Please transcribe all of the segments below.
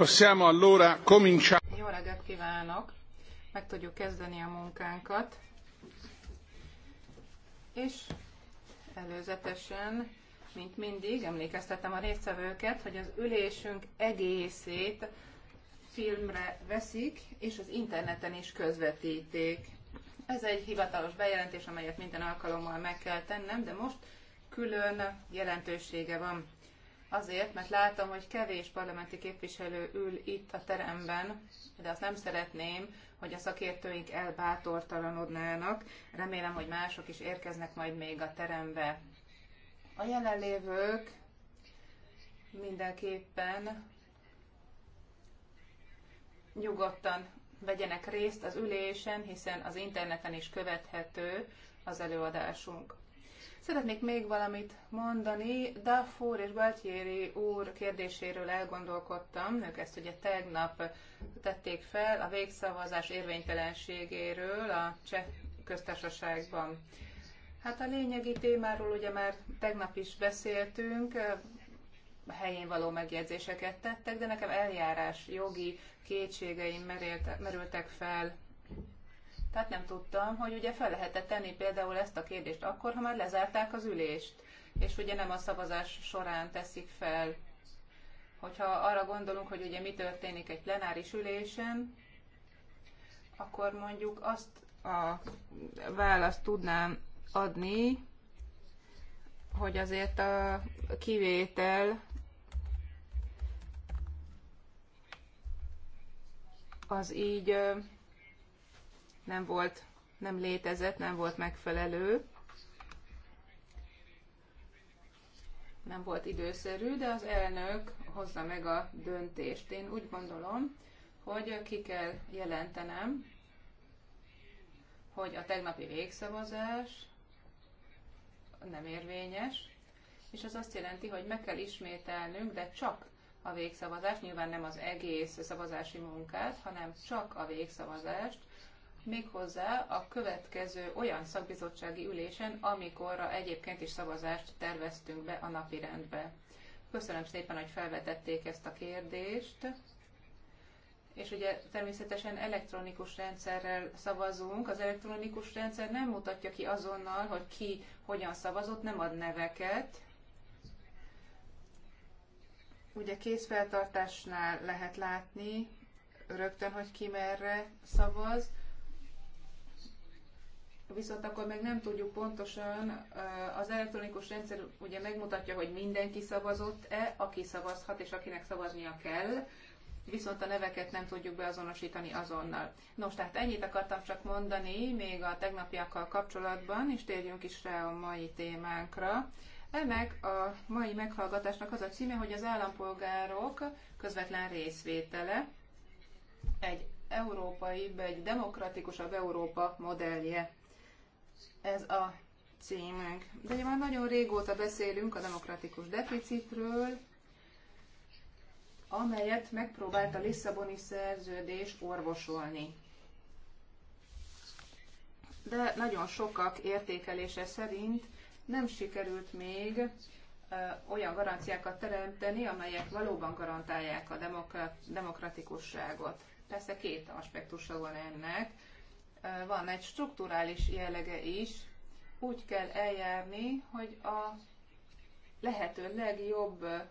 Passiamo allora cominciare. Jó reggelt kívánok! Meg tudjuk kezdeni a munkánkat. És előzetesen, mint mindig, emlékeztetem a résztvevőket, hogy az ülésünk egészét filmre veszik, és az interneten is közvetíték. Ez egy hivatalos bejelentés, amelyet minden alkalommal meg kell tennem, de most külön jelentősége van Azért, mert látom, hogy kevés parlamenti képviselő ül itt a teremben, de azt nem szeretném, hogy a szakértőink elbátortalanodnának. Remélem, hogy mások is érkeznek majd még a terembe. A jelenlévők mindenképpen nyugodtan vegyenek részt az ülésen, hiszen az interneten is követhető az előadásunk. Szeretnék még valamit mondani. Dafur és Galtieri úr kérdéséről elgondolkodtam. Ők ezt ugye tegnap tették fel a végszavazás érvénytelenségéről a cseh köztársaságban. Hát a lényegi témáról ugye már tegnap is beszéltünk, helyén való megjegyzéseket tettek, de nekem eljárás jogi kétségeim merültek fel tehát nem tudtam, hogy ugye fel lehetett tenni például ezt a kérdést akkor, ha már lezárták az ülést, és ugye nem a szavazás során teszik fel. Hogyha arra gondolunk, hogy ugye mi történik egy plenáris ülésen, akkor mondjuk azt a választ tudnám adni, hogy azért a kivétel az így nem volt, nem létezett, nem volt megfelelő, nem volt időszerű, de az elnök hozza meg a döntést. Én úgy gondolom, hogy ki kell jelentenem, hogy a tegnapi végszavazás nem érvényes, és ez azt jelenti, hogy meg kell ismételnünk, de csak a végszavazást, nyilván nem az egész szavazási munkát, hanem csak a végszavazást, méghozzá a következő olyan szakbizottsági ülésen, amikorra egyébként is szavazást terveztünk be a napi rendbe. Köszönöm szépen, hogy felvetették ezt a kérdést. És ugye természetesen elektronikus rendszerrel szavazunk. Az elektronikus rendszer nem mutatja ki azonnal, hogy ki hogyan szavazott, nem ad neveket. Ugye készfeltartásnál lehet látni rögtön, hogy ki merre szavaz viszont akkor még nem tudjuk pontosan, az elektronikus rendszer ugye megmutatja, hogy mindenki szavazott-e, aki szavazhat és akinek szavaznia kell, viszont a neveket nem tudjuk beazonosítani azonnal. Nos, tehát ennyit akartam csak mondani még a tegnapiakkal kapcsolatban, és térjünk is rá a mai témánkra. Ennek a mai meghallgatásnak az a címe, hogy az állampolgárok közvetlen részvétele egy európai, egy demokratikusabb Európa modellje ez a címünk. De már nagyon régóta beszélünk a demokratikus deficitről, amelyet megpróbált a Lisszaboni szerződés orvosolni. De nagyon sokak értékelése szerint nem sikerült még olyan garanciákat teremteni, amelyek valóban garantálják a demokratikusságot. Persze két aspektusa van ennek Eh, van egy strukturális jellege is, úgy kell eljárni, hogy a lehető legjobb eh,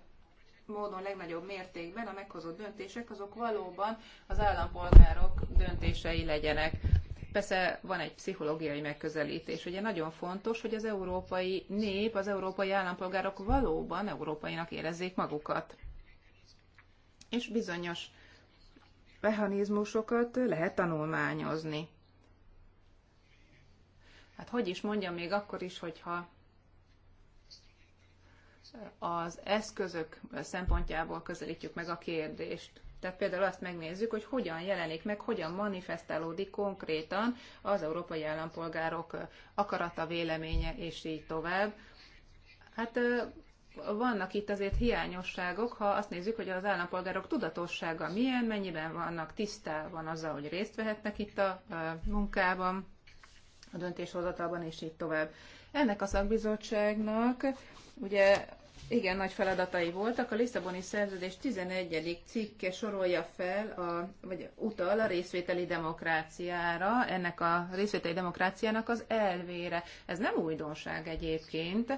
módon, legnagyobb mértékben a meghozott döntések azok valóban az állampolgárok döntései legyenek. Persze van egy pszichológiai megközelítés. Ugye nagyon fontos, hogy az európai nép, az európai állampolgárok valóban európainak érezzék magukat. És bizonyos mechanizmusokat lehet tanulmányozni hát hogy is mondjam, még akkor is, hogyha az eszközök szempontjából közelítjük meg a kérdést. Tehát például azt megnézzük, hogy hogyan jelenik meg, hogyan manifestálódik konkrétan az európai állampolgárok akarata, véleménye, és így tovább. Hát vannak itt azért hiányosságok, ha azt nézzük, hogy az állampolgárok tudatossága milyen, mennyiben vannak tisztában azzal, hogy részt vehetnek itt a munkában, a döntéshozatalban, és így tovább. Ennek a szakbizottságnak ugye igen nagy feladatai voltak. A Lisszaboni szerződés 11. cikke sorolja fel, a, vagy utal a részvételi demokráciára, ennek a részvételi demokráciának az elvére. Ez nem újdonság egyébként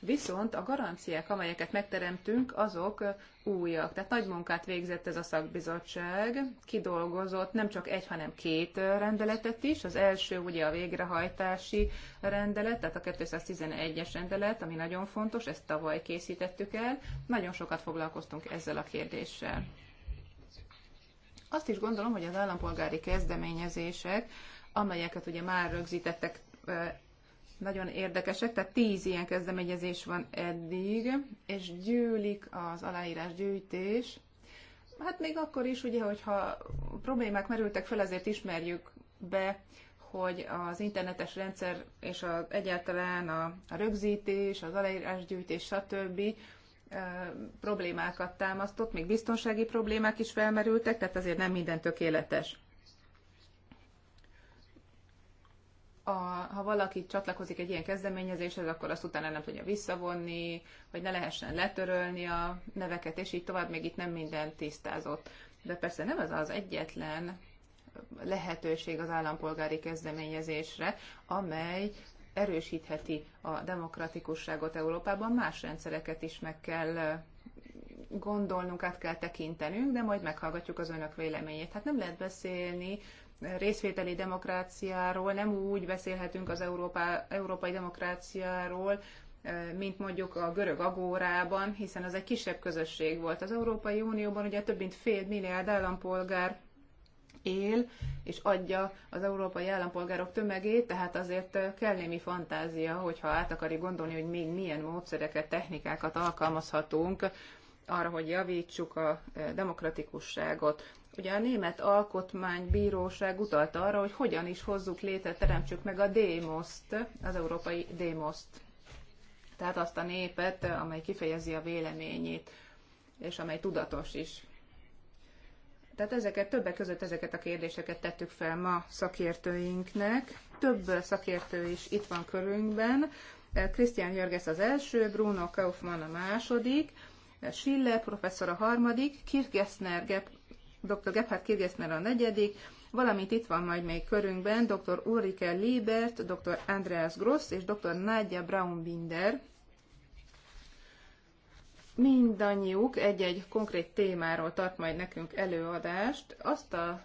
viszont a garanciák, amelyeket megteremtünk, azok újak. Tehát nagy munkát végzett ez a szakbizottság, kidolgozott nem csak egy, hanem két rendeletet is. Az első ugye a végrehajtási rendelet, tehát a 211-es rendelet, ami nagyon fontos, ezt tavaly készítettük el. Nagyon sokat foglalkoztunk ezzel a kérdéssel. Azt is gondolom, hogy az állampolgári kezdeményezések, amelyeket ugye már rögzítettek nagyon érdekesek, tehát tíz ilyen kezdeményezés van eddig, és gyűlik az aláírás gyűjtés. Hát még akkor is, ugye, hogyha problémák merültek fel, azért ismerjük be, hogy az internetes rendszer és az egyáltalán a, a rögzítés, az aláírásgyűjtés, stb. E, problémákat támasztott, még biztonsági problémák is felmerültek, tehát azért nem minden tökéletes. a, ha valaki csatlakozik egy ilyen kezdeményezéshez, akkor azt utána nem tudja visszavonni, vagy ne lehessen letörölni a neveket, és így tovább, még itt nem minden tisztázott. De persze nem az az egyetlen lehetőség az állampolgári kezdeményezésre, amely erősítheti a demokratikusságot Európában, más rendszereket is meg kell gondolnunk, át kell tekintenünk, de majd meghallgatjuk az önök véleményét. Hát nem lehet beszélni részvételi demokráciáról, nem úgy beszélhetünk az Európa, európai demokráciáról, eh, mint mondjuk a görög agórában, hiszen az egy kisebb közösség volt. Az Európai Unióban ugye több mint fél milliárd állampolgár él és adja az európai állampolgárok tömegét, tehát azért eh, kell némi fantázia, hogyha át akarjuk gondolni, hogy még milyen módszereket, technikákat alkalmazhatunk arra, hogy javítsuk a e, demokratikusságot. Ugye a német alkotmánybíróság utalta arra, hogy hogyan is hozzuk létre, teremtsük meg a démoszt, az európai démoszt. Tehát azt a népet, amely kifejezi a véleményét, és amely tudatos is. Tehát ezeket, többek között ezeket a kérdéseket tettük fel ma szakértőinknek. Több szakértő is itt van körünkben. Krisztián Jörgesz az első, Bruno Kaufmann a második, Schiller professzor a harmadik, Kirchgesner, Gep, dr. Gebhard Kirchgesner a negyedik, valamint itt van majd még körünkben dr. Ulrike Liebert, dr. Andreas Gross és dr. Nadja Braunbinder. Mindannyiuk egy-egy konkrét témáról tart majd nekünk előadást. Azt a,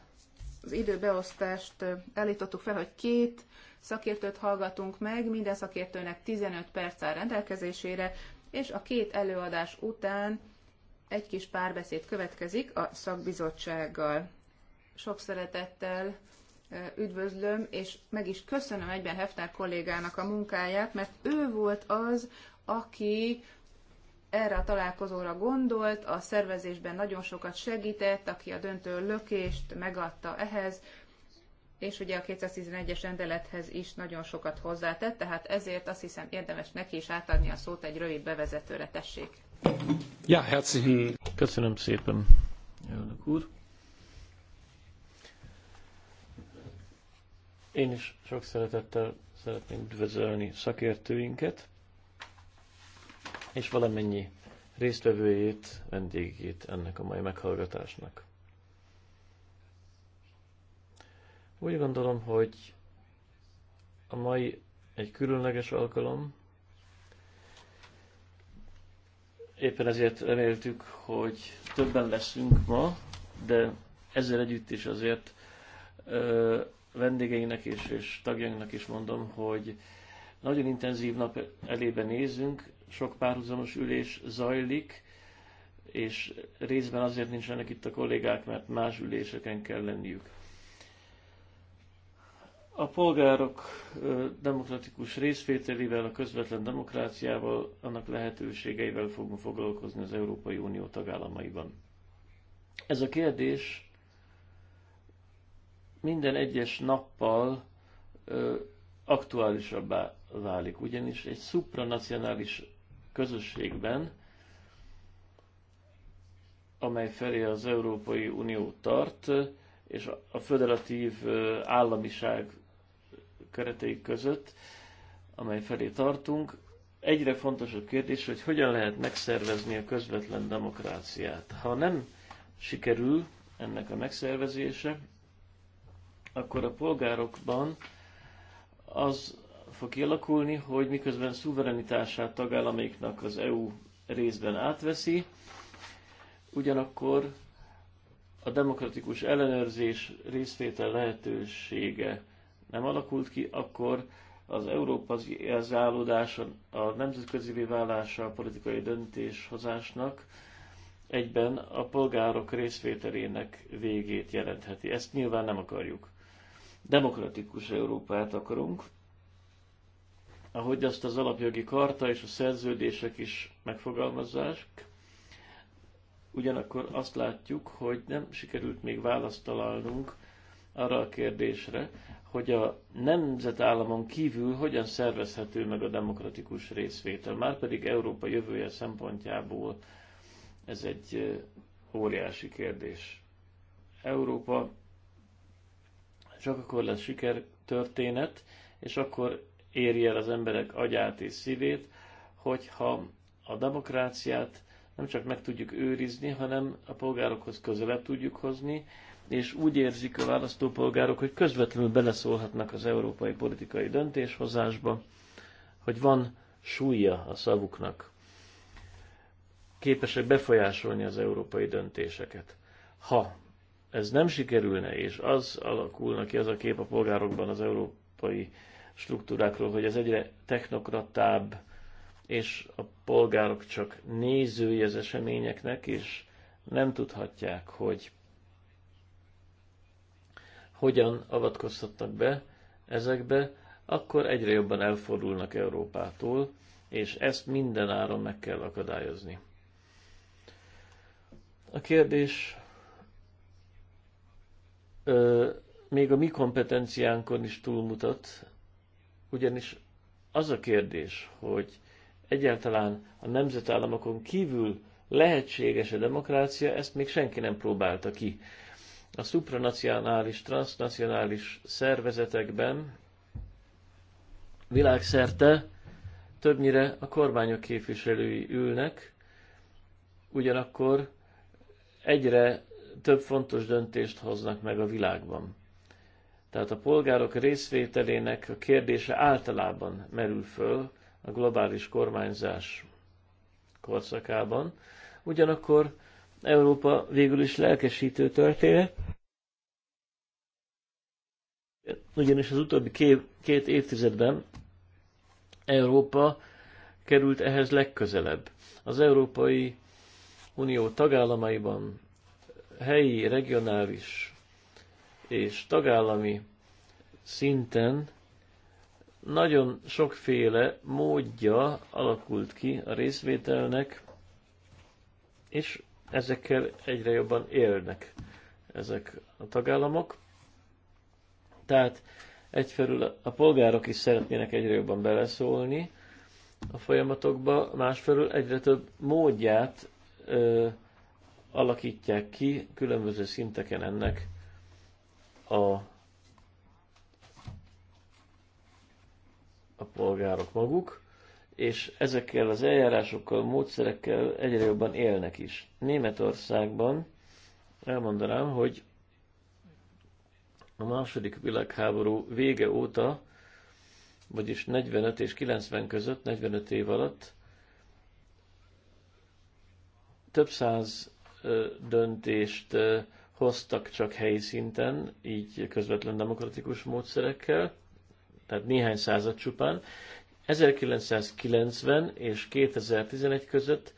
az időbeosztást elítottuk fel, hogy két szakértőt hallgatunk meg, minden szakértőnek 15 perc áll rendelkezésére, és a két előadás után egy kis párbeszéd következik a szakbizottsággal. Sok szeretettel üdvözlöm, és meg is köszönöm egyben Heftár kollégának a munkáját, mert ő volt az, aki erre a találkozóra gondolt, a szervezésben nagyon sokat segített, aki a döntő lökést megadta ehhez, és ugye a 211-es rendelethez is nagyon sokat hozzátett, tehát ezért azt hiszem érdemes neki is átadni a szót egy rövid bevezetőre, tessék. Ja, herzlichen. Köszönöm szépen, elnök úr. Én is sok szeretettel szeretném üdvözölni szakértőinket, és valamennyi résztvevőjét, vendégét ennek a mai meghallgatásnak. Úgy gondolom, hogy a mai egy különleges alkalom. Éppen ezért reméltük, hogy többen leszünk ma, de ezzel együtt is azért ö, vendégeinek és, és tagjainknak is mondom, hogy nagyon intenzív nap elébe nézünk, sok párhuzamos ülés zajlik, és részben azért nincsenek itt a kollégák, mert más üléseken kell lenniük. A polgárok demokratikus részvételével, a közvetlen demokráciával, annak lehetőségeivel fogunk foglalkozni az Európai Unió tagállamaiban. Ez a kérdés minden egyes nappal aktuálisabbá válik, ugyanis egy supranacionális közösségben, amely felé az Európai Unió tart, és a föderatív államiság kereteik között, amely felé tartunk, egyre fontosabb kérdés, hogy hogyan lehet megszervezni a közvetlen demokráciát. Ha nem sikerül ennek a megszervezése, akkor a polgárokban az fog kialakulni, hogy miközben szuverenitását tagállamiknak az EU részben átveszi, ugyanakkor a demokratikus ellenőrzés részvétel lehetősége nem alakult ki, akkor az európazálódás, a nemzetközi válása a politikai döntéshozásnak egyben a polgárok részvételének végét jelentheti. Ezt nyilván nem akarjuk. Demokratikus Európát akarunk, ahogy azt az alapjogi karta és a szerződések is megfogalmazzák. Ugyanakkor azt látjuk, hogy nem sikerült még választ találnunk arra a kérdésre, hogy a nemzetállamon kívül hogyan szervezhető meg a demokratikus részvétel. Márpedig Európa jövője szempontjából ez egy óriási kérdés. Európa csak akkor lesz siker történet, és akkor érje el az emberek agyát és szívét, hogyha a demokráciát nem csak meg tudjuk őrizni, hanem a polgárokhoz közelebb tudjuk hozni, és úgy érzik a választópolgárok, hogy közvetlenül beleszólhatnak az európai politikai döntéshozásba, hogy van súlya a szavuknak. Képesek befolyásolni az európai döntéseket. Ha ez nem sikerülne, és az alakulna ki az a kép a polgárokban az európai struktúrákról, hogy ez egyre technokratább, és a polgárok csak nézői az eseményeknek, és nem tudhatják, hogy hogyan avatkozhatnak be ezekbe, akkor egyre jobban elfordulnak Európától, és ezt minden áron meg kell akadályozni. A kérdés ö, még a mi kompetenciánkon is túlmutat, ugyanis az a kérdés, hogy egyáltalán a nemzetállamokon kívül lehetséges a demokrácia, ezt még senki nem próbálta ki a supranacionális, transnacionális szervezetekben világszerte többnyire a kormányok képviselői ülnek, ugyanakkor egyre több fontos döntést hoznak meg a világban. Tehát a polgárok részvételének a kérdése általában merül föl a globális kormányzás korszakában. Ugyanakkor Európa végül is lelkesítő történet, ugyanis az utóbbi két, két évtizedben Európa került ehhez legközelebb. Az Európai Unió tagállamaiban helyi, regionális és tagállami szinten nagyon sokféle módja alakult ki a részvételnek, és ezekkel egyre jobban élnek ezek a tagállamok. Tehát egyfelől a polgárok is szeretnének egyre jobban beleszólni a folyamatokba, másfelől egyre több módját ö, alakítják ki különböző szinteken ennek a, a polgárok maguk és ezekkel az eljárásokkal, módszerekkel egyre jobban élnek is. Németországban elmondanám, hogy a második világháború vége óta, vagyis 45 és 90 között, 45 év alatt több száz döntést hoztak csak helyi szinten, így közvetlen demokratikus módszerekkel, tehát néhány század csupán, 1990 és 2011 között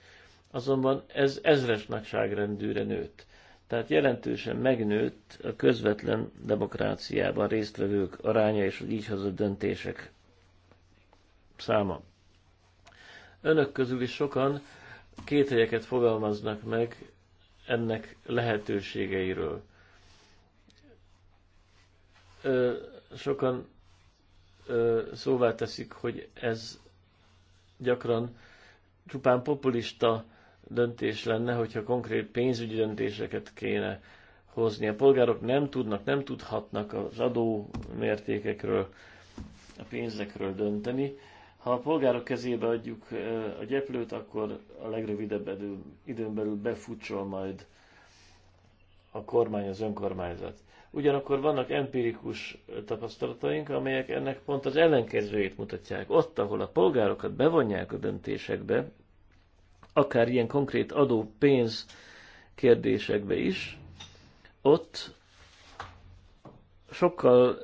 azonban ez ezres nagyságrendűre nőtt. Tehát jelentősen megnőtt a közvetlen demokráciában résztvevők aránya és az így hozott döntések száma. Önök közül is sokan helyeket fogalmaznak meg ennek lehetőségeiről. Sokan szóvá teszik, hogy ez gyakran csupán populista döntés lenne, hogyha konkrét pénzügyi döntéseket kéne hozni. A polgárok nem tudnak, nem tudhatnak az adó mértékekről, a pénzekről dönteni. Ha a polgárok kezébe adjuk a gyeplőt, akkor a legrövidebb időn belül befutsol majd a kormány, az önkormányzat ugyanakkor vannak empirikus tapasztalataink, amelyek ennek pont az ellenkezőjét mutatják. Ott, ahol a polgárokat bevonják a döntésekbe, akár ilyen konkrét adó pénz kérdésekbe is, ott sokkal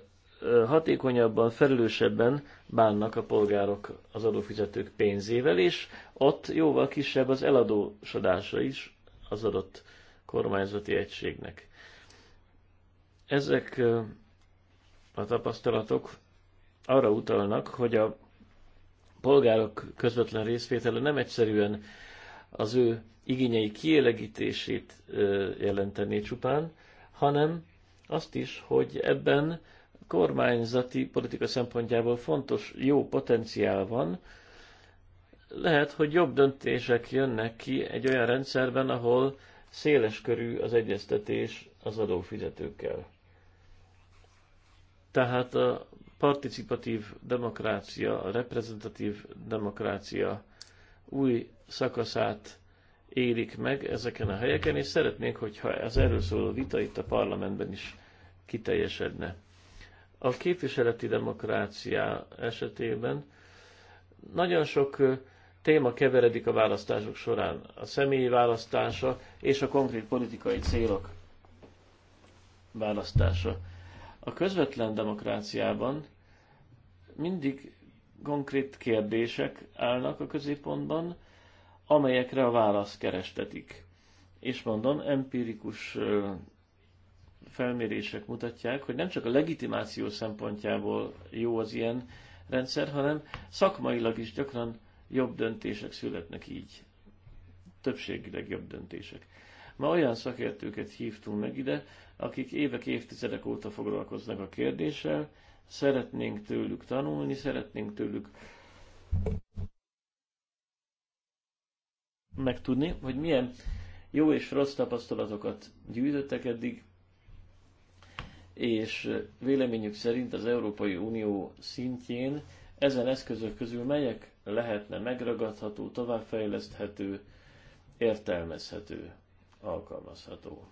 hatékonyabban, felelősebben bánnak a polgárok az adófizetők pénzével, és ott jóval kisebb az eladósodása is az adott kormányzati egységnek. Ezek a tapasztalatok arra utalnak, hogy a polgárok közvetlen részvétele nem egyszerűen az ő igényei kielegítését jelenteni csupán, hanem azt is, hogy ebben kormányzati politika szempontjából fontos, jó potenciál van. Lehet, hogy jobb döntések jönnek ki egy olyan rendszerben, ahol széles körű az egyeztetés az adófizetőkkel. Tehát a participatív demokrácia, a reprezentatív demokrácia új szakaszát érik meg ezeken a helyeken, és szeretnék, hogyha az erről szóló vita itt a parlamentben is kiteljesedne. A képviseleti demokrácia esetében nagyon sok téma keveredik a választások során. A személyi választása és a konkrét politikai célok választása. A közvetlen demokráciában mindig konkrét kérdések állnak a középpontban, amelyekre a választ kerestetik. És mondom, empirikus felmérések mutatják, hogy nem csak a legitimáció szempontjából jó az ilyen rendszer, hanem szakmailag is gyakran jobb döntések születnek így. Többségileg jobb döntések. Ma olyan szakértőket hívtunk meg ide, akik évek, évtizedek óta foglalkoznak a kérdéssel, szeretnénk tőlük tanulni, szeretnénk tőlük megtudni, hogy milyen jó és rossz tapasztalatokat gyűjtöttek eddig, és véleményük szerint az Európai Unió szintjén ezen eszközök közül melyek lehetne megragadható, továbbfejleszthető, értelmezhető, alkalmazható.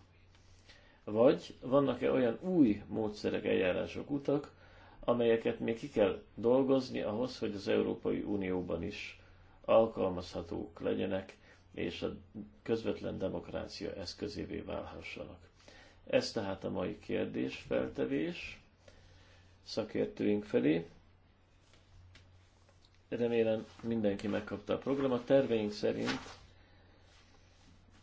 Vagy vannak-e olyan új módszerek, eljárások, utak, amelyeket még ki kell dolgozni ahhoz, hogy az Európai Unióban is alkalmazhatók legyenek, és a közvetlen demokrácia eszközévé válhassanak. Ez tehát a mai kérdés, feltevés szakértőink felé. Remélem mindenki megkapta a programot. Terveink szerint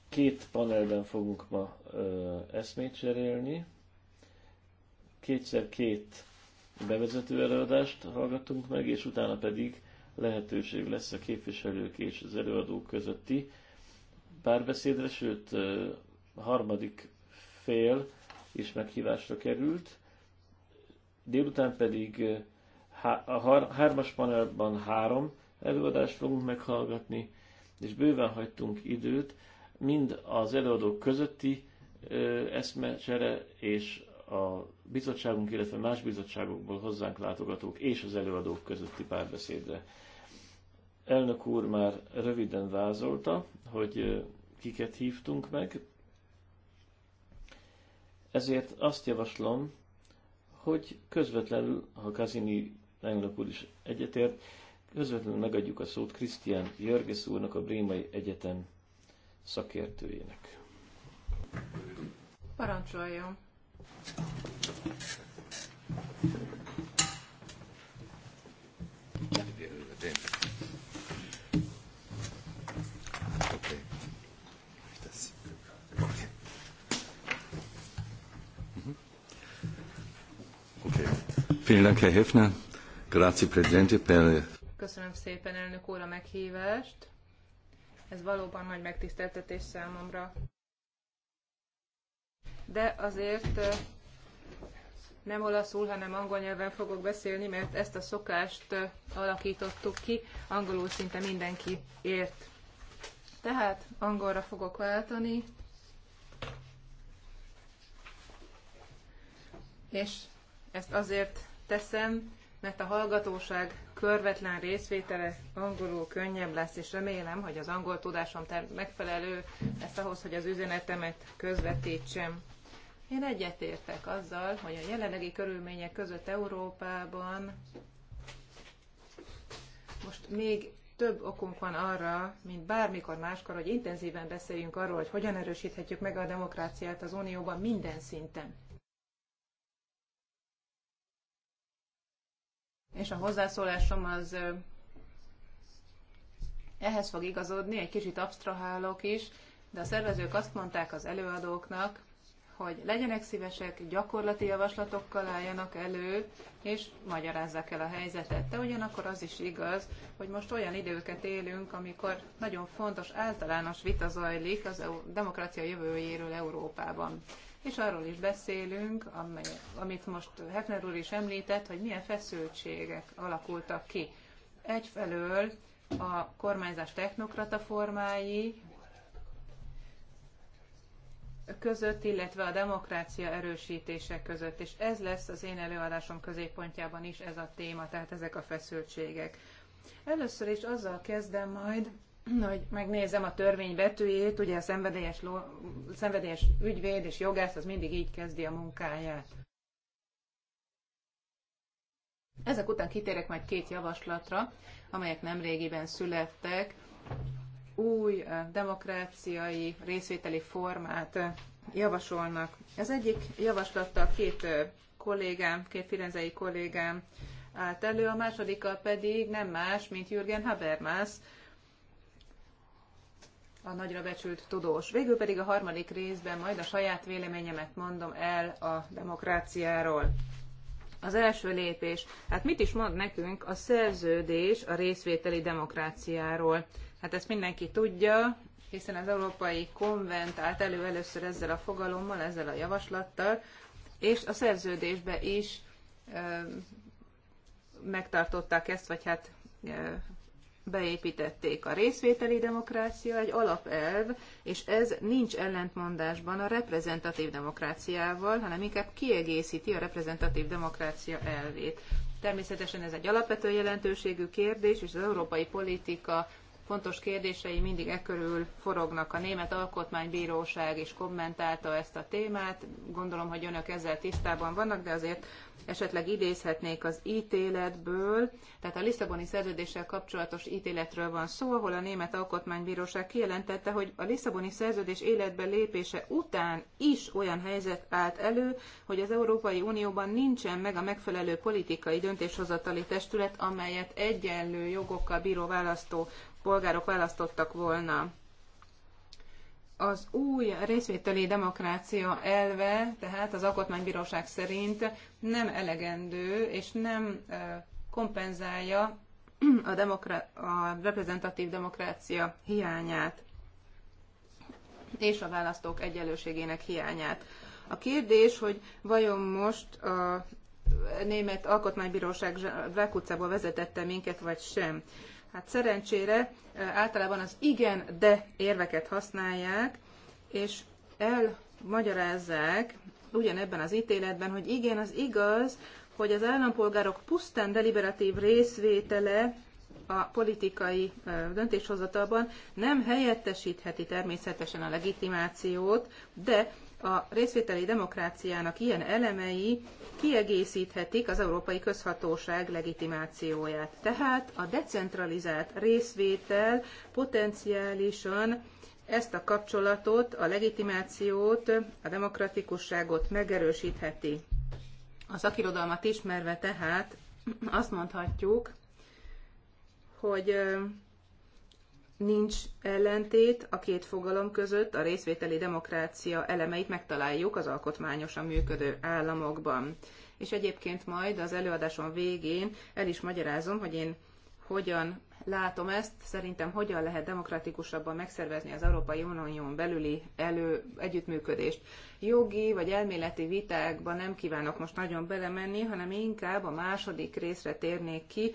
Két panelben fogunk ma ö, eszmét cserélni. Kétszer két bevezető előadást hallgatunk meg, és utána pedig lehetőség lesz a képviselők és az előadók közötti párbeszédre, sőt, a harmadik fél is meghívásra került. Délután pedig a hármas panelban három előadást fogunk meghallgatni, és bőven hagytunk időt, mind az előadók közötti eszmecsere és a bizottságunk, illetve más bizottságokból hozzánk látogatók és az előadók közötti párbeszédre. Elnök úr már röviden vázolta, hogy kiket hívtunk meg, ezért azt javaslom, hogy közvetlenül, ha Kazini elnök úr is egyetért, közvetlenül megadjuk a szót Krisztián Jörgesz úrnak a Brémai Egyetem szakértőjének. Parancsoljon! Köszönöm szépen, elnök úr, a meghívást. Ez valóban nagy megtiszteltetés számomra. De azért nem olaszul, hanem angol nyelven fogok beszélni, mert ezt a szokást alakítottuk ki, angolul szinte mindenki ért. Tehát angolra fogok váltani, és ezt azért teszem, mert a hallgatóság körvetlen részvétele angolul könnyebb lesz, és remélem, hogy az angol tudásom megfelelő lesz ahhoz, hogy az üzenetemet közvetítsem. Én egyetértek azzal, hogy a jelenlegi körülmények között Európában most még több okunk van arra, mint bármikor máskor, hogy intenzíven beszéljünk arról, hogy hogyan erősíthetjük meg a demokráciát az Unióban minden szinten. és a hozzászólásom az ehhez fog igazodni, egy kicsit abstrahálok is, de a szervezők azt mondták az előadóknak, hogy legyenek szívesek, gyakorlati javaslatokkal álljanak elő, és magyarázzák el a helyzetet. De ugyanakkor az is igaz, hogy most olyan időket élünk, amikor nagyon fontos általános vita zajlik az demokrácia jövőjéről Európában és arról is beszélünk, amely, amit most Hefner úr is említett, hogy milyen feszültségek alakultak ki. Egyfelől a kormányzás technokrata formái között, illetve a demokrácia erősítése között, és ez lesz az én előadásom középpontjában is ez a téma, tehát ezek a feszültségek. Először is azzal kezdem majd, hogy megnézem a törvény betűjét, ugye a szenvedélyes, ló, szenvedélyes ügyvéd és jogász az mindig így kezdi a munkáját. Ezek után kitérek majd két javaslatra, amelyek nem régiben születtek. Új demokráciai részvételi formát javasolnak. Az egyik javaslatta két kollégám, két firenzei kollégám állt elő, a másodikkal pedig nem más, mint Jürgen Habermas, a nagyra becsült tudós. Végül pedig a harmadik részben majd a saját véleményemet mondom el a demokráciáról. Az első lépés. Hát mit is mond nekünk a szerződés a részvételi demokráciáról? Hát ezt mindenki tudja, hiszen az Európai Konvent állt elő először ezzel a fogalommal, ezzel a javaslattal, és a szerződésbe is ö, megtartották ezt, vagy hát ö, beépítették a részvételi demokrácia, egy alapelv, és ez nincs ellentmondásban a reprezentatív demokráciával, hanem inkább kiegészíti a reprezentatív demokrácia elvét. Természetesen ez egy alapvető jelentőségű kérdés, és az európai politika fontos kérdései mindig e körül forognak. A Német Alkotmánybíróság is kommentálta ezt a témát, gondolom, hogy önök ezzel tisztában vannak, de azért esetleg idézhetnék az ítéletből, tehát a Lisszaboni szerződéssel kapcsolatos ítéletről van szó, ahol a Német Alkotmánybíróság kijelentette, hogy a Lisszaboni szerződés életbe lépése után is olyan helyzet állt elő, hogy az Európai Unióban nincsen meg a megfelelő politikai döntéshozatali testület, amelyet egyenlő jogokkal bíró választó polgárok választottak volna. Az új részvételi demokrácia elve, tehát az alkotmánybíróság szerint nem elegendő és nem kompenzálja a, demokra- a reprezentatív demokrácia hiányát és a választók egyenlőségének hiányát. A kérdés, hogy vajon most a német alkotmánybíróság zsákutcából vezetette minket, vagy sem. Hát szerencsére általában az igen, de érveket használják, és elmagyarázzák ugyanebben az ítéletben, hogy igen, az igaz, hogy az állampolgárok pusztán deliberatív részvétele a politikai döntéshozatalban nem helyettesítheti természetesen a legitimációt, de a részvételi demokráciának ilyen elemei kiegészíthetik az Európai Közhatóság legitimációját. Tehát a decentralizált részvétel potenciálisan ezt a kapcsolatot, a legitimációt, a demokratikusságot megerősítheti. A szakirodalmat ismerve tehát azt mondhatjuk, hogy nincs ellentét a két fogalom között, a részvételi demokrácia elemeit megtaláljuk az alkotmányosan működő államokban. És egyébként majd az előadásom végén el is magyarázom, hogy én hogyan látom ezt, szerintem hogyan lehet demokratikusabban megszervezni az Európai Unión belüli elő, együttműködést. Jogi vagy elméleti vitákba nem kívánok most nagyon belemenni, hanem inkább a második részre térnék ki,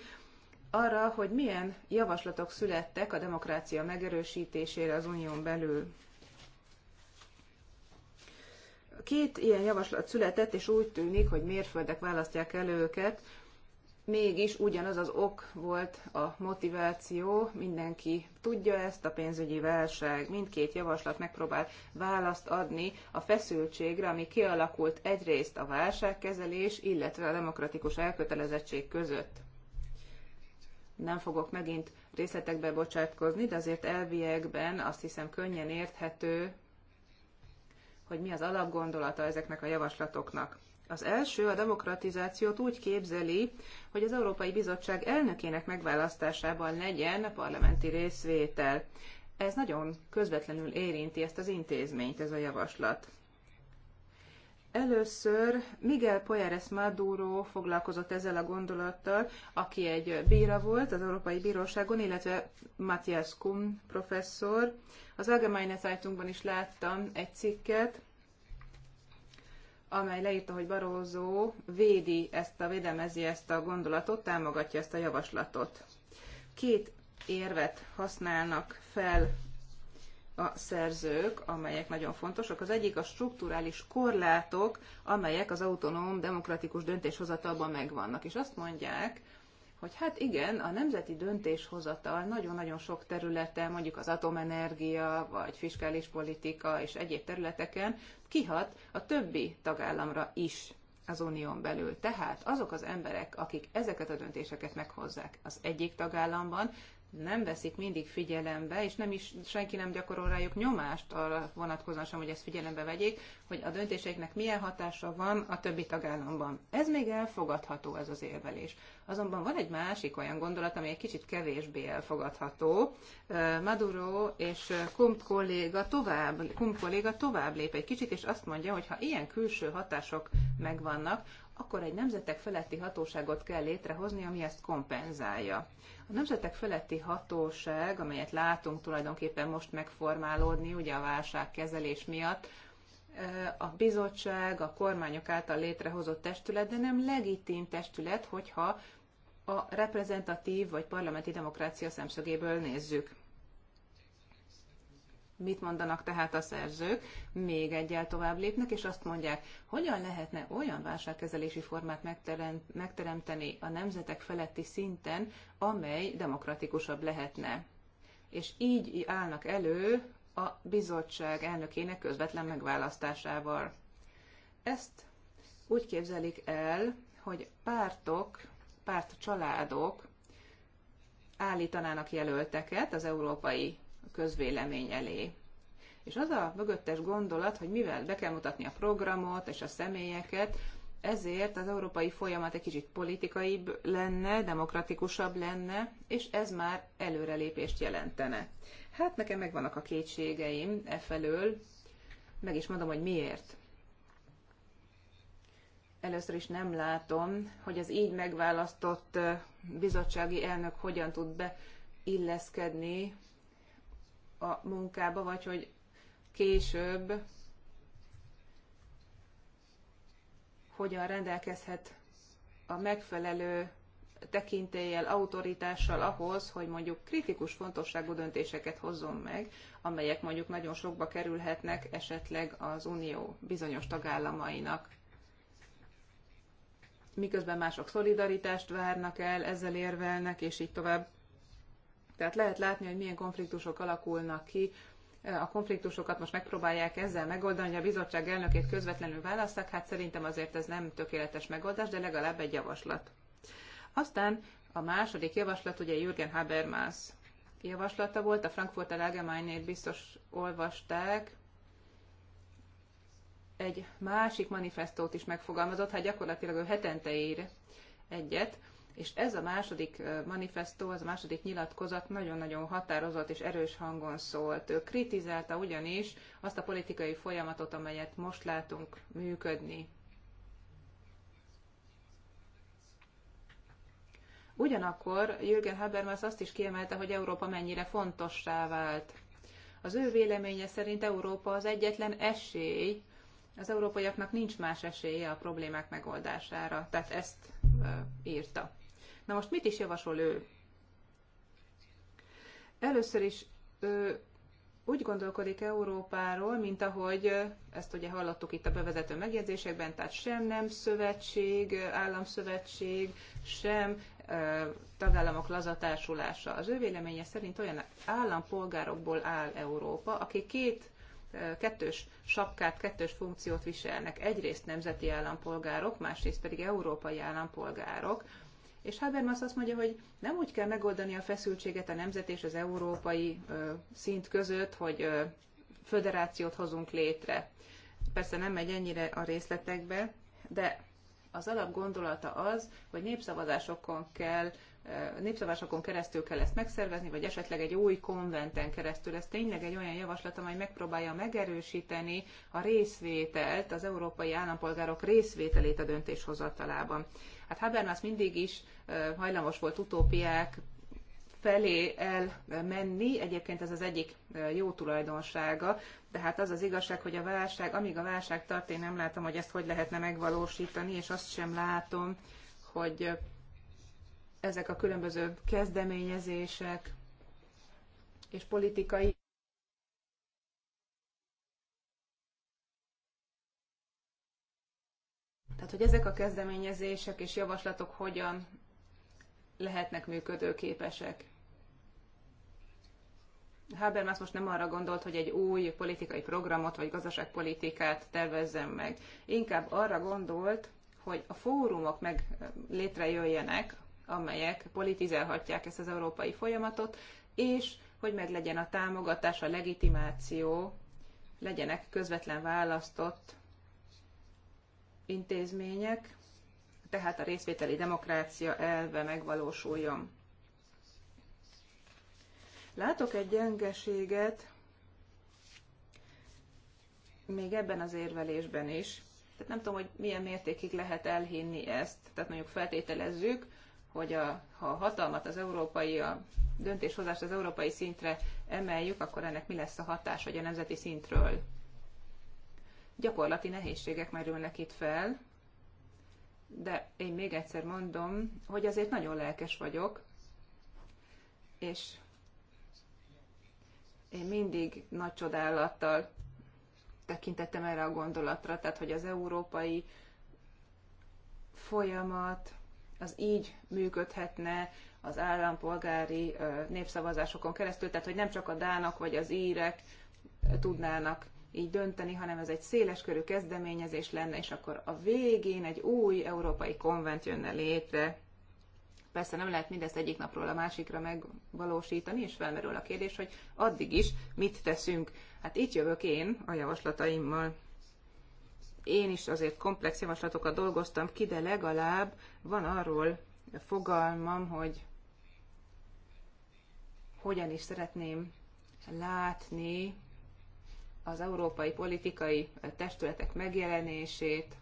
arra, hogy milyen javaslatok születtek a demokrácia megerősítésére az unión belül. Két ilyen javaslat született, és úgy tűnik, hogy mérföldek választják el őket, mégis ugyanaz az ok volt a motiváció, mindenki tudja ezt, a pénzügyi válság mindkét javaslat megpróbál választ adni a feszültségre, ami kialakult egyrészt a válságkezelés, illetve a demokratikus elkötelezettség között nem fogok megint részletekbe bocsátkozni, de azért elviekben azt hiszem könnyen érthető, hogy mi az alapgondolata ezeknek a javaslatoknak. Az első a demokratizációt úgy képzeli, hogy az Európai Bizottság elnökének megválasztásában legyen a parlamenti részvétel. Ez nagyon közvetlenül érinti ezt az intézményt, ez a javaslat. Először Miguel Poyares Maduro foglalkozott ezzel a gondolattal, aki egy bíra volt az Európai Bíróságon, illetve Matthias Kuhn professzor. Az Allgemeine Zeitungban is láttam egy cikket, amely leírta, hogy Barózó védi ezt a, védelmezi ezt a gondolatot, támogatja ezt a javaslatot. Két érvet használnak fel a szerzők, amelyek nagyon fontosak. Az egyik a strukturális korlátok, amelyek az autonóm demokratikus döntéshozatalban megvannak. És azt mondják, hogy hát igen, a nemzeti döntéshozatal nagyon-nagyon sok területen, mondjuk az atomenergia, vagy fiskális politika és egyéb területeken kihat a többi tagállamra is az unión belül. Tehát azok az emberek, akik ezeket a döntéseket meghozzák az egyik tagállamban, nem veszik mindig figyelembe, és nem is senki nem gyakorol rájuk nyomást arra vonatkozóan sem, hogy ezt figyelembe vegyék, hogy a döntéseiknek milyen hatása van a többi tagállamban. Ez még elfogadható, ez az érvelés. Azonban van egy másik olyan gondolat, ami egy kicsit kevésbé elfogadható. Maduro és Kump kolléga tovább, Kump kolléga tovább lép egy kicsit, és azt mondja, hogy ha ilyen külső hatások megvannak, akkor egy nemzetek feletti hatóságot kell létrehozni, ami ezt kompenzálja. A nemzetek feletti hatóság, amelyet látunk tulajdonképpen most megformálódni, ugye a válságkezelés miatt, a bizottság, a kormányok által létrehozott testület, de nem legitim testület, hogyha a reprezentatív vagy parlamenti demokrácia szemszögéből nézzük. Mit mondanak tehát a szerzők? Még egyel tovább lépnek, és azt mondják, hogyan lehetne olyan válságkezelési formát megteremteni a nemzetek feletti szinten, amely demokratikusabb lehetne. És így állnak elő a bizottság elnökének közvetlen megválasztásával. Ezt úgy képzelik el, hogy pártok, pártcsaládok állítanának jelölteket az európai közvélemény elé. És az a mögöttes gondolat, hogy mivel be kell mutatni a programot és a személyeket, ezért az európai folyamat egy kicsit politikaibb lenne, demokratikusabb lenne, és ez már előrelépést jelentene. Hát nekem megvannak a kétségeim e felől, meg is mondom, hogy miért. Először is nem látom, hogy az így megválasztott eh, bizottsági elnök hogyan tud beilleszkedni a munkába, vagy hogy később hogyan rendelkezhet a megfelelő tekintéllyel, autoritással ahhoz, hogy mondjuk kritikus fontosságú döntéseket hozzon meg, amelyek mondjuk nagyon sokba kerülhetnek esetleg az Unió bizonyos tagállamainak. Miközben mások szolidaritást várnak el, ezzel érvelnek, és így tovább. Tehát lehet látni, hogy milyen konfliktusok alakulnak ki, a konfliktusokat most megpróbálják ezzel megoldani, hogy a bizottság elnökét közvetlenül választak, hát szerintem azért ez nem tökéletes megoldás, de legalább egy javaslat. Aztán a második javaslat ugye Jürgen Habermas javaslata volt, a Frankfurter Allgemeinét biztos olvasták, egy másik manifestót is megfogalmazott, hát gyakorlatilag ő hetente ír egyet, és ez a második manifestó, az a második nyilatkozat nagyon-nagyon határozott és erős hangon szólt. Ő kritizálta ugyanis azt a politikai folyamatot, amelyet most látunk működni. Ugyanakkor Jürgen Habermas azt is kiemelte, hogy Európa mennyire fontossá vált. Az ő véleménye szerint Európa az egyetlen esély, az európaiaknak nincs más esélye a problémák megoldására. Tehát ezt írta. Na most mit is javasol ő? Először is ő úgy gondolkodik Európáról, mint ahogy ezt ugye hallottuk itt a bevezető megjegyzésekben, tehát sem nem szövetség, államszövetség, sem tagállamok lazatársulása. Az ő véleménye szerint olyan állampolgárokból áll Európa, akik két kettős sapkát, kettős funkciót viselnek. Egyrészt nemzeti állampolgárok, másrészt pedig európai állampolgárok és Habermas azt mondja, hogy nem úgy kell megoldani a feszültséget a nemzet és az európai ö, szint között, hogy ö, föderációt hozunk létre. Persze nem megy ennyire a részletekbe, de az alap gondolata az, hogy népszavazásokon kell népszavásokon keresztül kell ezt megszervezni, vagy esetleg egy új konventen keresztül. Ez tényleg egy olyan javaslat, amely megpróbálja megerősíteni a részvételt, az európai állampolgárok részvételét a döntéshozatalában. Hát Habermas mindig is hajlamos volt utópiák felé elmenni, egyébként ez az egyik jó tulajdonsága, de hát az az igazság, hogy a válság, amíg a válság tart, én nem látom, hogy ezt hogy lehetne megvalósítani, és azt sem látom, hogy ezek a különböző kezdeményezések és politikai Tehát, hogy ezek a kezdeményezések és javaslatok hogyan lehetnek működőképesek. Habermas most nem arra gondolt, hogy egy új politikai programot vagy gazdaságpolitikát tervezzen meg. Inkább arra gondolt, hogy a fórumok meg létrejöjjenek, amelyek politizálhatják ezt az európai folyamatot, és hogy meg legyen a támogatás, a legitimáció, legyenek közvetlen választott intézmények, tehát a részvételi demokrácia elve megvalósuljon. Látok egy gyengeséget még ebben az érvelésben is. Tehát nem tudom, hogy milyen mértékig lehet elhinni ezt. Tehát mondjuk feltételezzük, hogy a, ha a hatalmat az európai, a döntéshozást az európai szintre emeljük, akkor ennek mi lesz a hatás, hogy a nemzeti szintről gyakorlati nehézségek merülnek itt fel, de én még egyszer mondom, hogy azért nagyon lelkes vagyok, és én mindig nagy csodálattal tekintettem erre a gondolatra, tehát hogy az európai folyamat az így működhetne az állampolgári népszavazásokon keresztül, tehát hogy nem csak a dánok vagy az írek tudnának így dönteni, hanem ez egy széleskörű kezdeményezés lenne, és akkor a végén egy új európai konvent jönne létre. Persze nem lehet mindezt egyik napról a másikra megvalósítani, és felmerül a kérdés, hogy addig is mit teszünk. Hát itt jövök én a javaslataimmal. Én is azért komplex javaslatokat dolgoztam ki, de legalább van arról fogalmam, hogy hogyan is szeretném látni az európai politikai testületek megjelenését,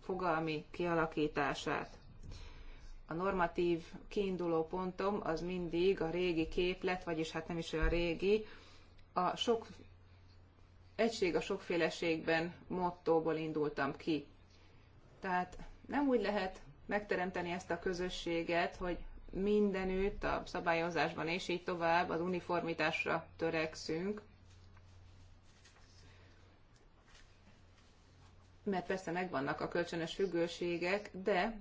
fogalmi kialakítását. A normatív kiinduló pontom az mindig a régi képlet, vagyis hát nem is olyan régi, a sok egység a sokféleségben mottóból indultam ki. Tehát nem úgy lehet megteremteni ezt a közösséget, hogy mindenütt a szabályozásban és így tovább az uniformitásra törekszünk, mert persze megvannak a kölcsönös függőségek, de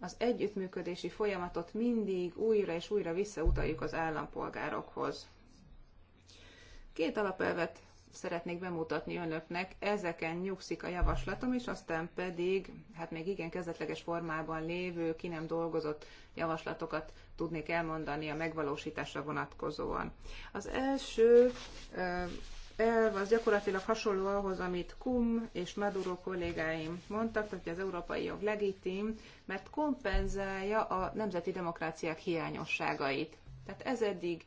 az együttműködési folyamatot mindig újra és újra visszautaljuk az állampolgárokhoz. Két alapelvet szeretnék bemutatni önöknek, ezeken nyugszik a javaslatom, és aztán pedig, hát még igen kezdetleges formában lévő, ki nem dolgozott javaslatokat tudnék elmondani a megvalósításra vonatkozóan. Az első elv az gyakorlatilag hasonló ahhoz, amit Kum és Maduro kollégáim mondtak, tehát az európai jog legitim, mert kompenzálja a nemzeti demokráciák hiányosságait. Tehát ez eddig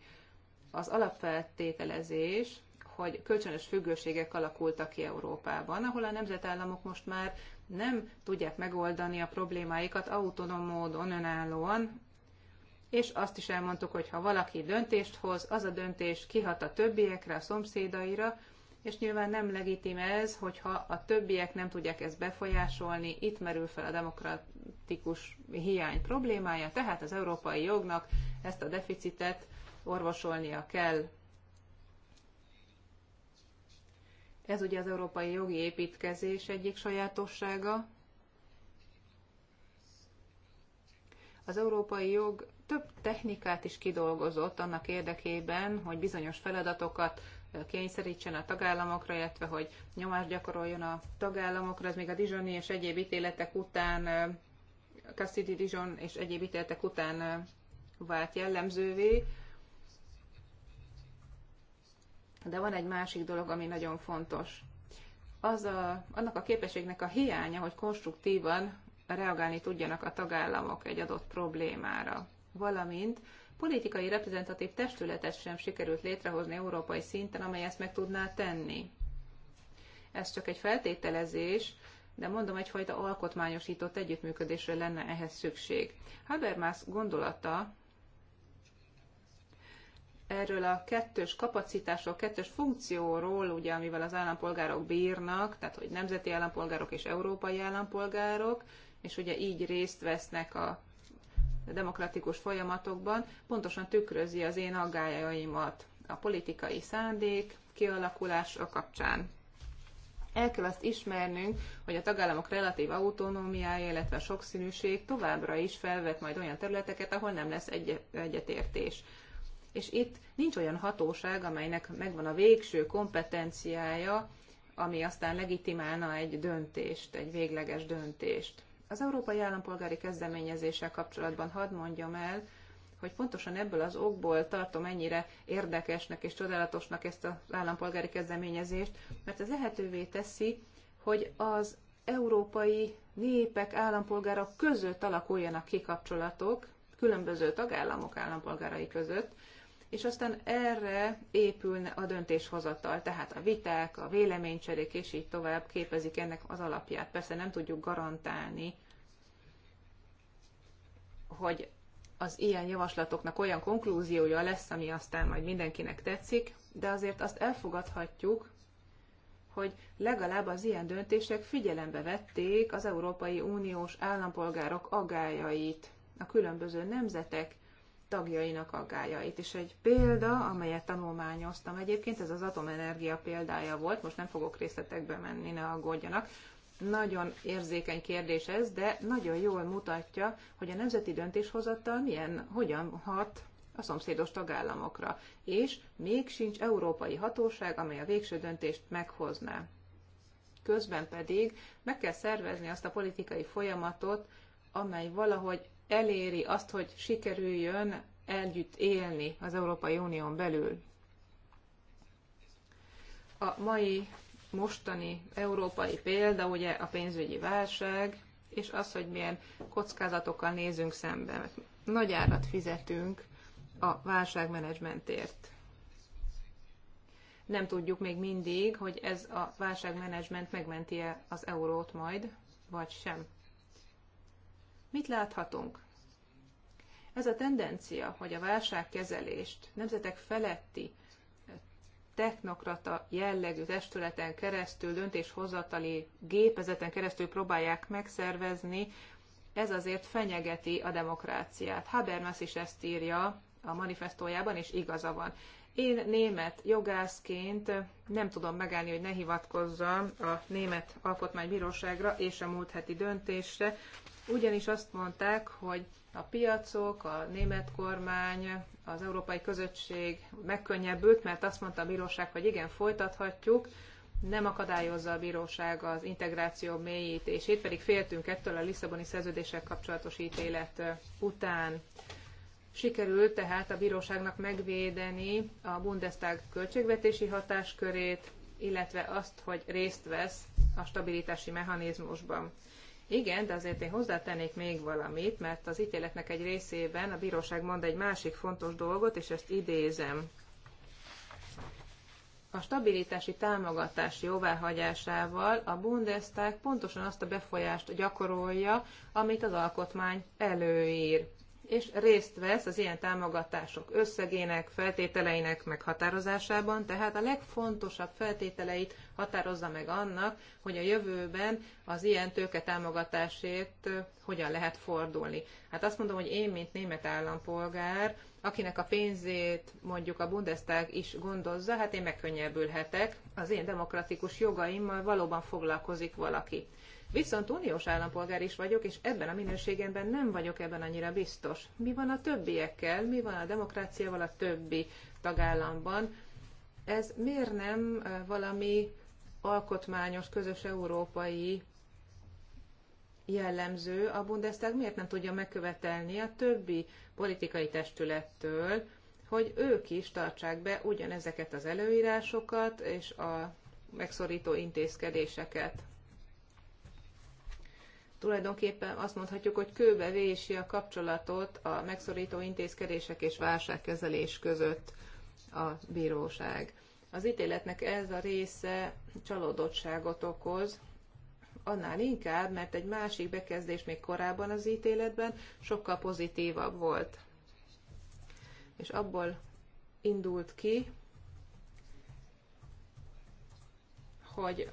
az alapfeltételezés, hogy kölcsönös függőségek alakultak ki Európában, ahol a nemzetállamok most már nem tudják megoldani a problémáikat autonóm módon, önállóan, és azt is elmondtuk, hogy ha valaki döntést hoz, az a döntés kihat a többiekre, a szomszédaira, és nyilván nem legitim ez, hogyha a többiek nem tudják ezt befolyásolni, itt merül fel a demokratikus hiány problémája, tehát az európai jognak ezt a deficitet orvosolnia kell. Ez ugye az európai jogi építkezés egyik sajátossága. Az európai jog több technikát is kidolgozott annak érdekében, hogy bizonyos feladatokat kényszerítsen a tagállamokra, illetve hogy nyomást gyakoroljon a tagállamokra. Ez még a Dijoni és egyéb ítéletek után, Cassidy Dijon és egyéb ítéletek után vált jellemzővé. De van egy másik dolog, ami nagyon fontos. Az a, annak a képességnek a hiánya, hogy konstruktívan reagálni tudjanak a tagállamok egy adott problémára valamint politikai reprezentatív testületet sem sikerült létrehozni európai szinten, amely ezt meg tudná tenni. Ez csak egy feltételezés, de mondom, egyfajta alkotmányosított együttműködésre lenne ehhez szükség. Habermas gondolata erről a kettős kapacitásról, kettős funkcióról, ugye, amivel az állampolgárok bírnak, tehát hogy nemzeti állampolgárok és európai állampolgárok, és ugye így részt vesznek a demokratikus folyamatokban pontosan tükrözi az én aggájaimat a politikai szándék kialakulása kapcsán. El kell azt ismernünk, hogy a tagállamok relatív autonómiája, illetve a sokszínűség továbbra is felvet majd olyan területeket, ahol nem lesz egy- egyetértés. És itt nincs olyan hatóság, amelynek megvan a végső kompetenciája, ami aztán legitimálna egy döntést, egy végleges döntést. Az európai állampolgári kezdeményezéssel kapcsolatban hadd mondjam el, hogy pontosan ebből az okból tartom ennyire érdekesnek és csodálatosnak ezt az állampolgári kezdeményezést, mert ez lehetővé teszi, hogy az európai népek, állampolgárok között alakuljanak ki kapcsolatok, különböző tagállamok állampolgárai között, és aztán erre épülne a döntéshozatal, tehát a viták, a véleménycserék és így tovább képezik ennek az alapját. Persze nem tudjuk garantálni, hogy az ilyen javaslatoknak olyan konklúziója lesz, ami aztán majd mindenkinek tetszik, de azért azt elfogadhatjuk, hogy legalább az ilyen döntések figyelembe vették az Európai Uniós állampolgárok agályait, a különböző nemzetek tagjainak aggájait. És egy példa, amelyet tanulmányoztam egyébként, ez az atomenergia példája volt, most nem fogok részletekbe menni, ne aggódjanak. Nagyon érzékeny kérdés ez, de nagyon jól mutatja, hogy a nemzeti döntéshozattal milyen, hogyan hat a szomszédos tagállamokra, és még sincs európai hatóság, amely a végső döntést meghozná. Közben pedig meg kell szervezni azt a politikai folyamatot, amely valahogy eléri azt, hogy sikerüljön együtt élni az Európai Unión belül. A mai, mostani európai példa ugye a pénzügyi válság, és az, hogy milyen kockázatokkal nézünk szembe. Mert nagy árat fizetünk a válságmenedzsmentért. Nem tudjuk még mindig, hogy ez a válságmenedzsment megmenti-e az eurót majd, vagy sem. Mit láthatunk? Ez a tendencia, hogy a válságkezelést nemzetek feletti eh, technokrata jellegű testületen keresztül, döntéshozatali gépezeten keresztül próbálják megszervezni, ez azért fenyegeti a demokráciát. Habermas is ezt írja a manifestójában, és igaza van. Én német jogászként nem tudom megállni, hogy ne hivatkozzam a Német Alkotmánybíróságra és a múlt heti döntésre, ugyanis azt mondták, hogy a piacok, a német kormány, az európai közösség megkönnyebbült, mert azt mondta a bíróság, hogy igen, folytathatjuk, nem akadályozza a bíróság az integráció mélyítését, pedig féltünk ettől a Lisszaboni szerződések kapcsolatos ítélet után. Sikerült tehát a bíróságnak megvédeni a Bundestag költségvetési hatáskörét, illetve azt, hogy részt vesz a stabilitási mechanizmusban. Igen, de azért én hozzátennék még valamit, mert az ítéletnek egy részében a bíróság mond egy másik fontos dolgot, és ezt idézem. A stabilitási támogatás jóváhagyásával a Bundestag pontosan azt a befolyást gyakorolja, amit az alkotmány előír és részt vesz az ilyen támogatások összegének, feltételeinek meghatározásában, tehát a legfontosabb feltételeit határozza meg annak, hogy a jövőben az ilyen tőke támogatásért hogyan lehet fordulni. Hát azt mondom, hogy én, mint német állampolgár, akinek a pénzét mondjuk a Bundestag is gondozza, hát én megkönnyebbülhetek, az én demokratikus jogaimmal valóban foglalkozik valaki. Viszont uniós állampolgár is vagyok, és ebben a minőségemben nem vagyok ebben annyira biztos. Mi van a többiekkel, mi van a demokráciával a többi tagállamban? Ez miért nem valami alkotmányos, közös európai jellemző? A Bundestag miért nem tudja megkövetelni a többi politikai testülettől, hogy ők is tartsák be ugyanezeket az előírásokat és a megszorító intézkedéseket? tulajdonképpen azt mondhatjuk, hogy kőbe vési a kapcsolatot a megszorító intézkedések és válságkezelés között a bíróság. Az ítéletnek ez a része csalódottságot okoz, annál inkább, mert egy másik bekezdés még korábban az ítéletben sokkal pozitívabb volt. És abból indult ki, hogy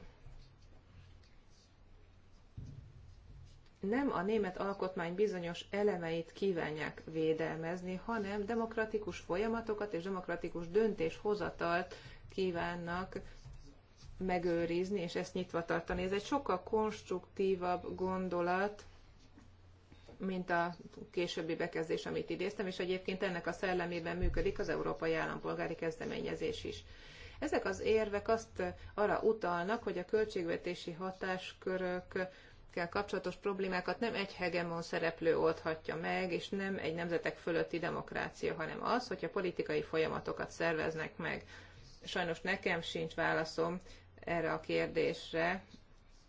nem a német alkotmány bizonyos elemeit kívánják védelmezni, hanem demokratikus folyamatokat és demokratikus döntéshozatalt kívánnak megőrizni, és ezt nyitva tartani. Ez egy sokkal konstruktívabb gondolat, mint a későbbi bekezdés, amit idéztem, és egyébként ennek a szellemében működik az Európai Állampolgári Kezdeményezés is. Ezek az érvek azt arra utalnak, hogy a költségvetési hatáskörök kell kapcsolatos problémákat nem egy hegemon szereplő oldhatja meg, és nem egy nemzetek fölötti demokrácia, hanem az, hogyha politikai folyamatokat szerveznek meg. Sajnos nekem sincs válaszom erre a kérdésre,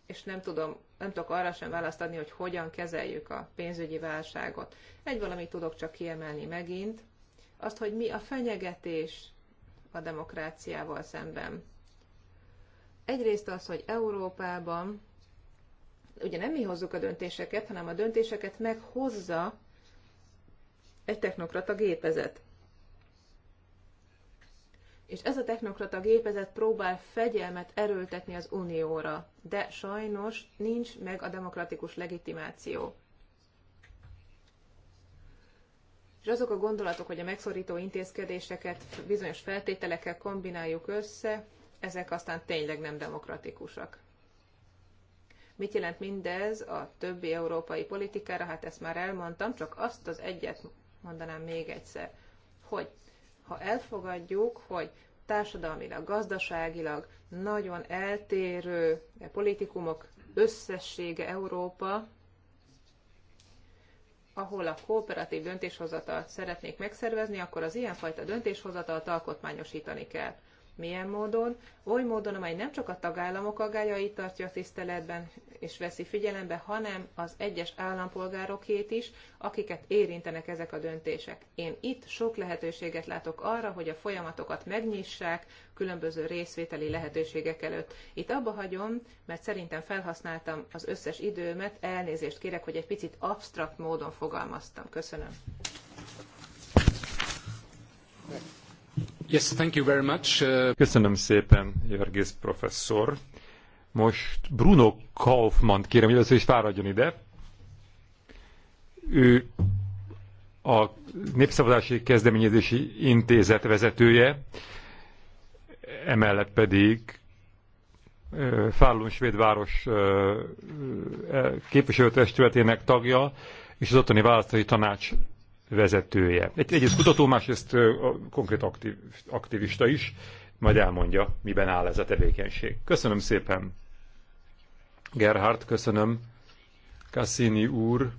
és nem tudom, nem tudok arra sem választ adni, hogy hogyan kezeljük a pénzügyi válságot. Egy valamit tudok csak kiemelni megint, azt, hogy mi a fenyegetés a demokráciával szemben. Egyrészt az, hogy Európában ugye nem mi hozzuk a döntéseket, hanem a döntéseket meghozza egy technokrata gépezet. És ez a technokrata gépezet próbál fegyelmet erőltetni az unióra, de sajnos nincs meg a demokratikus legitimáció. És azok a gondolatok, hogy a megszorító intézkedéseket bizonyos feltételekkel kombináljuk össze, ezek aztán tényleg nem demokratikusak. Mit jelent mindez a többi európai politikára? Hát ezt már elmondtam, csak azt az egyet mondanám még egyszer, hogy ha elfogadjuk, hogy társadalmilag, gazdaságilag nagyon eltérő politikumok összessége Európa, ahol a kooperatív döntéshozatalt szeretnék megszervezni, akkor az ilyenfajta döntéshozatalt alkotmányosítani kell. Milyen módon? Oly módon, amely nem csak a tagállamok aggájait tartja a tiszteletben és veszi figyelembe, hanem az egyes állampolgárokét is, akiket érintenek ezek a döntések. Én itt sok lehetőséget látok arra, hogy a folyamatokat megnyissák különböző részvételi lehetőségek előtt. Itt abba hagyom, mert szerintem felhasználtam az összes időmet, elnézést kérek, hogy egy picit absztrakt módon fogalmaztam. Köszönöm. Yes, thank you very much. Uh, Köszönöm szépen, Jörgész professzor. Most Bruno Kaufmann kérem, hogy először is fáradjon ide. Ő a Népszavazási Kezdeményezési Intézet vezetője, emellett pedig Fárlun Svédváros képviselőtestületének tagja, és az ottani választói tanács vezetője. Egy, egyrészt kutató, másrészt a konkrét aktiv, aktivista is, majd elmondja, miben áll ez a tevékenység. Köszönöm szépen! Gerhard, köszönöm, Cassini úr,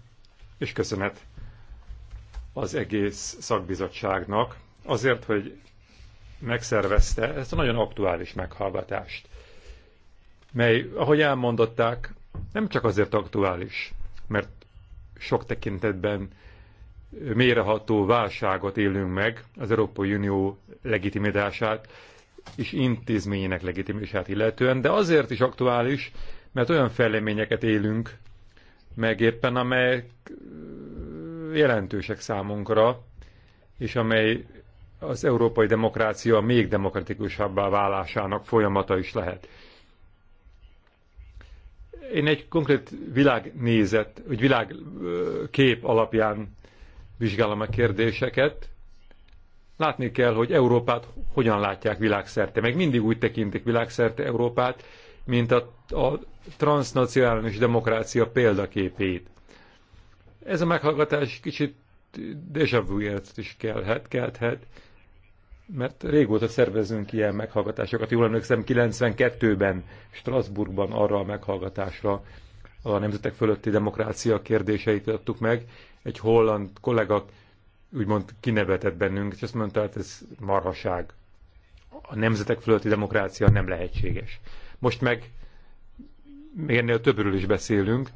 és köszönet az egész szakbizottságnak azért, hogy megszervezte ezt a nagyon aktuális meghallgatást, mely, ahogy elmondották, nem csak azért aktuális, mert sok tekintetben méreható válságot élünk meg, az Európai Unió legitimitását és intézményének legitimitását illetően, de azért is aktuális, mert olyan fejleményeket élünk meg éppen, amelyek jelentősek számunkra, és amely az európai demokrácia még demokratikusabbá válásának folyamata is lehet. Én egy konkrét világnézet, egy világkép alapján vizsgálom a kérdéseket, látni kell, hogy Európát hogyan látják világszerte. Meg mindig úgy tekintik világszerte Európát, mint a, a transnacionális demokrácia példaképét. Ez a meghallgatás kicsit déjà vu is kelhet, kelthet, mert régóta szervezünk ilyen meghallgatásokat. Jól emlékszem, 92-ben Strasbourgban arra a meghallgatásra a nemzetek fölötti demokrácia kérdéseit adtuk meg, egy holland kollega úgymond kinevetett bennünk, és azt mondta, hát ez marhaság. A nemzetek fölötti demokrácia nem lehetséges. Most meg még ennél többről is beszélünk,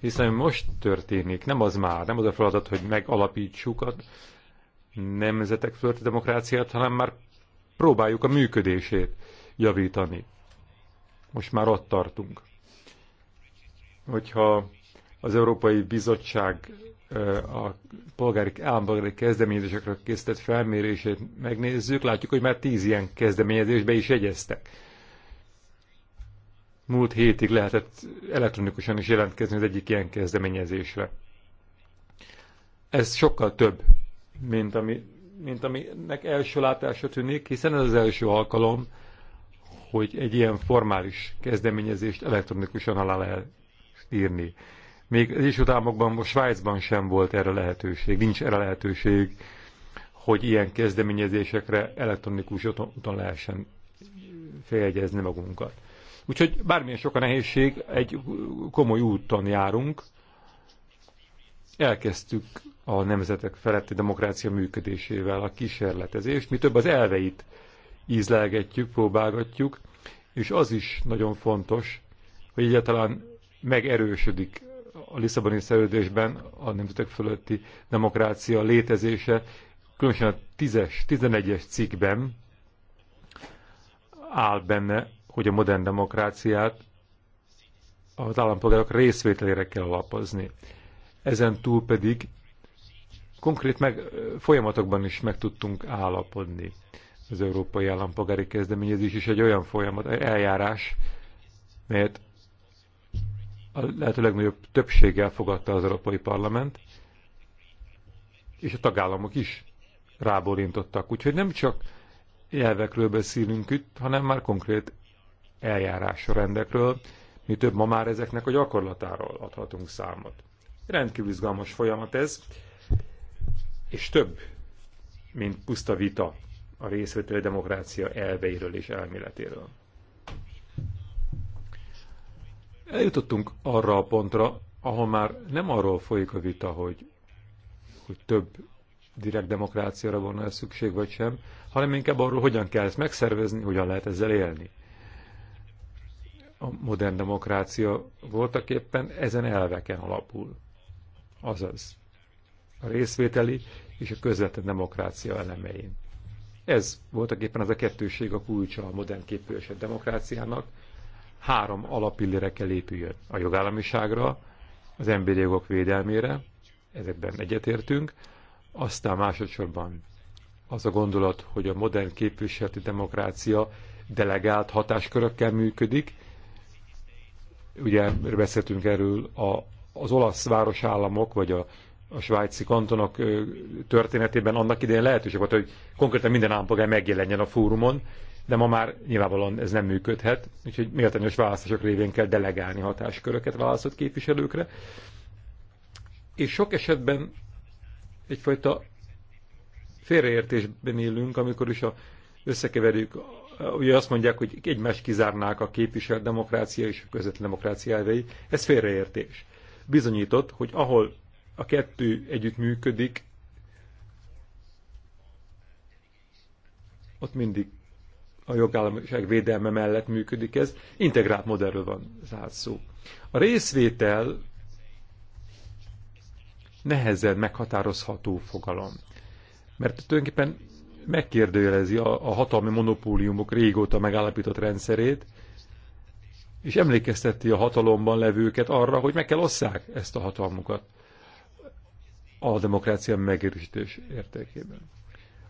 hiszen most történik, nem az már, nem az a feladat, hogy megalapítsuk a nemzetek fölötti demokráciát, hanem már próbáljuk a működését javítani. Most már ott tartunk. Hogyha az Európai Bizottság a polgári, állampolgári kezdeményezésekről készített felmérését megnézzük, látjuk, hogy már tíz ilyen kezdeményezésbe is jegyeztek. Múlt hétig lehetett elektronikusan is jelentkezni az egyik ilyen kezdeményezésre. Ez sokkal több, mint, ami, mint aminek első látásra tűnik, hiszen ez az első alkalom, hogy egy ilyen formális kezdeményezést elektronikusan alá lehet írni. Még az is utámokban, vagy Svájcban sem volt erre lehetőség, nincs erre lehetőség, hogy ilyen kezdeményezésekre elektronikus úton lehessen feljegyezni magunkat. Úgyhogy bármilyen sok a nehézség, egy komoly úton járunk. Elkezdtük a nemzetek feletti demokrácia működésével a kísérletezést, mi több az elveit ízlelgetjük, próbálgatjuk, és az is nagyon fontos, hogy egyáltalán megerősödik a Lisszaboni szerződésben a nemzetek fölötti demokrácia létezése, különösen a 10-es, 11-es cikkben áll benne, hogy a modern demokráciát az állampolgárok részvételére kell alapozni. Ezen túl pedig konkrét meg, folyamatokban is meg tudtunk állapodni. Az Európai Állampolgári Kezdeményezés is egy olyan folyamat, eljárás, melyet a lehető legnagyobb többséggel fogadta az Európai Parlament, és a tagállamok is ráborintottak. Úgyhogy nem csak jelvekről beszélünk itt, hanem már konkrét rendekről, mi több ma már ezeknek a gyakorlatáról adhatunk számot. Rendkívül izgalmas folyamat ez, és több, mint puszta vita a részvételi demokrácia elveiről és elméletéről. Eljutottunk arra a pontra, ahol már nem arról folyik a vita, hogy, hogy több direkt demokráciára volna ez szükség, vagy sem, hanem inkább arról, hogyan kell ezt megszervezni, hogyan lehet ezzel élni. A modern demokrácia voltak éppen ezen elveken alapul. Azaz, a részvételi és a közvetlen demokrácia elemein. Ez voltak éppen az a kettőség a kulcsa a modern képviselő demokráciának, három alapillére kell épüljön. A jogállamiságra, az emberi jogok védelmére, ezekben egyetértünk, aztán másodszorban az a gondolat, hogy a modern képviseleti demokrácia delegált hatáskörökkel működik. Ugye beszéltünk erről a, az olasz városállamok, vagy a, a svájci kantonok történetében annak idején lehetőség volt, hogy konkrétan minden állampolgár megjelenjen a fórumon, de ma már nyilvánvalóan ez nem működhet, úgyhogy méltányos választások révén kell delegálni hatásköröket választott képviselőkre. És sok esetben egyfajta félreértésben élünk, amikor is a, összekeverjük, ugye azt mondják, hogy egymást kizárnák a képviselő demokrácia és a közvetlen demokrácia elvei, ez félreértés. Bizonyított, hogy ahol a kettő együtt működik, ott mindig a jogállamiság védelme mellett működik ez, integrált modellről van szó. A részvétel nehezen meghatározható fogalom, mert tulajdonképpen megkérdőjelezi a, a hatalmi monopóliumok régóta megállapított rendszerét, és emlékezteti a hatalomban levőket arra, hogy meg kell osszák ezt a hatalmukat a demokrácia megerősítés értékében.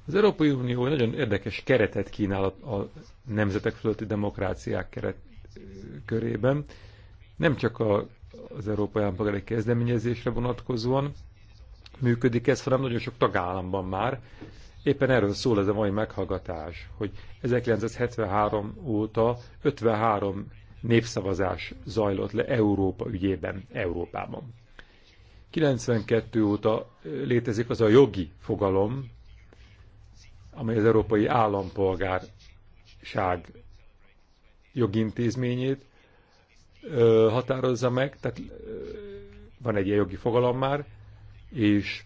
Az Európai Unió nagyon érdekes keretet kínál a, a nemzetek fölötti demokráciák keret körében, nem csak a, az Európai Állampolgári Kezdeményezésre vonatkozóan működik ez, hanem nagyon sok tagállamban már. Éppen erről szól ez a mai meghallgatás, hogy 1973 óta 53 népszavazás zajlott le Európa ügyében, Európában. 92 óta létezik az a jogi fogalom, amely az európai állampolgárság jogintézményét ö, határozza meg, tehát ö, van egy ilyen jogi fogalom már, és,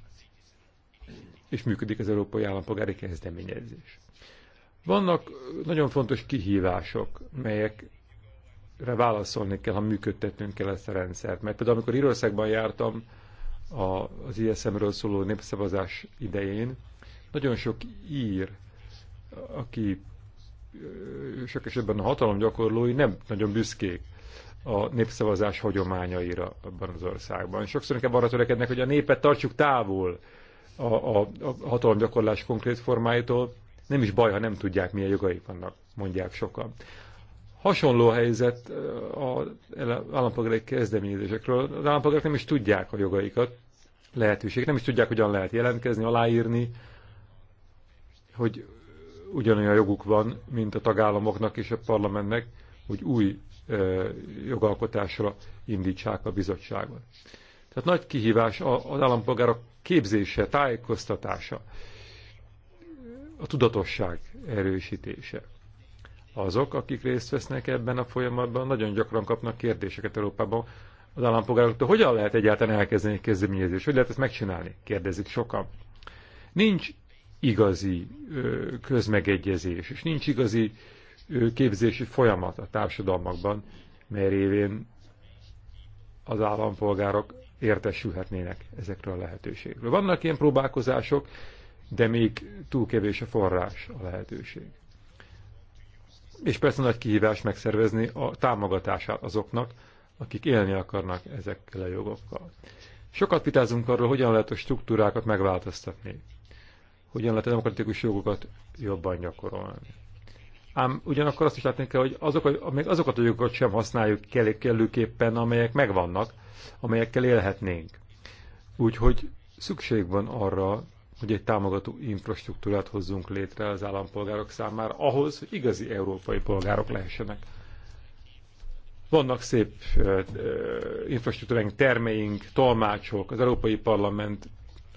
és működik az európai állampolgári kezdeményezés. Vannak nagyon fontos kihívások, melyekre válaszolni kell, ha működtetnünk kell ezt a rendszert. Mert például amikor Írországban jártam az ISM-ről szóló népszavazás idején, nagyon sok ír, aki sok esetben a hatalom gyakorlói nem nagyon büszkék a népszavazás hagyományaira abban az országban. Sokszor inkább arra törekednek, hogy a népet tartsuk távol a, a, a hatalomgyakorlás konkrét formáitól. Nem is baj, ha nem tudják, milyen jogaik vannak, mondják sokan. Hasonló helyzet az állampolgári kezdeményezésekről. Az állampolgárok nem is tudják a jogaikat, lehetőség. Nem is tudják, hogyan lehet jelentkezni, aláírni hogy ugyanolyan joguk van, mint a tagállamoknak és a parlamentnek, hogy új jogalkotásra indítsák a bizottságot. Tehát nagy kihívás az állampolgárok képzése, tájékoztatása, a tudatosság erősítése. Azok, akik részt vesznek ebben a folyamatban, nagyon gyakran kapnak kérdéseket Európában az állampolgároktól, hogyan lehet egyáltalán elkezdeni egy kezdeményezést, hogy lehet ezt megcsinálni, kérdezik sokan. Nincs igazi közmegegyezés, és nincs igazi képzési folyamat a társadalmakban, mely révén az állampolgárok értesülhetnének ezekről a lehetőségről. Vannak ilyen próbálkozások, de még túl kevés a forrás a lehetőség. És persze nagy kihívás megszervezni a támogatását azoknak, akik élni akarnak ezekkel a jogokkal. Sokat vitázunk arról, hogyan lehet a struktúrákat megváltoztatni hogyan lehet a demokratikus jogokat jobban gyakorolni. Ám ugyanakkor azt is látni kell, hogy azok, még azokat a jogokat sem használjuk kellőképpen, amelyek megvannak, amelyekkel élhetnénk. Úgyhogy szükség van arra, hogy egy támogató infrastruktúrát hozzunk létre az állampolgárok számára, ahhoz, hogy igazi európai polgárok lehessenek. Vannak szép infrastruktúránk, termeink, tolmácsok, az Európai Parlament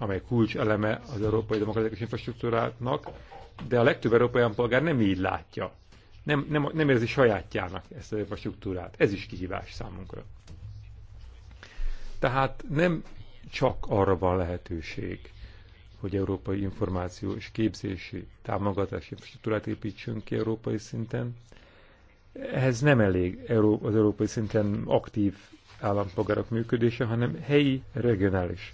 amely kulcs eleme az európai demokratikus infrastruktúrának, de a legtöbb európai polgár nem így látja. Nem, nem, nem érzi sajátjának ezt az infrastruktúrát. Ez is kihívás számunkra. Tehát nem csak arra van lehetőség, hogy európai információs képzési támogatási infrastruktúrát építsünk ki európai szinten. Ehhez nem elég az európai szinten aktív állampolgárok működése, hanem helyi, regionális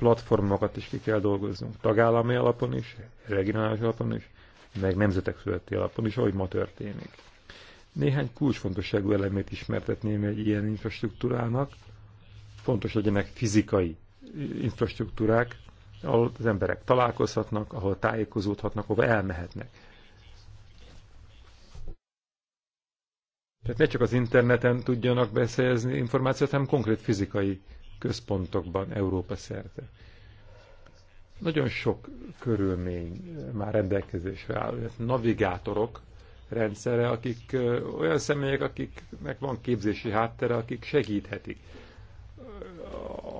platformokat is ki kell dolgoznunk. Tagállami alapon is, regionális alapon is, meg nemzetek szövetti alapon is, ahogy ma történik. Néhány kulcsfontosságú elemét ismertetném egy ilyen infrastruktúrának. Fontos legyenek fizikai infrastruktúrák, ahol az emberek találkozhatnak, ahol tájékozódhatnak, ahol elmehetnek. Tehát ne csak az interneten tudjanak beszerezni információt, hanem konkrét fizikai központokban Európa szerte. Nagyon sok körülmény már rendelkezésre áll. Navigátorok rendszere, akik olyan személyek, akiknek van képzési háttere, akik segíthetik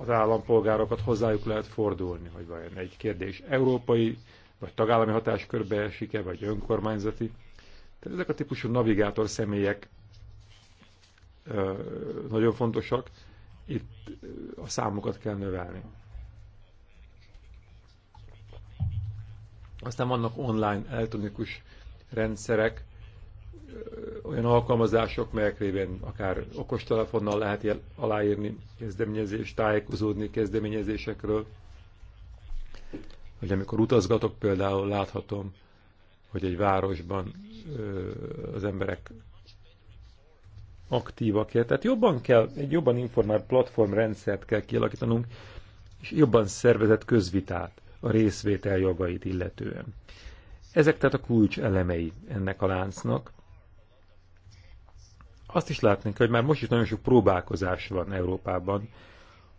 az állampolgárokat, hozzájuk lehet fordulni, hogy vajon egy kérdés európai, vagy tagállami hatáskörbe esik-e, vagy önkormányzati. Tehát ezek a típusú navigátor személyek nagyon fontosak, itt a számokat kell növelni. Aztán vannak online elektronikus rendszerek, olyan alkalmazások, melyek révén akár okostelefonnal lehet aláírni kezdeményezést, tájékozódni kezdeményezésekről. Hogy amikor utazgatok, például láthatom, hogy egy városban az emberek aktívakért. Tehát jobban kell, egy jobban informált platformrendszert kell kialakítanunk, és jobban szervezett közvitát a részvétel jogait illetően. Ezek tehát a kulcs elemei ennek a láncnak. Azt is látni kell, hogy már most is nagyon sok próbálkozás van Európában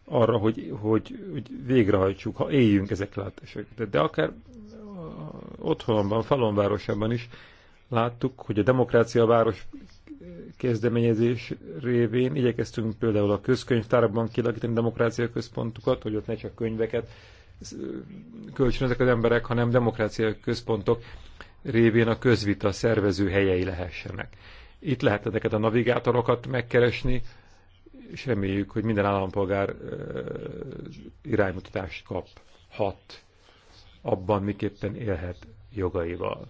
arra, hogy, hogy, hogy végrehajtsuk, ha éljünk ezek a de, de akár otthonban, falonvárosában is láttuk, hogy a demokrácia város kezdeményezés révén igyekeztünk például a közkönyvtárakban kilakítani demokrácia központokat, hogy ott ne csak könyveket kölcsönözek az emberek, hanem demokrácia központok révén a közvita szervező helyei lehessenek. Itt lehet ezeket a navigátorokat megkeresni, és reméljük, hogy minden állampolgár iránymutatást kap, hat abban, miképpen élhet jogaival.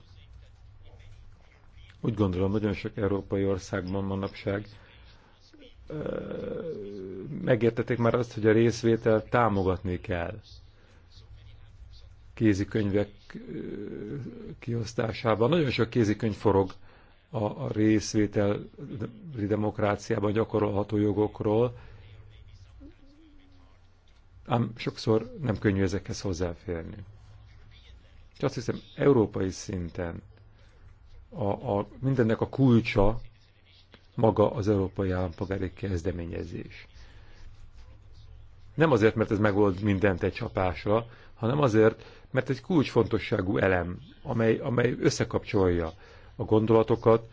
Úgy gondolom, nagyon sok európai országban manapság megértették már azt, hogy a részvétel támogatni kell kézikönyvek kiosztásában. Nagyon sok kézikönyv forog a, a részvételi demokráciában gyakorolható jogokról, ám sokszor nem könnyű ezekhez hozzáférni. És azt hiszem, európai szinten a, a, mindennek a kulcsa maga az európai állampolgári kezdeményezés. Nem azért, mert ez megold mindent egy csapásra, hanem azért, mert egy kulcsfontosságú elem, amely, amely összekapcsolja a gondolatokat,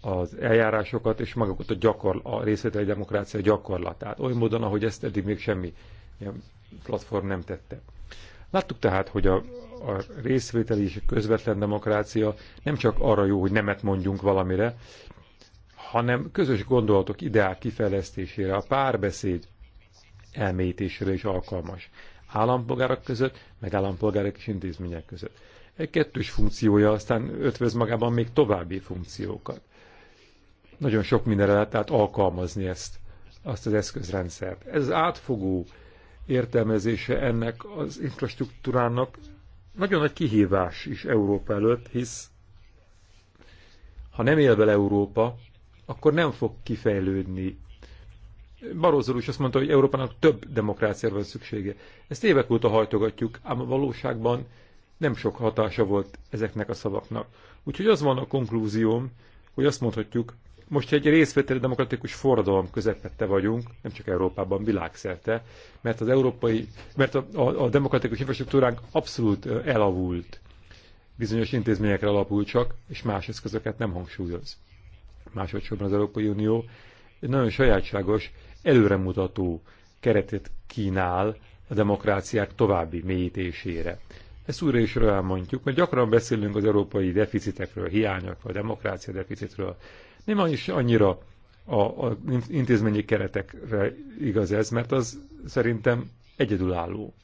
az eljárásokat és magukat a, gyakorl- a részvételi demokrácia gyakorlatát. Oly módon, ahogy ezt eddig még semmi ilyen platform nem tette. Láttuk tehát, hogy a, a részvételi és a közvetlen demokrácia nem csak arra jó, hogy nemet mondjunk valamire, hanem közös gondolatok ideál kifejlesztésére, a párbeszéd elmélyítésére is alkalmas. Állampolgárok között, meg állampolgárok és intézmények között. Egy kettős funkciója aztán ötvöz magában még további funkciókat. Nagyon sok mindenre lehet tehát alkalmazni ezt, azt az eszközrendszert. Ez az átfogó értelmezése ennek az infrastruktúrának nagyon nagy kihívás is Európa előtt, hisz ha nem él vele Európa, akkor nem fog kifejlődni. Barroso is azt mondta, hogy Európának több demokráciára van szüksége. Ezt évek óta hajtogatjuk, ám a valóságban nem sok hatása volt ezeknek a szavaknak. Úgyhogy az van a konklúzióm, hogy azt mondhatjuk, most egy részvételi demokratikus forradalom közepette vagyunk, nem csak Európában, világszerte, mert az európai, mert a, a, a demokratikus infrastruktúránk abszolút elavult. Bizonyos intézményekre alapul csak, és más eszközöket nem hangsúlyoz. Másodszorban az Európai Unió egy nagyon sajátságos, előremutató keretet kínál a demokráciák további mélyítésére. Ezt újra is elmondjuk, mert gyakran beszélünk az európai deficitekről, hiányokról, demokrácia deficitről, nem is annyira a, a intézményi keretekre igaz ez, mert az szerintem egyedülálló.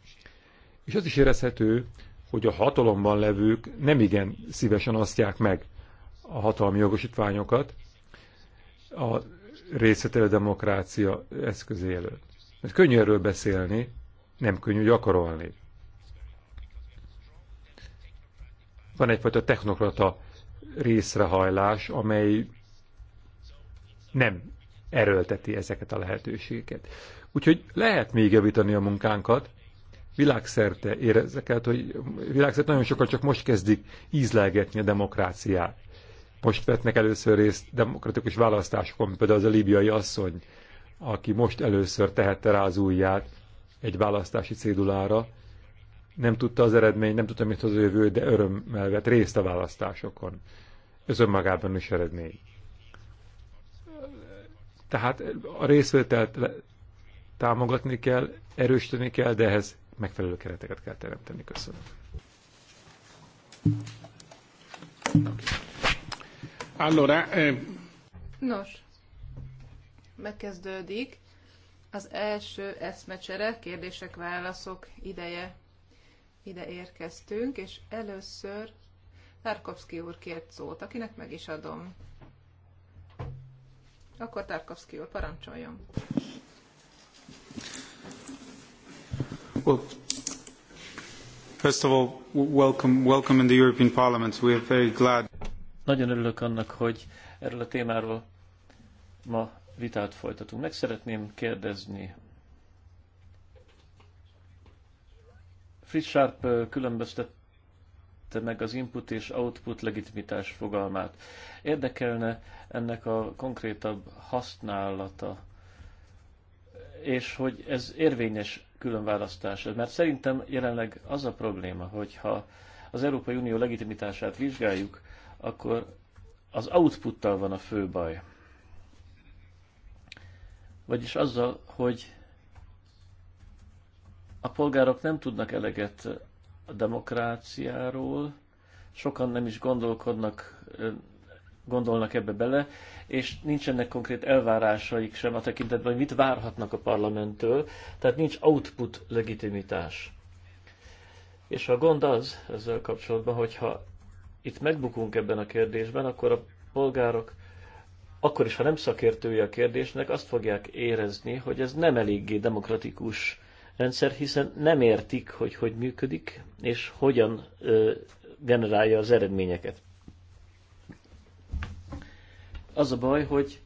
És az is érezhető, hogy a hatalomban levők nem igen szívesen osztják meg a hatalmi jogosítványokat a részvételő demokrácia eszközé előtt. Mert könnyű erről beszélni, nem könnyű gyakorolni. Van egyfajta technokrata részrehajlás, amely nem erőlteti ezeket a lehetőségeket. Úgyhogy lehet még javítani a munkánkat, világszerte érezzeket, hogy világszerte nagyon sokan csak most kezdik ízlelgetni a demokráciát. Most vetnek először részt demokratikus választásokon, például az a libiai asszony, aki most először tehette rá az ujját egy választási cédulára, nem tudta az eredmény, nem tudta, mit hoz a jövő, de örömmel vett részt a választásokon. Ez önmagában is eredmény. Tehát a részvételt támogatni kell, erősíteni kell, de ehhez megfelelő kereteket kell teremteni. Köszönöm. Allora, eh... Nos, megkezdődik az első eszmecsere, kérdések, válaszok ideje. Ide érkeztünk, és először Tarkovsky úr kért szót, akinek meg is adom akkor Tarkovsky úr, parancsoljon. Well, first of all, welcome, welcome in the European Parliament. We are very glad. Nagyon örülök annak, hogy erről a témáról ma vitát folytatunk. Meg szeretném kérdezni Fritz Sharp különböztet említette meg az input és output legitimitás fogalmát. Érdekelne ennek a konkrétabb használata, és hogy ez érvényes különválasztás. Mert szerintem jelenleg az a probléma, hogyha az Európai Unió legitimitását vizsgáljuk, akkor az outputtal van a fő baj. Vagyis azzal, hogy a polgárok nem tudnak eleget a demokráciáról, sokan nem is gondolkodnak, gondolnak ebbe bele, és nincsenek konkrét elvárásaik sem a tekintetben, hogy mit várhatnak a parlamenttől, tehát nincs output legitimitás. És a gond az ezzel kapcsolatban, hogyha itt megbukunk ebben a kérdésben, akkor a polgárok, akkor is, ha nem szakértői a kérdésnek, azt fogják érezni, hogy ez nem eléggé demokratikus rendszer, hiszen nem értik, hogy hogy működik, és hogyan ö, generálja az eredményeket. Az a baj, hogy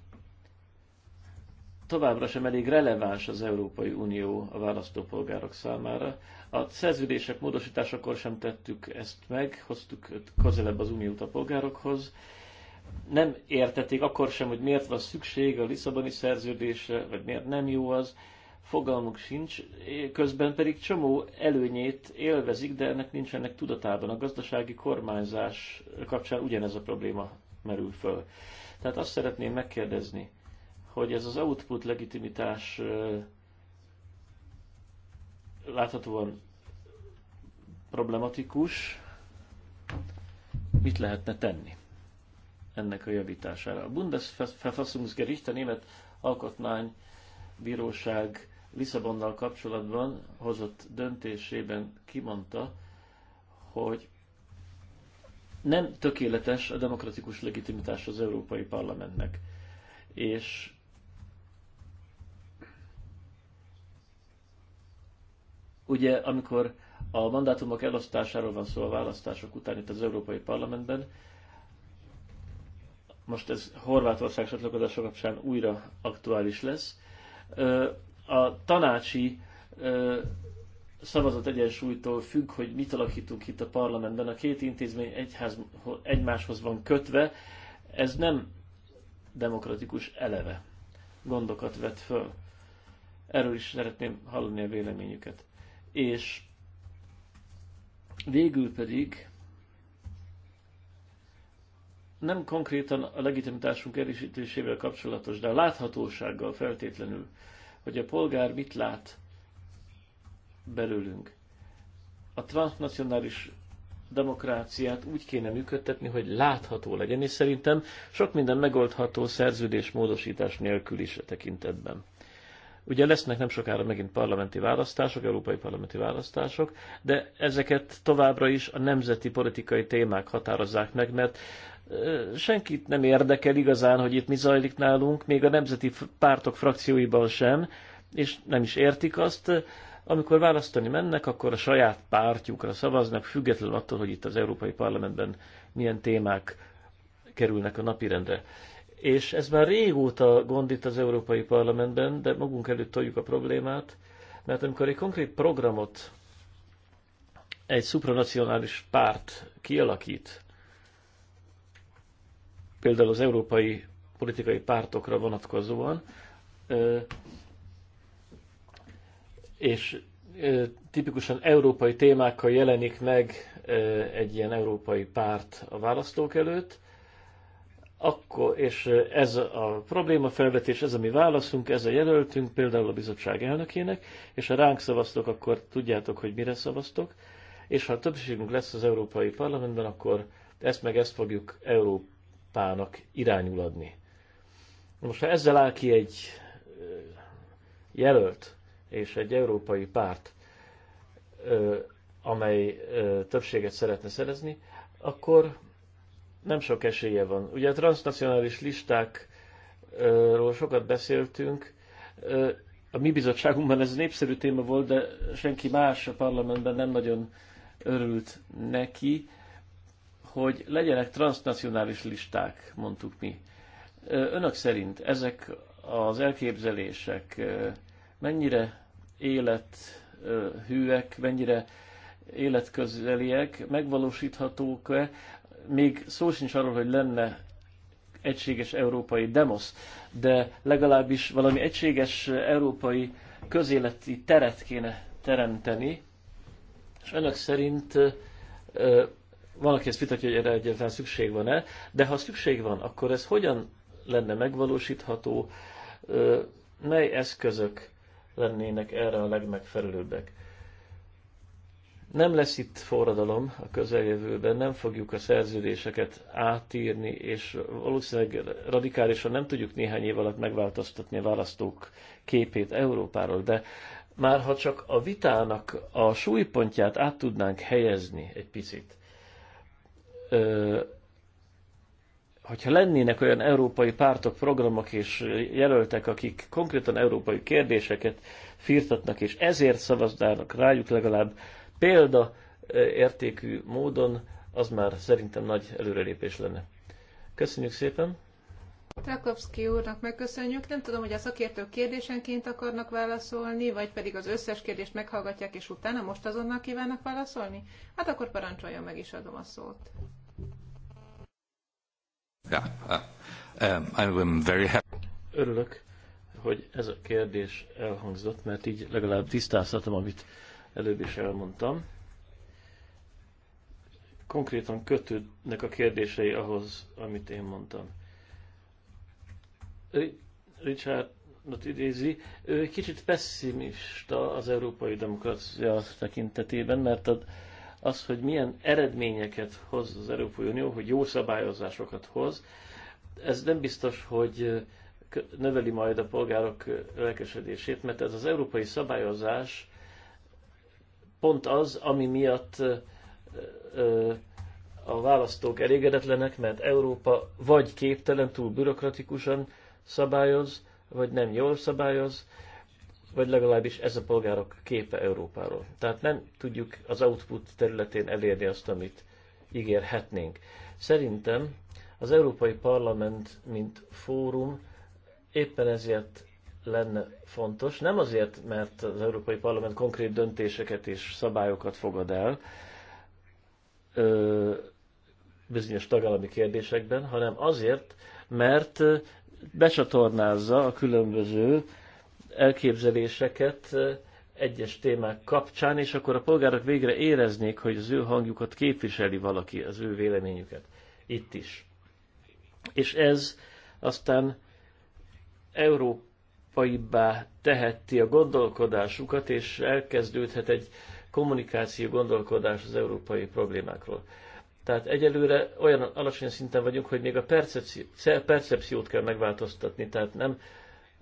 továbbra sem elég releváns az Európai Unió a választópolgárok számára. A szerződések módosításakor sem tettük ezt meg, hoztuk közelebb az uniót a polgárokhoz. Nem értették akkor sem, hogy miért van szükség a Lisszaboni szerződésre, vagy miért nem jó az fogalmuk sincs, közben pedig csomó előnyét élvezik, de ennek nincsenek tudatában. A gazdasági kormányzás kapcsán ugyanez a probléma merül föl. Tehát azt szeretném megkérdezni, hogy ez az output legitimitás láthatóan problematikus, mit lehetne tenni ennek a javítására. A Bundesverfassungsgericht, a német alkotmánybíróság Lisszabonnal kapcsolatban hozott döntésében kimondta, hogy nem tökéletes a demokratikus legitimitás az Európai Parlamentnek. És ugye amikor a mandátumok elosztásáról van szó a választások után itt az Európai Parlamentben, most ez Horvátország csatlakozása kapcsán újra aktuális lesz, a tanácsi szavazat egyensúlytól függ, hogy mit alakítunk itt a parlamentben. A két intézmény egyház, egymáshoz van kötve, ez nem demokratikus eleve. Gondokat vet föl. Erről is szeretném hallani a véleményüket. És végül pedig nem konkrétan a legitimitásunk erősítésével kapcsolatos, de a láthatósággal feltétlenül hogy a polgár mit lát belőlünk. A transnacionális demokráciát úgy kéne működtetni, hogy látható legyen, és szerintem sok minden megoldható szerződés módosítás nélkül is a e tekintetben. Ugye lesznek nem sokára megint parlamenti választások, európai parlamenti választások, de ezeket továbbra is a nemzeti politikai témák határozzák meg, mert senkit nem érdekel igazán, hogy itt mi zajlik nálunk, még a nemzeti pártok frakcióiban sem, és nem is értik azt. Amikor választani mennek, akkor a saját pártjukra szavaznak, függetlenül attól, hogy itt az Európai Parlamentben milyen témák kerülnek a napirendre. És ez már régóta gond itt az Európai Parlamentben, de magunk előtt toljuk a problémát, mert amikor egy konkrét programot egy szupranacionális párt kialakít, például az európai politikai pártokra vonatkozóan, és tipikusan európai témákkal jelenik meg egy ilyen európai párt a választók előtt, akkor, és ez a probléma felvetés, ez a mi válaszunk, ez a jelöltünk, például a bizottság elnökének, és ha ránk szavaztok, akkor tudjátok, hogy mire szavaztok, és ha a többségünk lesz az Európai Parlamentben, akkor ezt meg ezt fogjuk Európa pának irányul adni. Most ha ezzel áll ki egy jelölt és egy európai párt, amely többséget szeretne szerezni, akkor nem sok esélye van. Ugye a transnacionális listákról sokat beszéltünk, a mi bizottságunkban ez népszerű téma volt, de senki más a parlamentben nem nagyon örült neki hogy legyenek transnacionális listák, mondtuk mi. Önök szerint ezek az elképzelések mennyire élethűek, mennyire életközeliek, megvalósíthatók-e? Még szó sincs arról, hogy lenne egységes európai demosz, de legalábbis valami egységes európai közéleti teret kéne teremteni, és önök szerint van, aki ezt vitatja, hogy erre egyáltalán szükség van-e, de ha szükség van, akkor ez hogyan lenne megvalósítható, mely eszközök lennének erre a legmegfelelőbbek. Nem lesz itt forradalom a közeljövőben, nem fogjuk a szerződéseket átírni, és valószínűleg radikálisan nem tudjuk néhány év alatt megváltoztatni a választók képét Európáról, de már ha csak a vitának a súlypontját át tudnánk helyezni egy picit, hogyha lennének olyan európai pártok, programok és jelöltek, akik konkrétan európai kérdéseket firtatnak, és ezért szavaznának rájuk legalább példa értékű módon, az már szerintem nagy előrelépés lenne. Köszönjük szépen! Trakowski úrnak megköszönjük. Nem tudom, hogy a szakértők kérdésenként akarnak válaszolni, vagy pedig az összes kérdést meghallgatják, és utána most azonnal kívánnak válaszolni? Hát akkor parancsoljon meg is adom a szót. Yeah, uh, um, I'm very happy. Örülök, hogy ez a kérdés elhangzott, mert így legalább tisztázhatom, amit előbb is elmondtam. Konkrétan kötődnek a kérdései ahhoz, amit én mondtam. Richard idézi, ő kicsit pessimista az európai demokrácia tekintetében, mert a az, hogy milyen eredményeket hoz az Európai Unió, hogy jó szabályozásokat hoz, ez nem biztos, hogy növeli majd a polgárok lelkesedését, mert ez az európai szabályozás pont az, ami miatt a választók elégedetlenek, mert Európa vagy képtelen túl bürokratikusan szabályoz, vagy nem jól szabályoz, vagy legalábbis ez a polgárok képe Európáról. Tehát nem tudjuk az output területén elérni azt, amit ígérhetnénk. Szerintem az Európai Parlament, mint fórum, éppen ezért lenne fontos. Nem azért, mert az Európai Parlament konkrét döntéseket és szabályokat fogad el ö, bizonyos tagállami kérdésekben, hanem azért, mert becsatornázza a különböző elképzeléseket egyes témák kapcsán, és akkor a polgárok végre éreznék, hogy az ő hangjukat képviseli valaki, az ő véleményüket itt is. És ez aztán európaibbá teheti a gondolkodásukat, és elkezdődhet egy kommunikáció gondolkodás az európai problémákról. Tehát egyelőre olyan alacsony szinten vagyunk, hogy még a percepciót kell megváltoztatni, tehát nem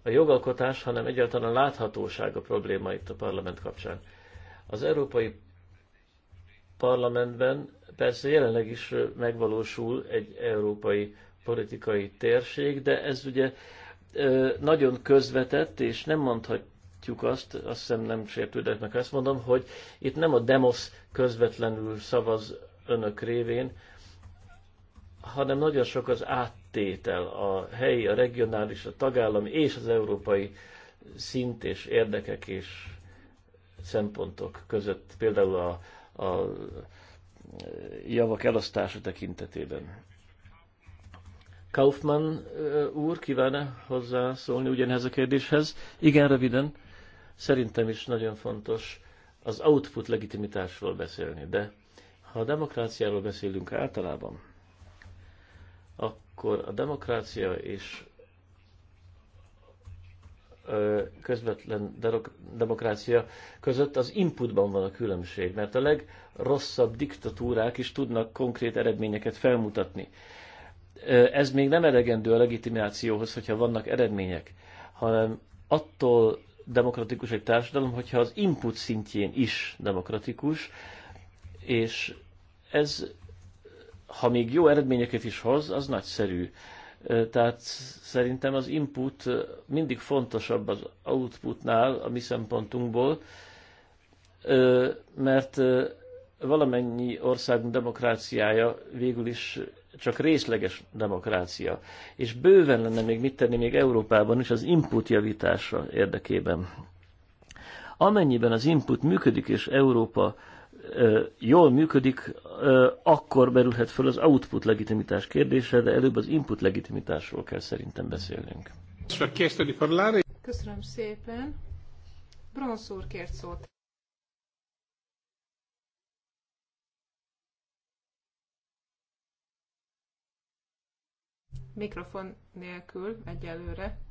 a jogalkotás, hanem egyáltalán a láthatóság a probléma itt a parlament kapcsán. Az Európai Parlamentben persze jelenleg is megvalósul egy európai politikai térség, de ez ugye nagyon közvetett, és nem mondhatjuk azt, azt hiszem nem sértődött meg, azt mondom, hogy itt nem a demosz közvetlenül szavaz önök révén, hanem nagyon sok az át tétel, a helyi, a regionális, a tagállami és az európai szint és érdekek és szempontok között, például a, a javak elosztása tekintetében. Kaufmann úr kívánna hozzászólni ugyanhez a kérdéshez? Igen, röviden. Szerintem is nagyon fontos az output legitimitásról beszélni, de ha a demokráciáról beszélünk általában, akkor a demokrácia és közvetlen demokrácia között az inputban van a különbség, mert a legrosszabb diktatúrák is tudnak konkrét eredményeket felmutatni. Ez még nem elegendő a legitimációhoz, hogyha vannak eredmények, hanem attól demokratikus egy társadalom, hogyha az input szintjén is demokratikus, és ez ha még jó eredményeket is hoz, az nagyszerű. Tehát szerintem az input mindig fontosabb az outputnál a mi szempontunkból, mert valamennyi országunk demokráciája végül is csak részleges demokrácia. És bőven lenne még mit tenni még Európában is az input javítása érdekében. Amennyiben az input működik, és Európa jól működik, akkor merülhet föl az output legitimitás kérdése, de előbb az input legitimitásról kell szerintem beszélnünk. Köszönöm szépen. Bronsz úr kért szót. Mikrofon nélkül egyelőre.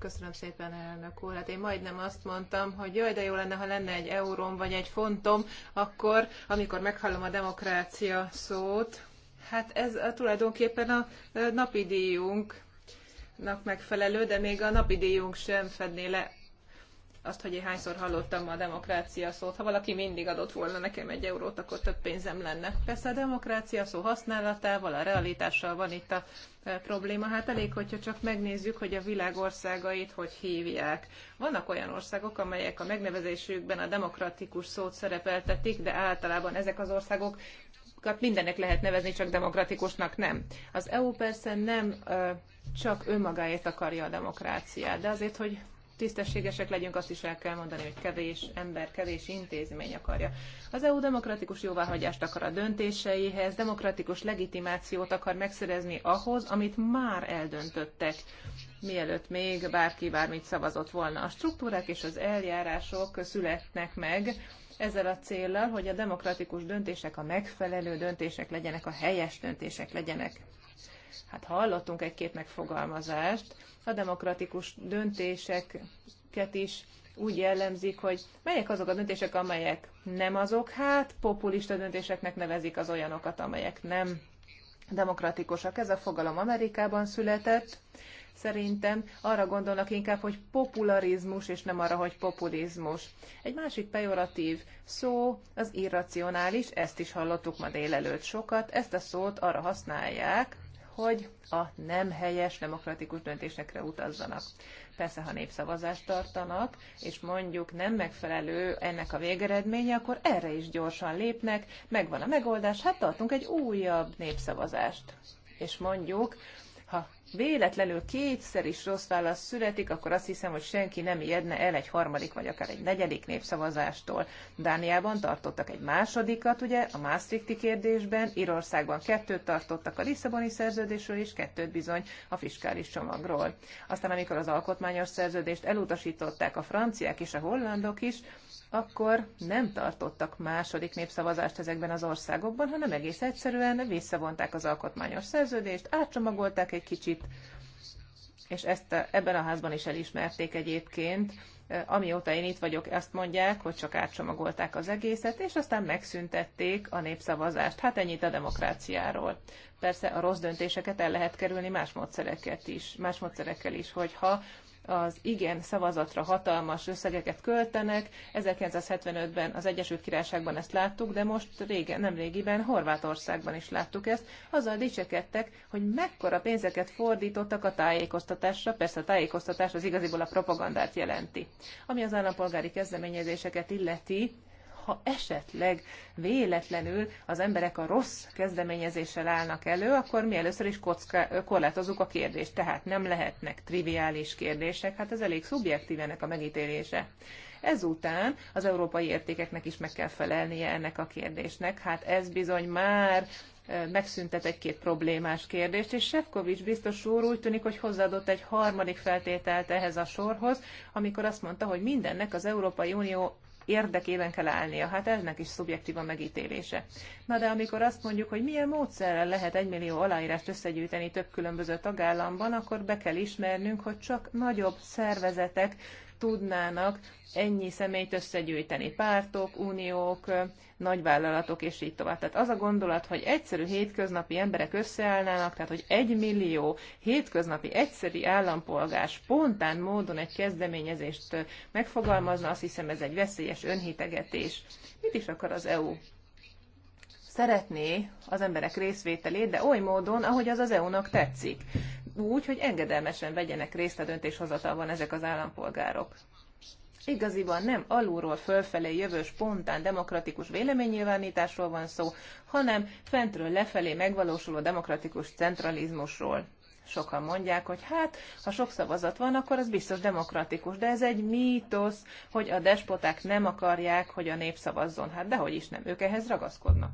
Köszönöm szépen, elnök úr. Hát én majdnem azt mondtam, hogy jaj, de jó lenne, ha lenne egy euróm vagy egy fontom, akkor, amikor meghallom a demokrácia szót, hát ez a, tulajdonképpen a e, napi díjunk megfelelő, de még a napi díjunk sem fedné le azt, hogy én hányszor hallottam a demokrácia szót. Ha valaki mindig adott volna nekem egy eurót, akkor több pénzem lenne. Persze a demokrácia szó használatával, a realitással van itt a e, probléma. Hát elég, hogyha csak megnézzük, hogy a világ országait hogy hívják. Vannak olyan országok, amelyek a megnevezésükben a demokratikus szót szerepeltetik, de általában ezek az országok hát mindennek lehet nevezni, csak demokratikusnak nem. Az EU persze nem ö, e, csak önmagáért akarja a demokráciát, de azért, hogy tisztességesek legyünk, azt is el kell mondani, hogy kevés ember, kevés intézmény akarja. Az EU demokratikus jóváhagyást akar a döntéseihez, demokratikus legitimációt akar megszerezni ahhoz, amit már eldöntöttek mielőtt még bárki bármit szavazott volna. A struktúrák és az eljárások születnek meg ezzel a céllal, hogy a demokratikus döntések a megfelelő döntések legyenek, a helyes döntések legyenek. Hát hallottunk egy-két megfogalmazást, a demokratikus döntéseket is úgy jellemzik, hogy melyek azok a döntések, amelyek nem azok, hát populista döntéseknek nevezik az olyanokat, amelyek nem demokratikusak. Ez a fogalom Amerikában született. Szerintem arra gondolnak inkább, hogy popularizmus, és nem arra, hogy populizmus. Egy másik pejoratív szó az irracionális, ezt is hallottuk ma délelőtt sokat. Ezt a szót arra használják, hogy a nem helyes demokratikus döntésekre utazzanak. Persze, ha népszavazást tartanak, és mondjuk nem megfelelő ennek a végeredménye, akkor erre is gyorsan lépnek, megvan a megoldás, hát tartunk egy újabb népszavazást. És mondjuk ha véletlenül kétszer is rossz válasz születik, akkor azt hiszem, hogy senki nem ijedne el egy harmadik vagy akár egy negyedik népszavazástól. Dániában tartottak egy másodikat, ugye, a Maastrichti kérdésben, Írországban kettőt tartottak a Lisszaboni szerződésről, és kettőt bizony a fiskális csomagról. Aztán, amikor az alkotmányos szerződést elutasították a franciák és a hollandok is, akkor nem tartottak második népszavazást ezekben az országokban, hanem egész egyszerűen visszavonták az alkotmányos szerződést, átcsomagolták egy kicsit, és ezt ebben a házban is elismerték egyébként. Amióta én itt vagyok, azt mondják, hogy csak átcsomagolták az egészet, és aztán megszüntették a népszavazást. Hát ennyit a demokráciáról. Persze a rossz döntéseket el lehet kerülni más módszerekkel is, más módszerekkel is, hogyha az igen szavazatra hatalmas összegeket költenek. 1975-ben az Egyesült Királyságban ezt láttuk, de most régen, nem régiben Horvátországban is láttuk ezt. Azzal dicsekedtek, hogy mekkora pénzeket fordítottak a tájékoztatásra, persze a tájékoztatás az igaziból a propagandát jelenti. Ami az állampolgári kezdeményezéseket illeti, ha esetleg véletlenül az emberek a rossz kezdeményezéssel állnak elő, akkor mi először is kocka, korlátozunk a kérdést. Tehát nem lehetnek triviális kérdések, hát ez elég ennek a megítélése. Ezután az európai értékeknek is meg kell felelnie ennek a kérdésnek. Hát ez bizony már megszüntet egy-két problémás kérdést, és Sefkovics biztos úr úgy tűnik, hogy hozzáadott egy harmadik feltételt ehhez a sorhoz, amikor azt mondta, hogy mindennek az Európai Unió érdekében kell állnia. Hát ennek is szubjektív a megítélése. Na de amikor azt mondjuk, hogy milyen módszerrel lehet egymillió aláírást összegyűjteni több különböző tagállamban, akkor be kell ismernünk, hogy csak nagyobb szervezetek tudnának ennyi személyt összegyűjteni, pártok, uniók, nagyvállalatok, és így tovább. Tehát az a gondolat, hogy egyszerű hétköznapi emberek összeállnának, tehát hogy egy millió hétköznapi egyszeri állampolgár spontán módon egy kezdeményezést megfogalmazna, azt hiszem ez egy veszélyes önhitegetés. Mit is akar az EU? szeretné az emberek részvételét, de oly módon, ahogy az az EU-nak tetszik úgy, hogy engedelmesen vegyenek részt a döntéshozatalban ezek az állampolgárok. Igaziban nem alulról fölfelé jövő spontán demokratikus véleménynyilvánításról van szó, hanem fentről lefelé megvalósuló demokratikus centralizmusról. Sokan mondják, hogy hát, ha sok szavazat van, akkor az biztos demokratikus, de ez egy mítosz, hogy a despoták nem akarják, hogy a nép szavazzon. Hát dehogy is nem, ők ehhez ragaszkodnak.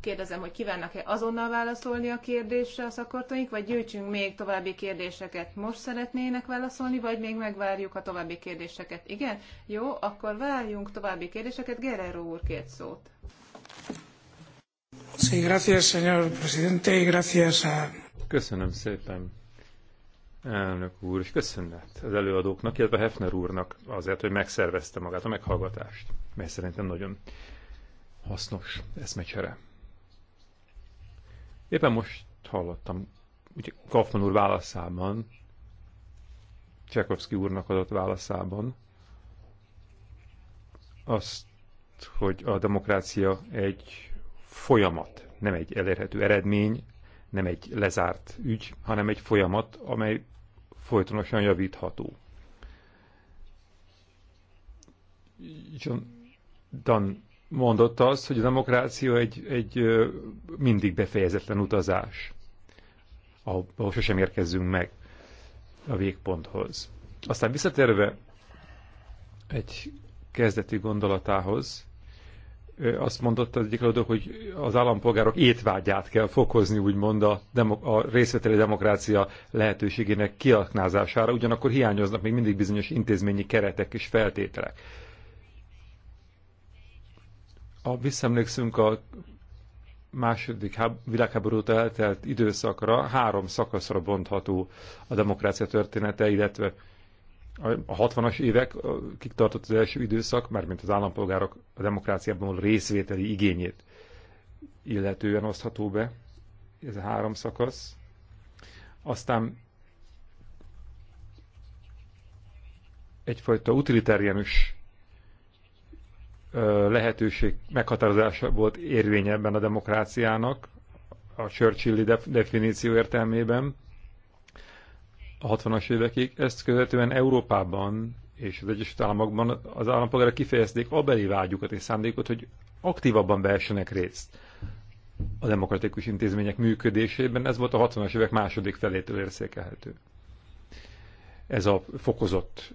Kérdezem, hogy kívánnak-e azonnal válaszolni a kérdésre a szakortóink, vagy gyűjtsünk még további kérdéseket. Most szeretnének válaszolni, vagy még megvárjuk a további kérdéseket? Igen? Jó, akkor várjunk további kérdéseket. Guerrero úr két szót. Sí, gracias, señor presidente, y gracias a... Köszönöm szépen, elnök úr, és köszönet az előadóknak, illetve Hefner úrnak azért, hogy megszervezte magát a meghallgatást, mely szerintem nagyon hasznos eszmecsere. Éppen most hallottam, ugye Kaufman úr válaszában, Csekovszki úrnak adott válaszában, azt, hogy a demokrácia egy folyamat, nem egy elérhető eredmény, nem egy lezárt ügy, hanem egy folyamat, amely folytonosan javítható. John mondott az, hogy a demokrácia egy, egy mindig befejezetlen utazás, ahol sosem érkezzünk meg a végponthoz. Aztán visszatérve egy kezdeti gondolatához, azt mondotta az egyik előadó, hogy az állampolgárok étvágyát kell fokozni, úgymond a, demok- a részvételi demokrácia lehetőségének kiaknázására, ugyanakkor hiányoznak még mindig bizonyos intézményi keretek és feltételek a, visszaemlékszünk a második világháború óta eltelt időszakra, három szakaszra bontható a demokrácia története, illetve a 60-as évek, kik tartott az első időszak, mint az állampolgárok a demokráciában való részvételi igényét illetően osztható be, ez a három szakasz. Aztán egyfajta utilitáriánus lehetőség meghatározása volt ebben a demokráciának, a Churchilli definíció értelmében a 60-as évekig. Ezt követően Európában és az Egyesült Államokban az állampolgára kifejezték beli vágyukat és szándékot, hogy aktívabban behessenek részt a demokratikus intézmények működésében. Ez volt a 60-as évek második felétől érzékelhető ez a fokozott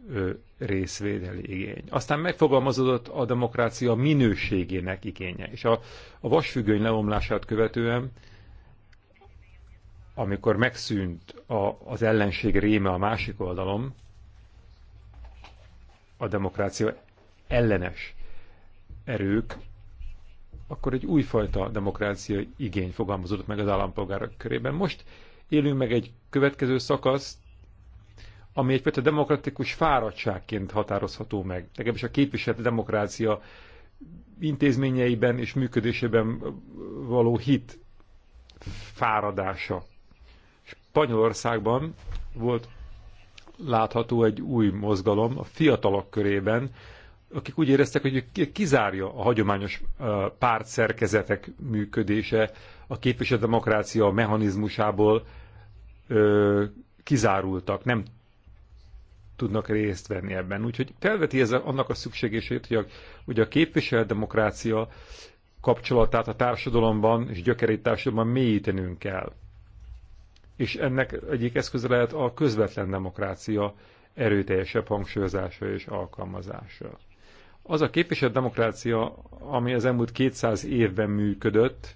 részvédeli igény. Aztán megfogalmazódott a demokrácia minőségének igénye, és a, a vasfüggöny leomlását követően, amikor megszűnt a, az ellenség réme a másik oldalon, a demokrácia ellenes erők, akkor egy újfajta demokrácia igény fogalmazódott meg az állampolgárok körében. Most élünk meg egy következő szakaszt, ami egyfajta demokratikus fáradtságként határozható meg. Legalábbis a képviselt demokrácia intézményeiben és működésében való hit fáradása. Spanyolországban volt látható egy új mozgalom a fiatalok körében, akik úgy éreztek, hogy kizárja a hagyományos pártszerkezetek működése, a képviselő demokrácia mechanizmusából kizárultak, nem tudnak részt venni ebben. Úgyhogy felveti ez annak a szükségését, hogy a, hogy a képviselődemokrácia kapcsolatát a társadalomban és gyökerét társadalomban mélyítenünk kell. És ennek egyik eszköze lehet a közvetlen demokrácia erőteljesebb hangsúlyozása és alkalmazása. Az a képviselt demokrácia, ami az elmúlt 200 évben működött,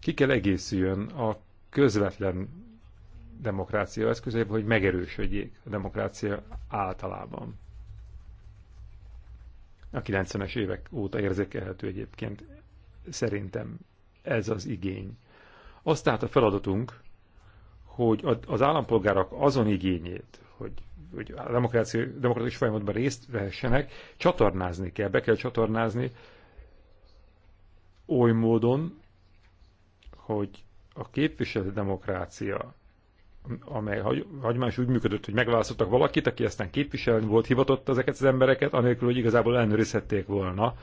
ki kell egészüljön a közvetlen demokrácia eszközei, hogy megerősödjék a demokrácia általában. A 90-es évek óta érzékelhető egyébként szerintem ez az igény. Az tehát a feladatunk, hogy az állampolgárok azon igényét, hogy, hogy a demokratikus folyamatban részt vehessenek, csatornázni kell, be kell csatornázni oly módon, hogy a képviselő demokrácia amely hagyományos úgy működött, hogy megválasztottak valakit, aki aztán képviselni volt, hivatott ezeket az embereket, anélkül, hogy igazából ellenőrizhették volna.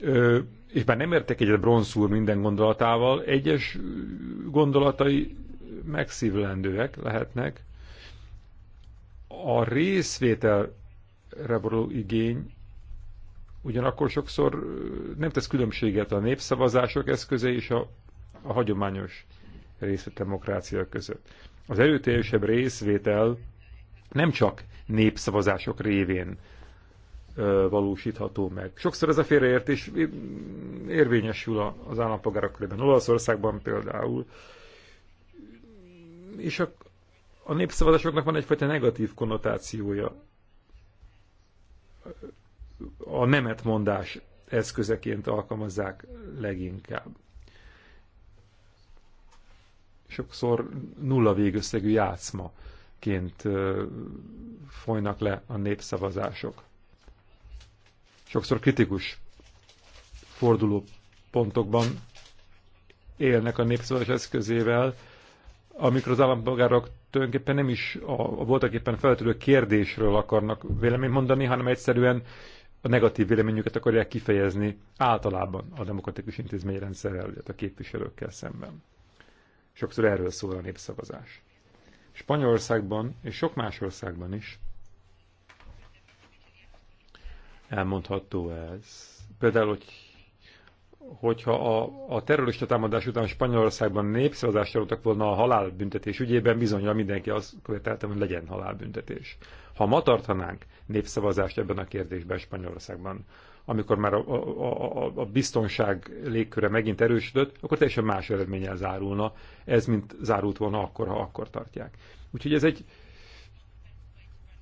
Ö, és bár nem értek egyet bronzúr minden gondolatával, egyes gondolatai megszívlendőek lehetnek. A részvételre való igény ugyanakkor sokszor nem tesz különbséget a népszavazások eszköze és a, a hagyományos részletdemokrácia között. Az erőteljesebb részvétel nem csak népszavazások révén ö, valósítható meg. Sokszor ez a félreértés érvényesül az állampolgárok körében. Olaszországban például. És a, a népszavazásoknak van egyfajta negatív konnotációja. A nemet mondás eszközeként alkalmazzák leginkább sokszor nulla végösszegű játszmaként folynak le a népszavazások. Sokszor kritikus forduló pontokban élnek a népszavazás eszközével, amikor az állampolgárok tulajdonképpen nem is a, a voltak éppen feltörő kérdésről akarnak véleményt mondani, hanem egyszerűen a negatív véleményüket akarják kifejezni általában a demokratikus intézményrendszerrel, a képviselőkkel szemben. Sokszor erről szól a népszavazás. Spanyolországban és sok más országban is elmondható ez. Például, hogy, hogyha a, a terrorista támadás után Spanyolországban népszavazást adottak volna a halálbüntetés ügyében, bizonyal mindenki azt követelte, hogy legyen halálbüntetés. Ha ma tartanánk népszavazást ebben a kérdésben Spanyolországban, amikor már a, a, a, a biztonság légköre megint erősödött, akkor teljesen más eredménnyel zárulna ez, mint zárult volna akkor, ha akkor tartják. Úgyhogy ez egy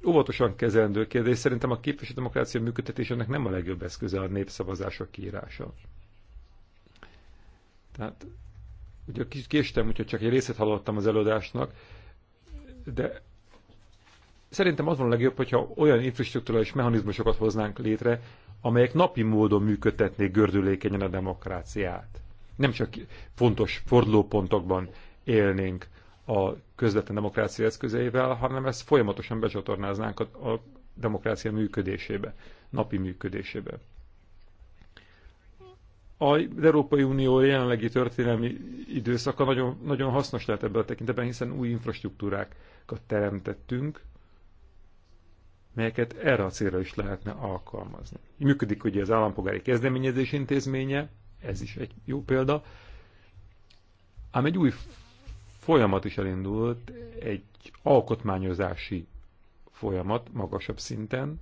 óvatosan kezelendő kérdés. Szerintem a demokrácia működtetésének nem a legjobb eszköze a népszavazások kiírása. Tehát ugye kicsit késtem, úgyhogy csak egy részét hallottam az előadásnak, de Szerintem az van a legjobb, hogyha olyan infrastruktúrális mechanizmusokat hoznánk létre, amelyek napi módon működtetnék gördülékenyen a demokráciát. Nem csak fontos fordulópontokban élnénk a közvetlen demokrácia eszközeivel, hanem ezt folyamatosan becsatornáznánk a, a demokrácia működésébe, napi működésébe. Az Európai Unió jelenlegi történelmi időszaka nagyon, nagyon hasznos lehet ebben a tekintetben, hiszen új infrastruktúrákat teremtettünk, melyeket erre a célra is lehetne alkalmazni. Működik ugye az állampolgári kezdeményezés intézménye, ez is egy jó példa, ám egy új folyamat is elindult, egy alkotmányozási folyamat magasabb szinten,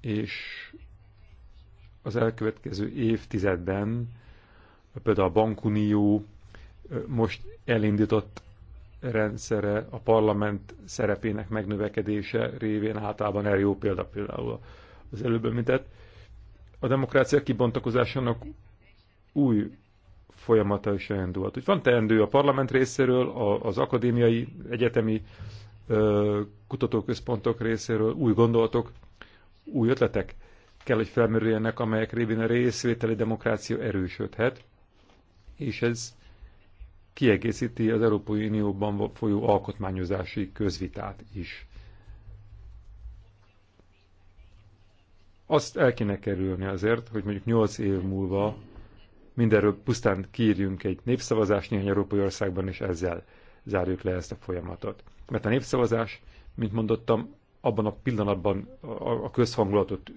és az elkövetkező évtizedben például a Bankunió most elindított rendszere, a parlament szerepének megnövekedése révén általában erre jó példa például az előbb említett. A demokrácia kibontakozásának új folyamata is elindult. Úgy van teendő a parlament részéről, az akadémiai, egyetemi kutatóközpontok részéről új gondolatok, új ötletek kell, hogy felmerüljenek, amelyek révén a részvételi demokrácia erősödhet, és ez kiegészíti az Európai Unióban folyó alkotmányozási közvitát is. Azt el kéne kerülni azért, hogy mondjuk 8 év múlva mindenről pusztán kiírjunk egy népszavazást néhány európai országban, és ezzel zárjuk le ezt a folyamatot. Mert a népszavazás, mint mondottam, abban a pillanatban a közhangulatot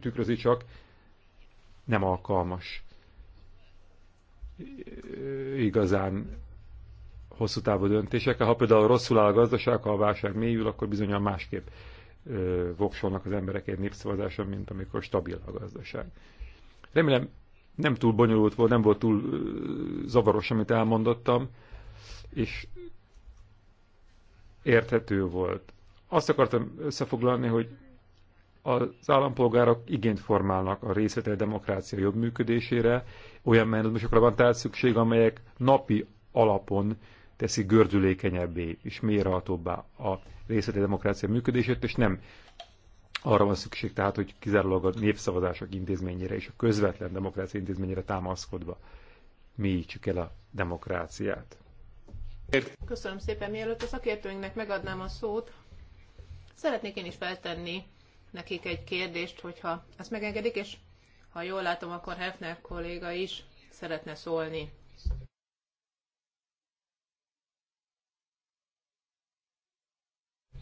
tükrözi csak, nem alkalmas igazán hosszú távú döntésekkel. Ha például rosszul áll a gazdaság, ha a válság mélyül, akkor bizonyan másképp ö, voksolnak az emberek egy népszavazáson, mint amikor stabil a gazdaság. Remélem nem túl bonyolult volt, nem volt túl ö, zavaros, amit elmondottam, és érthető volt. Azt akartam összefoglalni, hogy az állampolgárok igényt formálnak a részletes demokrácia jobb működésére, olyan mechanizmusokra van tehát szükség, amelyek napi alapon teszi gördülékenyebbé és mérhatóbbá a részletes demokrácia működését, és nem arra van szükség tehát, hogy kizárólag a népszavazások intézményére és a közvetlen demokrácia intézményére támaszkodva mélyítsük el a demokráciát. Köszönöm szépen, mielőtt a szakértőinknek megadnám a szót, szeretnék én is feltenni nekik egy kérdést, hogyha ezt megengedik, és ha jól látom, akkor Hefner kolléga is szeretne szólni.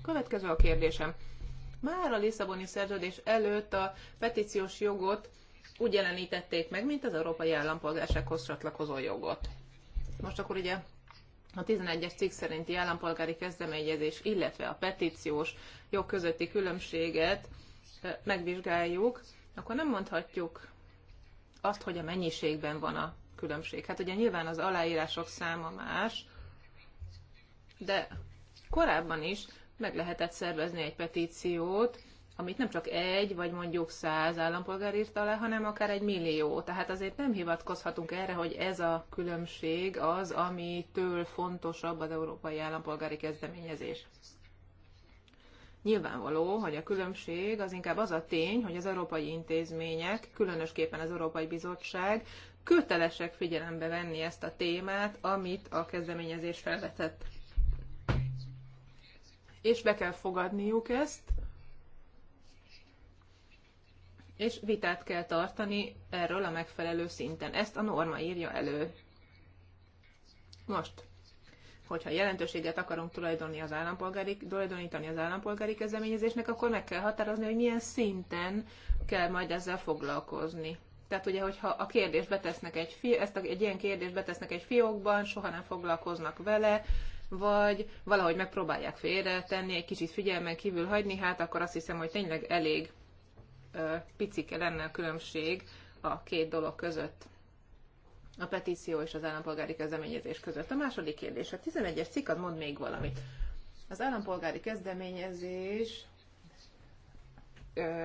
Következő a kérdésem. Már a Lisszaboni szerződés előtt a petíciós jogot úgy jelenítették meg, mint az európai állampolgársághoz csatlakozó jogot. Most akkor ugye a 11-es cikk szerinti állampolgári kezdeményezés, illetve a petíciós jog közötti különbséget megvizsgáljuk, akkor nem mondhatjuk azt, hogy a mennyiségben van a különbség. Hát ugye nyilván az aláírások száma más, de korábban is meg lehetett szervezni egy petíciót, amit nem csak egy, vagy mondjuk száz állampolgár írt alá, hanem akár egy millió. Tehát azért nem hivatkozhatunk erre, hogy ez a különbség az, amitől fontosabb az európai állampolgári kezdeményezés. Nyilvánvaló, hogy a különbség az inkább az a tény, hogy az európai intézmények, különösképpen az Európai Bizottság kötelesek figyelembe venni ezt a témát, amit a kezdeményezés felvetett. És be kell fogadniuk ezt, és vitát kell tartani erről a megfelelő szinten. Ezt a norma írja elő. Most, hogyha jelentőséget akarunk tulajdoni az állampolgári, tulajdonítani az állampolgári kezdeményezésnek, akkor meg kell határozni, hogy milyen szinten kell majd ezzel foglalkozni. Tehát ugye, hogyha a kérdést betesznek egy, fi, ezt a, egy ilyen kérdést betesznek egy fiókban, soha nem foglalkoznak vele, vagy valahogy megpróbálják tenni, egy kicsit figyelmen kívül hagyni, hát akkor azt hiszem, hogy tényleg elég ö, picike lenne a különbség a két dolog között a petíció és az állampolgári kezdeményezés között. A második kérdés, a 11-es cikk az mond még valamit. Az állampolgári kezdeményezés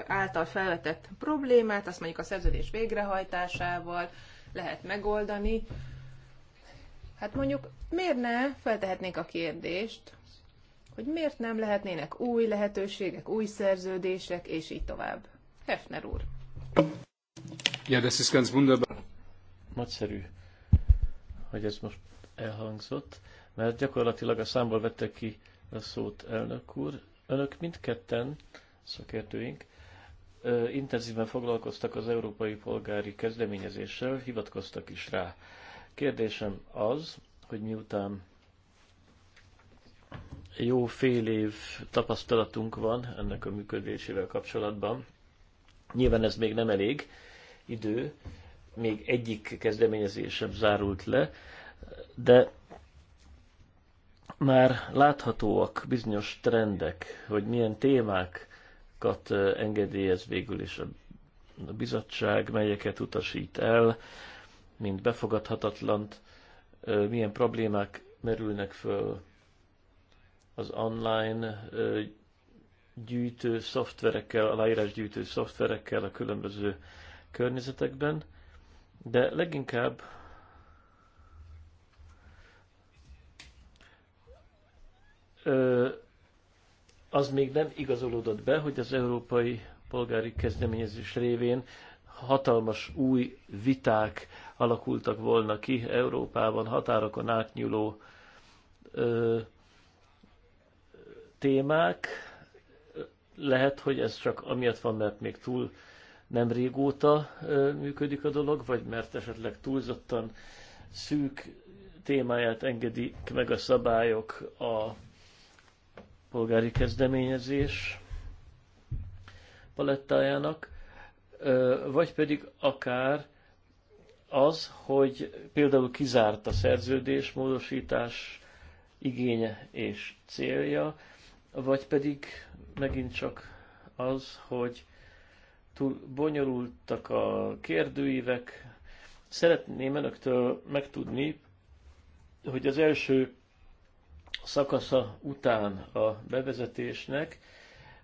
által felvetett problémát, azt mondjuk a szerződés végrehajtásával lehet megoldani. Hát mondjuk miért ne feltehetnénk a kérdést, hogy miért nem lehetnének új lehetőségek, új szerződések, és így tovább. Hefner úr. Ja, das ist ganz wunderbar. Nagyszerű, hogy ez most elhangzott, mert gyakorlatilag a számból vettek ki a szót elnök úr. Önök mindketten, szakértőink, intenzíven foglalkoztak az európai polgári kezdeményezéssel, hivatkoztak is rá. Kérdésem az, hogy miután jó fél év tapasztalatunk van ennek a működésével kapcsolatban, nyilván ez még nem elég idő, még egyik kezdeményezés sem zárult le, de már láthatóak bizonyos trendek, hogy milyen témákat engedélyez végül is a bizottság, melyeket utasít el, mint befogadhatatlant, milyen problémák merülnek föl az online gyűjtő szoftverekkel, aláírásgyűjtő szoftverekkel a különböző környezetekben de leginkább az még nem igazolódott be, hogy az európai polgári kezdeményezés révén hatalmas új viták alakultak volna ki Európában, határokon átnyúló ö, témák. Lehet, hogy ez csak amiatt van, mert még túl nem régóta működik a dolog, vagy mert esetleg túlzottan szűk témáját engedik meg a szabályok a polgári kezdeményezés palettájának, vagy pedig akár az, hogy például kizárt a szerződés módosítás igénye és célja, vagy pedig megint csak az, hogy túl bonyolultak a kérdőívek. Szeretném önöktől megtudni, hogy az első szakasza után a bevezetésnek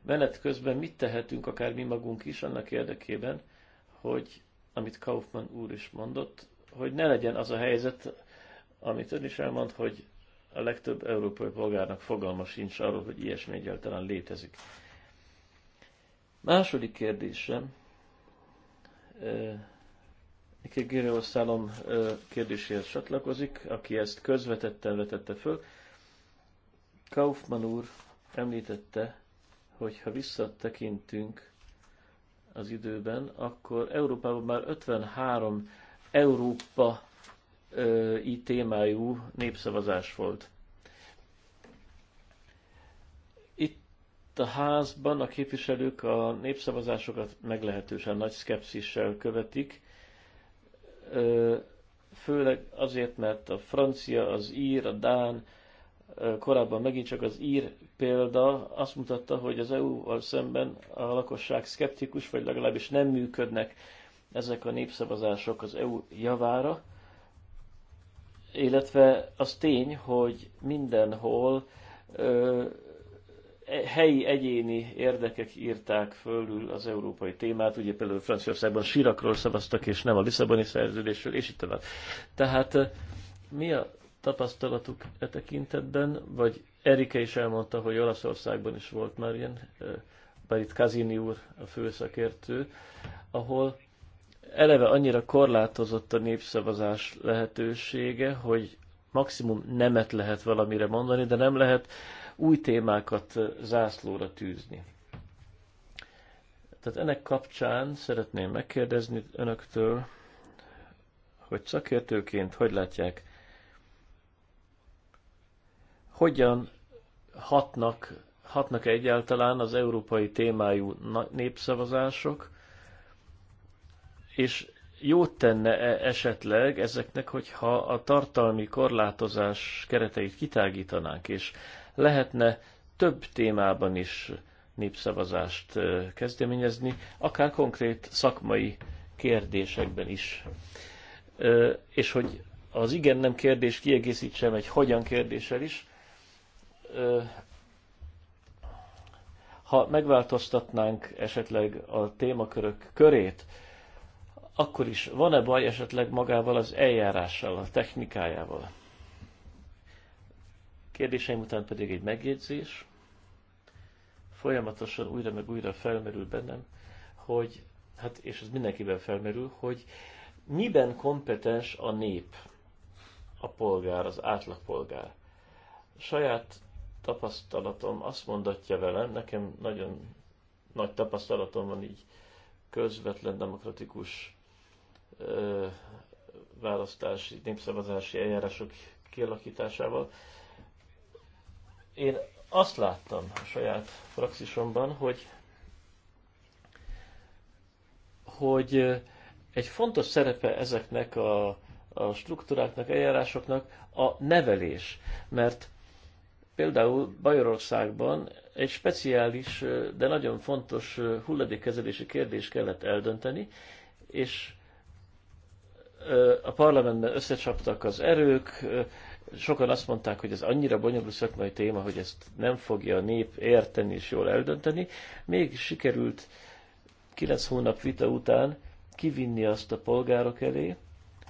menet közben mit tehetünk, akár mi magunk is, annak érdekében, hogy amit Kaufmann úr is mondott, hogy ne legyen az a helyzet, amit ön is elmond, hogy a legtöbb európai polgárnak fogalma sincs arról, hogy ilyesmi egyáltalán létezik. Második kérdésem, Niki Gérőorszállom kérdéséhez csatlakozik, aki ezt közvetetten vetette föl. Kaufmann úr említette, hogy ha visszatekintünk az időben, akkor Európában már 53 Európa i témájú népszavazás volt. a házban a képviselők a népszavazásokat meglehetősen nagy szkepszissel követik, főleg azért, mert a francia, az ír, a dán, korábban megint csak az ír példa azt mutatta, hogy az EU-val szemben a lakosság szkeptikus, vagy legalábbis nem működnek ezek a népszavazások az EU javára, illetve az tény, hogy mindenhol helyi egyéni érdekek írták fölül az európai témát, ugye például Franciaországban sírakról szavaztak, és nem a Lisszaboni szerződésről, és itt tovább. Tehát eh, mi a tapasztalatuk e tekintetben, vagy Erika is elmondta, hogy Olaszországban is volt már ilyen, eh, bár itt Kazini úr a főszakértő, ahol eleve annyira korlátozott a népszavazás lehetősége, hogy maximum nemet lehet valamire mondani, de nem lehet új témákat zászlóra tűzni. Tehát ennek kapcsán szeretném megkérdezni önöktől, hogy szakértőként hogy látják, hogyan hatnak, hatnak egyáltalán az európai témájú népszavazások, és jót tenne -e esetleg ezeknek, hogyha a tartalmi korlátozás kereteit kitágítanánk, és lehetne több témában is népszavazást kezdeményezni, akár konkrét szakmai kérdésekben is. És hogy az igen-nem kérdés kiegészítsem egy hogyan kérdéssel is, ha megváltoztatnánk esetleg a témakörök körét, akkor is van-e baj esetleg magával az eljárással, a technikájával? Kérdéseim után pedig egy megjegyzés. Folyamatosan újra meg újra felmerül bennem, hogy, hát és ez mindenkiben felmerül, hogy miben kompetens a nép, a polgár, az átlagpolgár. Saját tapasztalatom azt mondatja velem, nekem nagyon nagy tapasztalatom van így közvetlen demokratikus ö, választási, népszavazási eljárások kialakításával én azt láttam a saját praxisomban, hogy, hogy egy fontos szerepe ezeknek a, a struktúráknak, eljárásoknak a nevelés. Mert például Bajorországban egy speciális, de nagyon fontos hulladékkezelési kérdést kellett eldönteni, és a parlamentben összecsaptak az erők, Sokan azt mondták, hogy ez annyira bonyolult szakmai téma, hogy ezt nem fogja a nép érteni és jól eldönteni. Mégis sikerült kilenc hónap vita után kivinni azt a polgárok elé,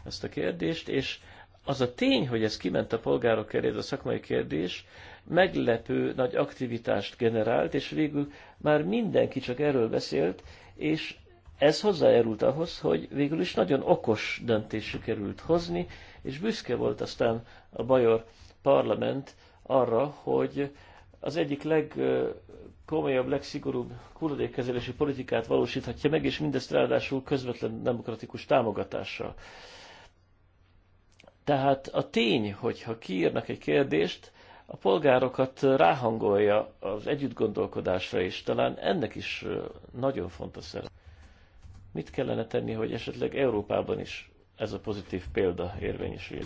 ezt a kérdést, és az a tény, hogy ez kiment a polgárok elé, ez a szakmai kérdés, meglepő nagy aktivitást generált, és végül már mindenki csak erről beszélt, és ez hozzájárult ahhoz, hogy végül is nagyon okos döntés sikerült hozni, és büszke volt aztán a Bajor parlament arra, hogy az egyik legkomolyabb, legszigorúbb hulladékkezelési politikát valósíthatja meg, és mindezt ráadásul közvetlen demokratikus támogatással. Tehát a tény, hogyha kiírnak egy kérdést, a polgárokat ráhangolja az együttgondolkodásra, is talán ennek is nagyon fontos szerep. Mit kellene tenni, hogy esetleg Európában is ez a pozitív példa érvényesül.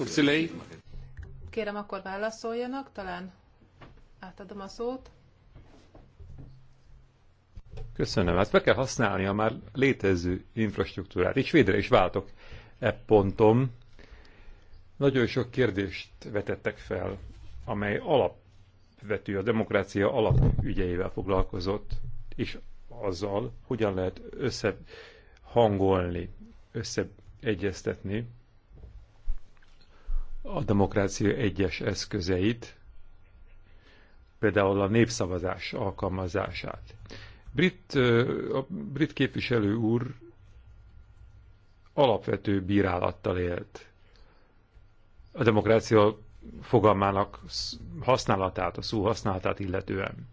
Kérem, akkor válaszoljanak, talán átadom a szót. Köszönöm. Hát be kell használni a már létező infrastruktúrát. És védre is váltok e ponton. Nagyon sok kérdést vetettek fel, amely alapvető, a demokrácia alapügyeivel foglalkozott, és azzal, hogyan lehet összehangolni, össze egyeztetni a demokrácia egyes eszközeit, például a népszavazás alkalmazását. Brit, a brit képviselő úr alapvető bírálattal élt a demokrácia fogalmának használatát, a szó használatát illetően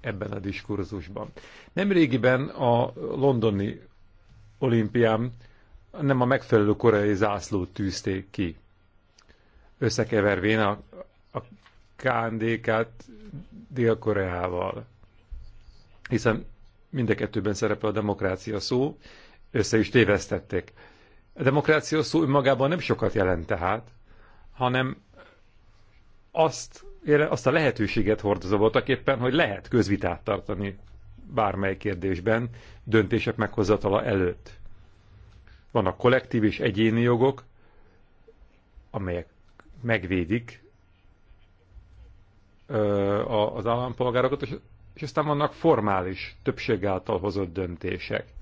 ebben a diskurzusban. Nemrégiben a londoni olimpián nem a megfelelő korai zászlót tűzték ki. Összekevervén a, a KNDK-t Dél-Koreával. Hiszen mind a kettőben szerepel a demokrácia szó, össze is tévesztették. A demokrácia szó önmagában nem sokat jelent tehát, hanem azt, azt a lehetőséget hordozó voltak éppen, hogy lehet közvitát tartani bármely kérdésben, döntések meghozatala előtt. Vannak kollektív és egyéni jogok, amelyek megvédik az állampolgárokat, és aztán vannak formális, többség által hozott döntések.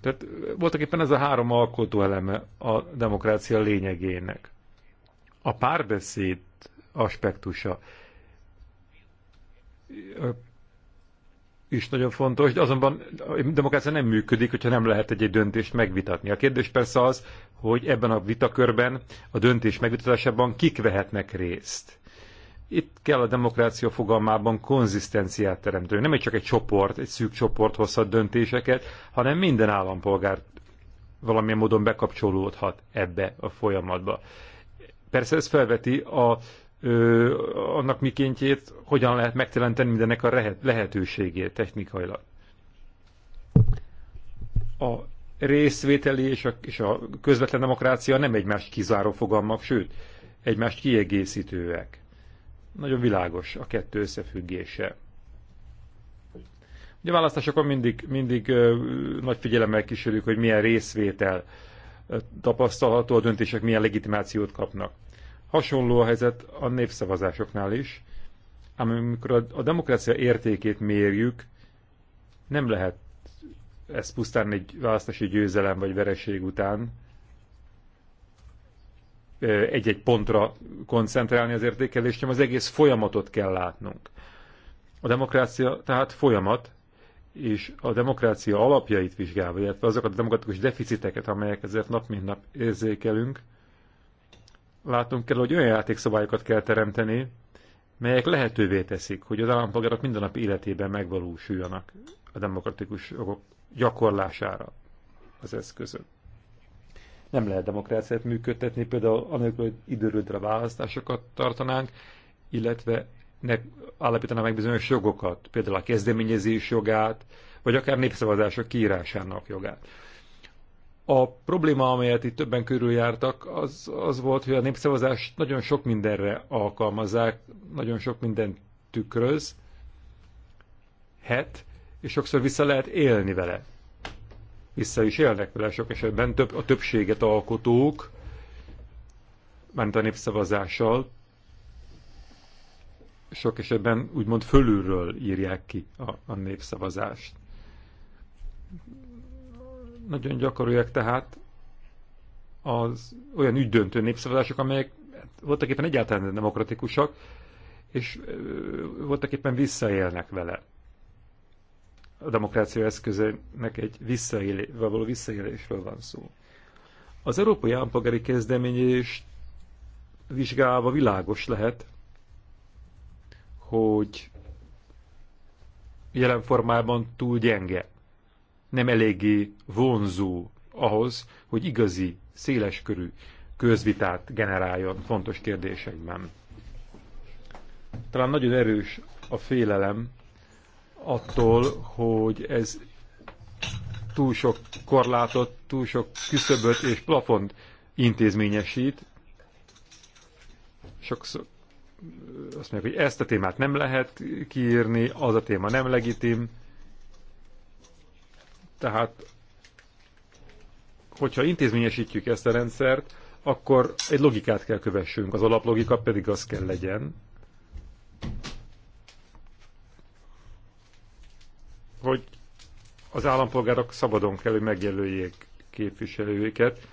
Tehát voltak éppen ez a három alkotó eleme a demokrácia lényegének. A párbeszéd aspektusa is nagyon fontos, de azonban a demokrácia nem működik, hogyha nem lehet egy, -egy döntést megvitatni. A kérdés persze az, hogy ebben a vitakörben, a döntés megvitatásában kik vehetnek részt. Itt kell a demokrácia fogalmában konzisztenciát teremteni. Nem egy csak egy csoport, egy szűk csoport hozhat döntéseket, hanem minden állampolgár valamilyen módon bekapcsolódhat ebbe a folyamatba. Persze ez felveti a ö, annak mikéntjét, hogyan lehet megtelenteni mindennek a lehet, lehetőségét technikailag. A részvételi és a, és a közvetlen demokrácia nem egymást kizáró fogalmak, sőt, egymást kiegészítőek. Nagyon világos a kettő összefüggése. Ugye választásokon mindig, mindig ö, nagy figyelemmel kísérjük, hogy milyen részvétel tapasztalható, a döntések milyen legitimációt kapnak. Hasonló a helyzet a népszavazásoknál is, ám amikor a, a demokrácia értékét mérjük, nem lehet ez pusztán egy választási győzelem vagy vereség után egy-egy pontra koncentrálni az értékelést, hanem az egész folyamatot kell látnunk. A demokrácia tehát folyamat, és a demokrácia alapjait vizsgálva, illetve azokat a demokratikus deficiteket, amelyek ezért nap mint nap érzékelünk, látnunk kell, hogy olyan játékszabályokat kell teremteni, melyek lehetővé teszik, hogy az állampolgárok mindennapi életében megvalósuljanak a demokratikus jogok gyakorlására az eszközök. Nem lehet demokráciát működtetni, például anélkül, hogy időrődre választásokat tartanánk, illetve ne állapítaná meg bizonyos jogokat, például a kezdeményezés jogát, vagy akár népszavazások kiírásának jogát. A probléma, amelyet itt többen körüljártak, az, az volt, hogy a népszavazást nagyon sok mindenre alkalmazzák, nagyon sok minden tükröz, het, és sokszor vissza lehet élni vele. Vissza is élnek vele sok esetben, több, a többséget alkotók, mert a népszavazással, sok esetben úgymond fölülről írják ki a, a népszavazást. Nagyon gyakoriak tehát az olyan ügydöntő népszavazások, amelyek voltak éppen egyáltalán nem demokratikusak, és voltak éppen visszaélnek vele. A demokrácia eszközének egy visszaélé, való visszaélésről van szó. Az európai állampolgári kezdeményezést vizsgálva világos lehet, hogy jelen formában túl gyenge nem eléggé vonzó ahhoz, hogy igazi, széleskörű közvitát generáljon fontos kérdésekben. Talán nagyon erős a félelem attól, hogy ez túl sok korlátot, túl sok küszöböt és plafont intézményesít. Sokszor azt mondják, hogy ezt a témát nem lehet kiírni, az a téma nem legitim, tehát, hogyha intézményesítjük ezt a rendszert, akkor egy logikát kell kövessünk. Az alaplogika pedig az kell legyen, hogy az állampolgárok szabadon kell, hogy megjelöljék képviselőiket.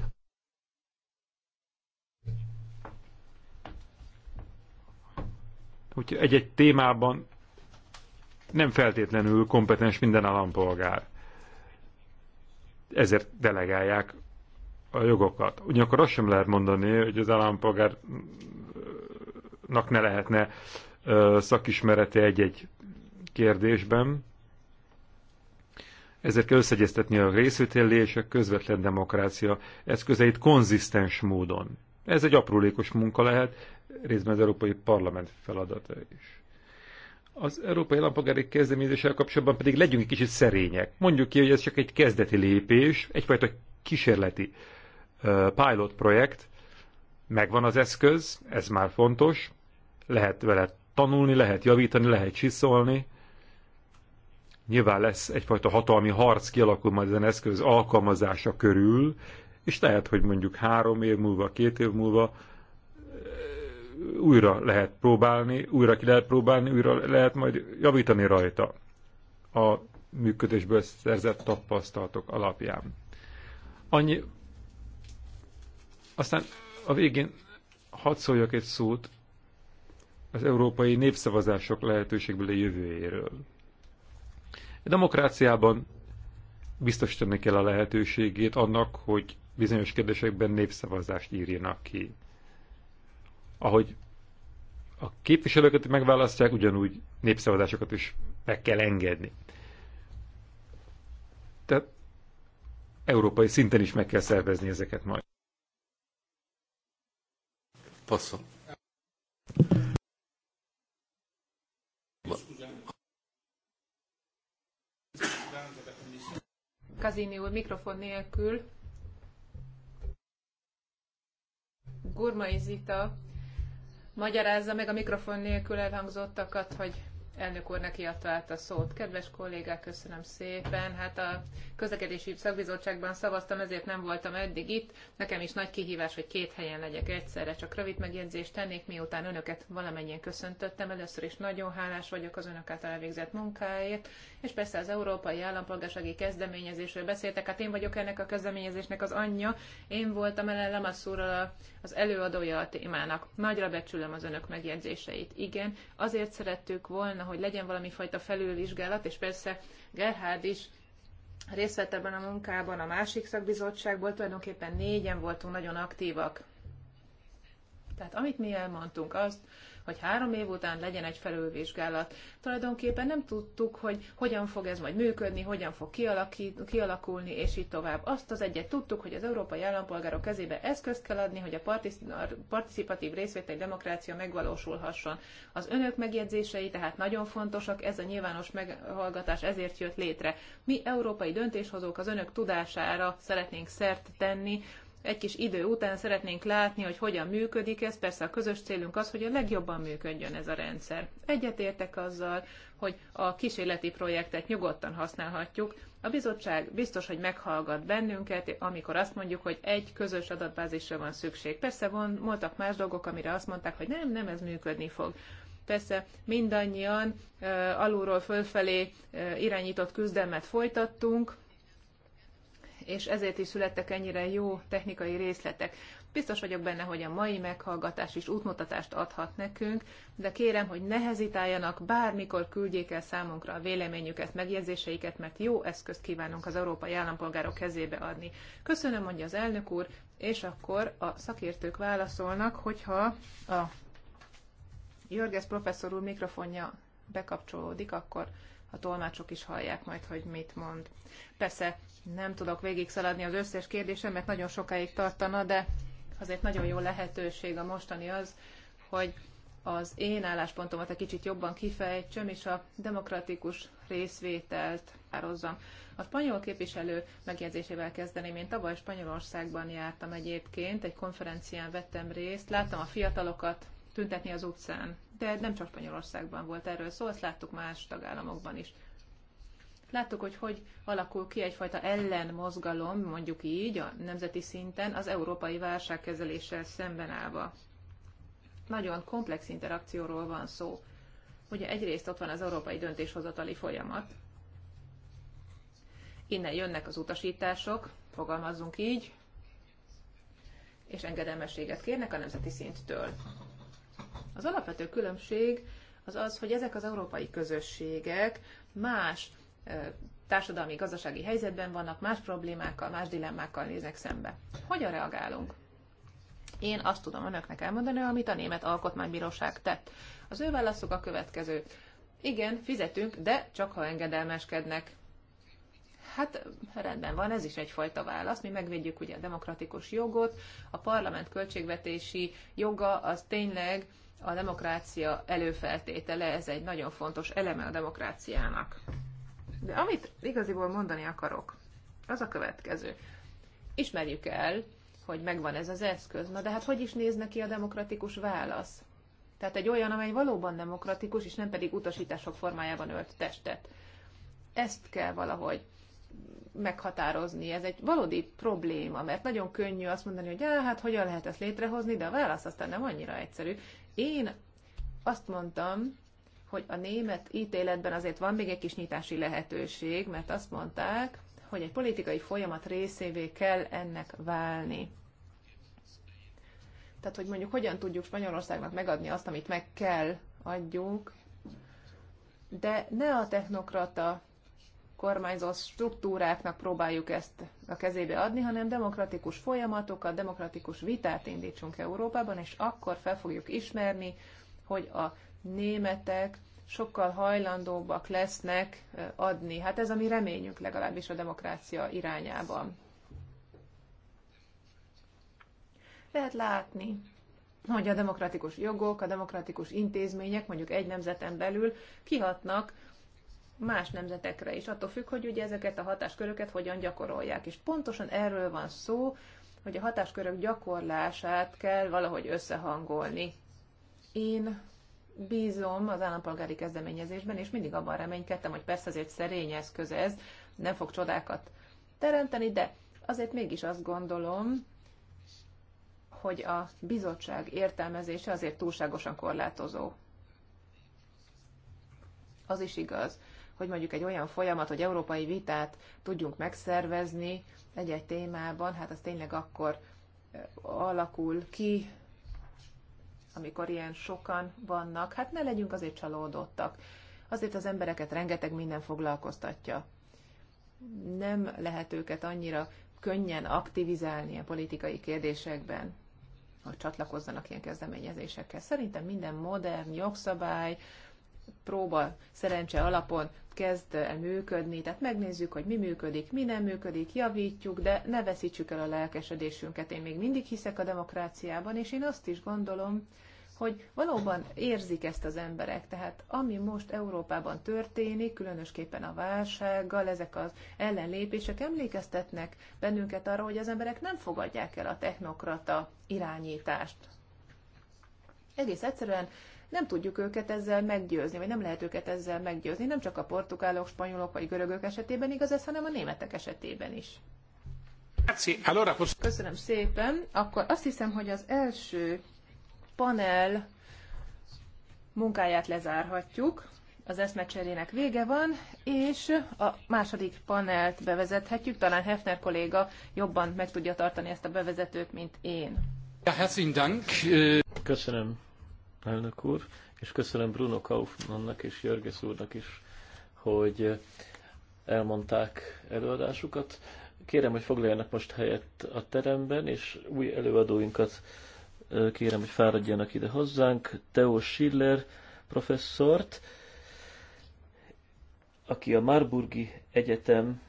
Hogyha egy-egy témában nem feltétlenül kompetens minden állampolgár ezért delegálják a jogokat. Ugyanakkor azt sem lehet mondani, hogy az állampolgárnak ne lehetne szakismerete egy-egy kérdésben. Ezért kell összegyeztetni a részvételi és a közvetlen demokrácia eszközeit konzisztens módon. Ez egy aprólékos munka lehet, részben az Európai Parlament feladata is. Az európai állampolgári kezdeményezéssel kapcsolatban pedig legyünk egy kicsit szerények. Mondjuk ki, hogy ez csak egy kezdeti lépés, egyfajta kísérleti pilot projekt. Megvan az eszköz, ez már fontos. Lehet vele tanulni, lehet javítani, lehet csiszolni. Nyilván lesz egyfajta hatalmi harc kialakul majd ezen eszköz alkalmazása körül, és lehet, hogy mondjuk három év múlva, két év múlva újra lehet próbálni, újra ki lehet próbálni, újra lehet majd javítani rajta a működésből szerzett tapasztalatok alapján. Annyi. Aztán a végén hadd szóljak egy szót az európai népszavazások lehetőségből a jövőjéről. A demokráciában biztosítani kell a lehetőségét annak, hogy bizonyos kérdésekben népszavazást írjanak ki ahogy a képviselőket megválasztják, ugyanúgy népszavazásokat is meg kell engedni. Tehát európai szinten is meg kell szervezni ezeket majd. Passzol. Kazini úr mikrofon nélkül. Gurmai Zita magyarázza meg a mikrofon nélkül elhangzottakat, hogy elnök úr neki adta át a szót. Kedves kollégák, köszönöm szépen. Hát a közlekedési szakbizottságban szavaztam, ezért nem voltam eddig itt. Nekem is nagy kihívás, hogy két helyen legyek egyszerre. Csak rövid megjegyzést tennék, miután önöket valamennyien köszöntöttem. Először is nagyon hálás vagyok az önök által elvégzett munkáért, és persze az európai állampolgársági kezdeményezésről beszéltek, hát én vagyok ennek a kezdeményezésnek az anyja, én voltam Ellen Lamasszúrral az előadója a témának. Nagyra becsülöm az önök megjegyzéseit. Igen, azért szerettük volna, hogy legyen valami fajta felülvizsgálat, és persze Gerhard is részt vett ebben a munkában a másik szakbizottságból, tulajdonképpen négyen voltunk nagyon aktívak. Tehát amit mi elmondtunk, azt, hogy három év után legyen egy felülvizsgálat. Tulajdonképpen nem tudtuk, hogy hogyan fog ez majd működni, hogyan fog kialakulni, és így tovább. Azt az egyet tudtuk, hogy az európai állampolgárok kezébe eszközt kell adni, hogy a participatív részvétel demokrácia megvalósulhasson. Az önök megjegyzései tehát nagyon fontosak, ez a nyilvános meghallgatás ezért jött létre. Mi európai döntéshozók az önök tudására szeretnénk szert tenni, egy kis idő után szeretnénk látni, hogy hogyan működik ez. Persze a közös célunk az, hogy a legjobban működjön ez a rendszer. Egyetértek azzal, hogy a kísérleti projektet nyugodtan használhatjuk. A bizottság biztos, hogy meghallgat bennünket, amikor azt mondjuk, hogy egy közös adatbázisra van szükség. Persze von, voltak más dolgok, amire azt mondták, hogy nem, nem ez működni fog persze mindannyian alulról fölfelé irányított küzdelmet folytattunk, és ezért is születtek ennyire jó technikai részletek. Biztos vagyok benne, hogy a mai meghallgatás is útmutatást adhat nekünk, de kérem, hogy ne hezitáljanak, bármikor küldjék el számunkra a véleményüket, megjegyzéseiket, mert jó eszközt kívánunk az európai állampolgárok kezébe adni. Köszönöm, mondja az elnök úr, és akkor a szakértők válaszolnak, hogyha a Jörges professzor úr mikrofonja bekapcsolódik, akkor a tolmácsok is hallják majd, hogy mit mond. Persze nem tudok végig szaladni az összes kérdésem, mert nagyon sokáig tartana, de azért nagyon jó lehetőség a mostani az, hogy az én álláspontomat egy kicsit jobban kifejtsem, és a demokratikus részvételt ározzam. A spanyol képviselő megjegyzésével kezdeném. Én tavaly Spanyolországban jártam egyébként, egy konferencián vettem részt, láttam a fiatalokat, tüntetni az utcán. De nem csak Spanyolországban volt erről szó, ezt láttuk más tagállamokban is. Láttuk, hogy hogy alakul ki egyfajta ellenmozgalom, mondjuk így, a nemzeti szinten, az európai válságkezeléssel szemben állva. Nagyon komplex interakcióról van szó. Ugye egyrészt ott van az európai döntéshozatali folyamat, innen jönnek az utasítások, fogalmazzunk így, és engedelmességet kérnek a nemzeti szinttől. Az alapvető különbség az az, hogy ezek az európai közösségek más társadalmi, gazdasági helyzetben vannak, más problémákkal, más dilemmákkal néznek szembe. Hogyan reagálunk? Én azt tudom önöknek elmondani, amit a Német Alkotmánybíróság tett. Az ő válaszuk a következő. Igen, fizetünk, de csak ha engedelmeskednek. Hát rendben van, ez is egyfajta válasz. Mi megvédjük ugye a demokratikus jogot, a parlament költségvetési joga az tényleg a demokrácia előfeltétele, ez egy nagyon fontos eleme a demokráciának. De amit igaziból mondani akarok, az a következő. Ismerjük el, hogy megvan ez az eszköz. Na de hát hogy is néz neki a demokratikus válasz? Tehát egy olyan, amely valóban demokratikus, és nem pedig utasítások formájában ölt testet. Ezt kell valahogy meghatározni. Ez egy valódi probléma, mert nagyon könnyű azt mondani, hogy hát hogyan lehet ezt létrehozni, de a válasz aztán nem annyira egyszerű. Én azt mondtam, hogy a német ítéletben azért van még egy kis nyitási lehetőség, mert azt mondták, hogy egy politikai folyamat részévé kell ennek válni. Tehát, hogy mondjuk hogyan tudjuk Spanyolországnak megadni azt, amit meg kell adjuk, de ne a technokrata kormányzó struktúráknak próbáljuk ezt a kezébe adni, hanem demokratikus folyamatokat, demokratikus vitát indítsunk Európában, és akkor fel fogjuk ismerni, hogy a németek sokkal hajlandóbbak lesznek adni. Hát ez a mi reményünk legalábbis a demokrácia irányában. Lehet látni, hogy a demokratikus jogok, a demokratikus intézmények mondjuk egy nemzeten belül kihatnak más nemzetekre is, attól függ, hogy ugye ezeket a hatásköröket hogyan gyakorolják. És pontosan erről van szó, hogy a hatáskörök gyakorlását kell valahogy összehangolni. Én bízom az állampolgári kezdeményezésben, és mindig abban reménykedtem, hogy persze azért szerény eszköz ez, nem fog csodákat teremteni, de azért mégis azt gondolom, hogy a bizottság értelmezése azért túlságosan korlátozó. Az is igaz, hogy mondjuk egy olyan folyamat, hogy európai vitát tudjunk megszervezni egy-egy témában, hát az tényleg akkor alakul ki, amikor ilyen sokan vannak. Hát ne legyünk azért csalódottak. Azért az embereket rengeteg minden foglalkoztatja. Nem lehet őket annyira könnyen aktivizálni a politikai kérdésekben, hogy csatlakozzanak ilyen kezdeményezésekkel. Szerintem minden modern jogszabály, próba szerencse alapon kezd el működni, tehát megnézzük, hogy mi működik, mi nem működik, javítjuk, de ne veszítsük el a lelkesedésünket. Én még mindig hiszek a demokráciában, és én azt is gondolom, hogy valóban érzik ezt az emberek. Tehát ami most Európában történik, különösképpen a válsággal, ezek az ellenlépések emlékeztetnek bennünket arra, hogy az emberek nem fogadják el a technokrata irányítást. Egész egyszerűen nem tudjuk őket ezzel meggyőzni, vagy nem lehet őket ezzel meggyőzni, nem csak a portugálok, spanyolok vagy görögök esetében igaz ez, hanem a németek esetében is. Köszönöm szépen. Akkor azt hiszem, hogy az első panel munkáját lezárhatjuk. Az eszmecserének vége van, és a második panelt bevezethetjük. Talán Hefner kolléga jobban meg tudja tartani ezt a bevezetőt, mint én. Dank. Köszönöm elnök úr, és köszönöm Bruno Kaufmannnak és Jörges úrnak is, hogy elmondták előadásukat. Kérem, hogy foglaljanak most helyet a teremben, és új előadóinkat kérem, hogy fáradjanak ide hozzánk. Theo Schiller professzort, aki a Marburgi Egyetem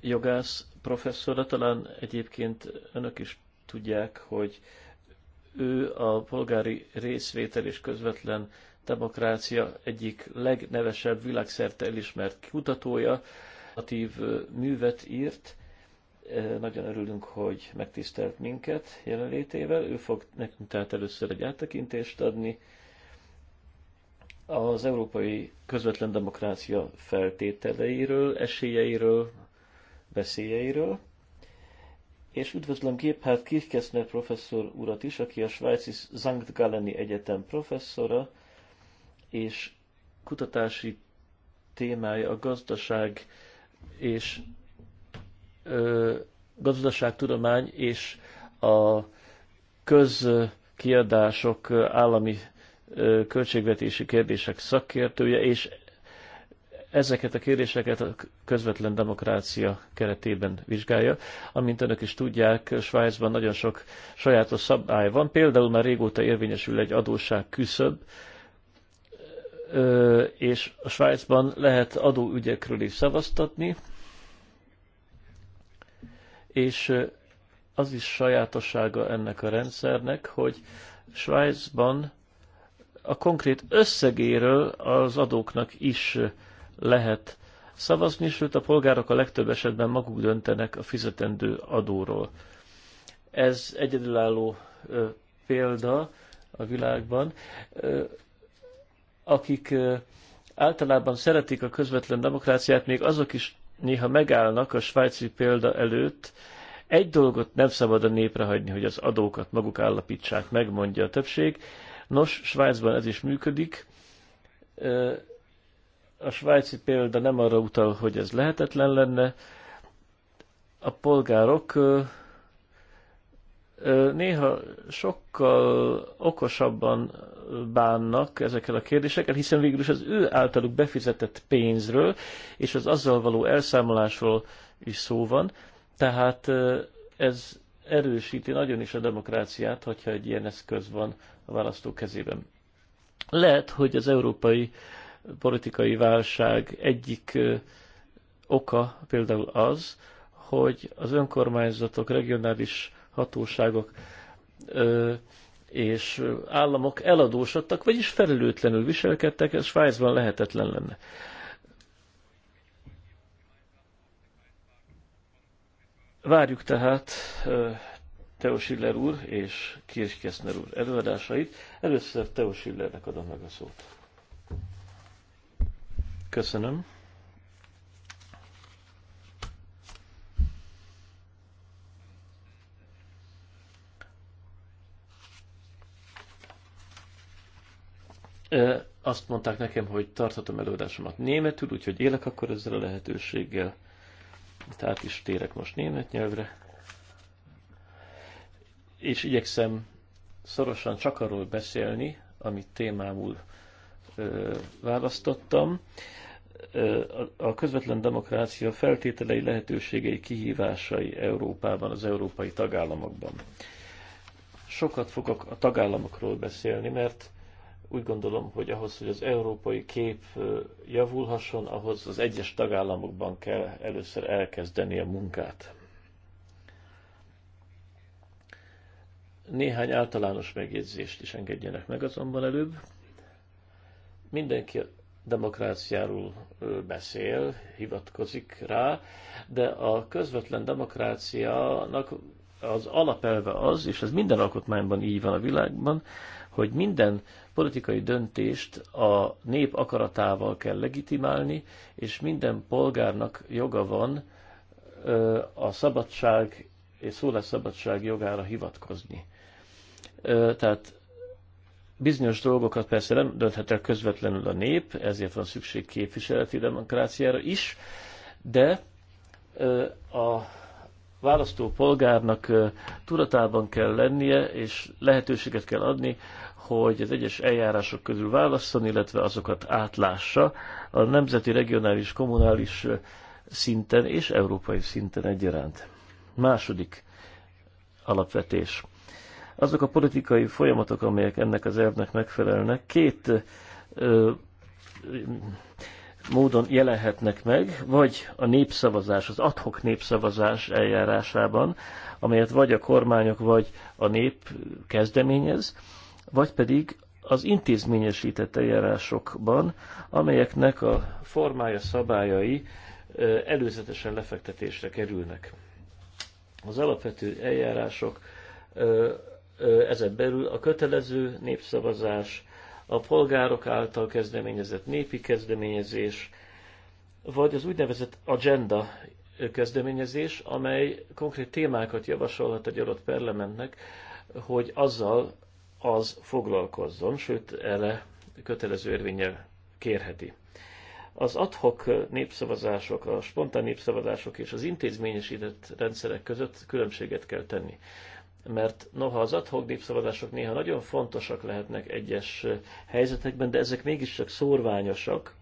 jogász professzora, talán egyébként önök is tudják, hogy ő a polgári részvétel és közvetlen demokrácia egyik legnevesebb világszerte elismert kutatója, aktív művet írt, nagyon örülünk, hogy megtisztelt minket jelenlétével. Ő fog nekünk tehát először egy áttekintést adni az európai közvetlen demokrácia feltételeiről, esélyeiről, veszélyeiről és üdvözlöm Géphárt Kirchkeszner professzor urat is, aki a svájci Zankt Galeni Egyetem professzora, és kutatási témája a gazdaság és ö, gazdaságtudomány és a közkiadások állami költségvetési kérdések szakértője, és ezeket a kérdéseket a közvetlen demokrácia keretében vizsgálja. Amint önök is tudják, Svájcban nagyon sok sajátos szabály van, például már régóta érvényesül egy adósság küszöbb, és a Svájcban lehet adóügyekről is szavaztatni, és az is sajátossága ennek a rendszernek, hogy Svájcban a konkrét összegéről az adóknak is lehet szavazni, sőt a polgárok a legtöbb esetben maguk döntenek a fizetendő adóról. Ez egyedülálló ö, példa a világban. Ö, akik ö, általában szeretik a közvetlen demokráciát, még azok is néha megállnak a svájci példa előtt. Egy dolgot nem szabad a népre hagyni, hogy az adókat maguk állapítsák, megmondja a többség. Nos, Svájcban ez is működik. A svájci példa nem arra utal, hogy ez lehetetlen lenne. A polgárok néha sokkal okosabban bánnak ezekkel a kérdésekkel, hiszen végül is az ő általuk befizetett pénzről és az azzal való elszámolásról is szó van. Tehát ez erősíti nagyon is a demokráciát, hogyha egy ilyen eszköz van a választó kezében. Lehet, hogy az európai politikai válság egyik oka például az, hogy az önkormányzatok, regionális hatóságok és államok eladósodtak, vagyis felelőtlenül viselkedtek, ez Svájcban lehetetlen lenne. Várjuk tehát Teo Schiller úr és Kirch úr előadásait. Először Teo Schillernek adom meg a szót. Köszönöm. Azt mondták nekem, hogy tarthatom előadásomat németül, úgyhogy élek akkor ezzel a lehetőséggel. Tehát is térek most német nyelvre. És igyekszem szorosan csak arról beszélni, amit témámul választottam. A közvetlen demokrácia feltételei, lehetőségei, kihívásai Európában, az európai tagállamokban. Sokat fogok a tagállamokról beszélni, mert úgy gondolom, hogy ahhoz, hogy az európai kép javulhasson, ahhoz az egyes tagállamokban kell először elkezdeni a munkát. Néhány általános megjegyzést is engedjenek meg azonban előbb. Mindenki a demokráciáról beszél, hivatkozik rá, de a közvetlen demokráciának az alapelve az, és ez minden alkotmányban így van a világban, hogy minden politikai döntést a nép akaratával kell legitimálni, és minden polgárnak joga van a szabadság és szólásszabadság jogára hivatkozni. Tehát Bizonyos dolgokat persze nem dönthet el közvetlenül a nép, ezért van szükség képviseleti demokráciára is, de a választó polgárnak tudatában kell lennie, és lehetőséget kell adni, hogy az egyes eljárások közül válasszon, illetve azokat átlássa a nemzeti, regionális, kommunális szinten és európai szinten egyaránt. Második alapvetés. Azok a politikai folyamatok, amelyek ennek az elvnek megfelelnek, két ö, módon jelenhetnek meg, vagy a népszavazás, az adhok népszavazás eljárásában, amelyet vagy a kormányok, vagy a nép kezdeményez, vagy pedig az intézményesített eljárásokban, amelyeknek a formája, szabályai előzetesen lefektetésre kerülnek. Az alapvető eljárások ezen belül a kötelező népszavazás, a polgárok által kezdeményezett népi kezdeményezés, vagy az úgynevezett agenda kezdeményezés, amely konkrét témákat javasolhat egy adott parlamentnek, hogy azzal az foglalkozzon, sőt, erre kötelező érvényel kérheti. Az adhok népszavazások, a spontán népszavazások és az intézményesített rendszerek között különbséget kell tenni mert noha az adhok népszavazások néha nagyon fontosak lehetnek egyes helyzetekben, de ezek mégiscsak szórványosak,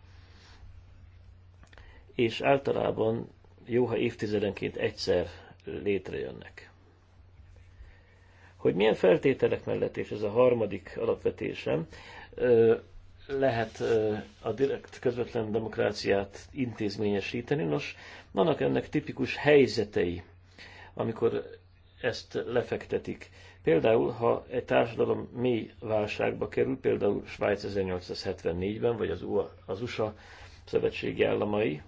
és általában jó, ha évtizedenként egyszer létrejönnek. Hogy milyen feltételek mellett, és ez a harmadik alapvetésem, lehet a direkt közvetlen demokráciát intézményesíteni. Nos, vannak ennek tipikus helyzetei, amikor ezt lefektetik. Például, ha egy társadalom mély válságba kerül, például Svájc 1874-ben, vagy az, az USA szövetségi államai,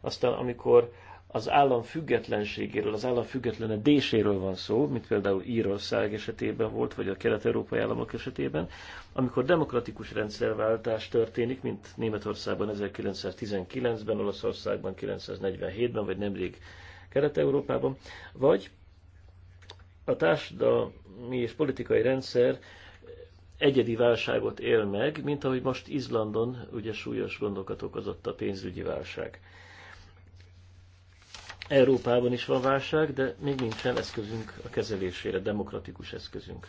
aztán amikor az állam függetlenségéről, az állam függetlenedéséről van szó, mint például Írország esetében volt, vagy a kelet-európai államok esetében, amikor demokratikus rendszerváltás történik, mint Németországban 1919-ben, Olaszországban 1947-ben, vagy nemrég Kelet-Európában, vagy a társadalmi és politikai rendszer egyedi válságot él meg, mint ahogy most Izlandon ugye súlyos gondokat okozott a pénzügyi válság. Európában is van válság, de még nincsen eszközünk a kezelésére, demokratikus eszközünk.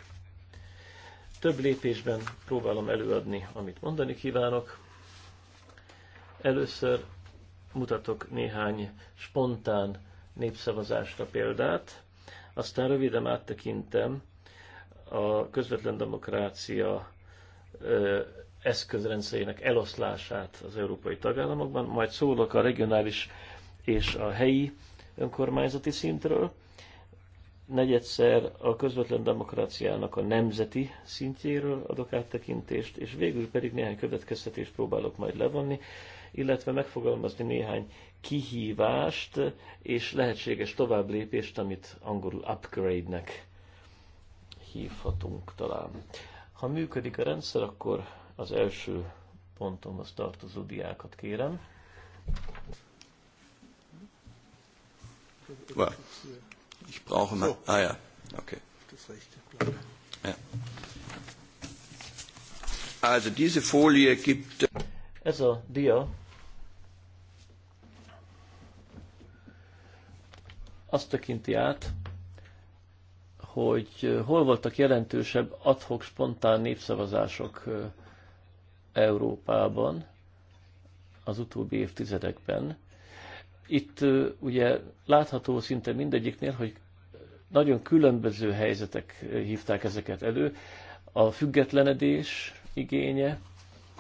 Több lépésben próbálom előadni, amit mondani kívánok. Először mutatok néhány spontán népszavazásra példát, aztán röviden áttekintem a közvetlen demokrácia eszközrendszerének eloszlását az európai tagállamokban, majd szólok a regionális és a helyi önkormányzati szintről, negyedszer a közvetlen demokráciának a nemzeti szintjéről adok áttekintést, és végül pedig néhány következtetést próbálok majd levonni illetve megfogalmazni néhány kihívást és lehetséges tovább lépést, amit angolul upgrade-nek hívhatunk talán. Ha működik a rendszer, akkor az első pontomhoz tartozó diákat kérem. Well, ich brauche mal. Ah ja, okay. Ja. Also diese Folie gibt. Ez a dia azt tekinti át, hogy hol voltak jelentősebb adhok spontán népszavazások Európában az utóbbi évtizedekben. Itt ugye látható szinte mindegyiknél, hogy nagyon különböző helyzetek hívták ezeket elő. A függetlenedés igénye,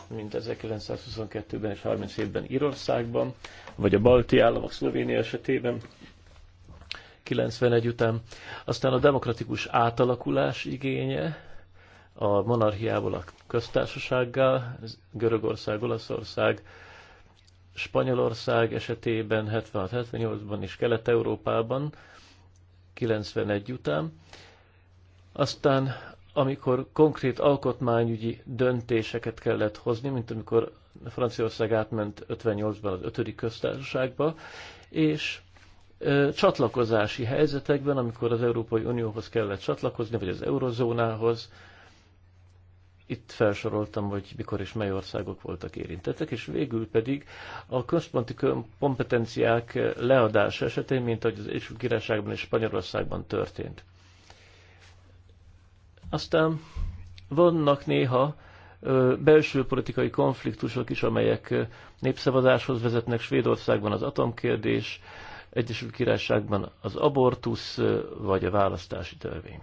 mint 1922-ben és 30 évben Írországban, vagy a balti államok Szlovénia esetében, 91 után, aztán a demokratikus átalakulás igénye, a monarchiából a köztársasággal, Görögország, Olaszország, Spanyolország esetében 76-78-ban és Kelet-Európában 91 után. Aztán amikor konkrét alkotmányügyi döntéseket kellett hozni, mint amikor Franciaország átment 58-ban az ötödik köztársaságba, és csatlakozási helyzetekben, amikor az Európai Unióhoz kellett csatlakozni, vagy az eurozónához, itt felsoroltam, hogy mikor és mely országok voltak érintettek, és végül pedig a központi kompetenciák leadása esetén, mint ahogy az Egyesült Királyságban és Spanyolországban történt. Aztán vannak néha belső politikai konfliktusok is, amelyek népszavazáshoz vezetnek. Svédországban az atomkérdés, Egyesült Királyságban az abortusz vagy a választási törvény.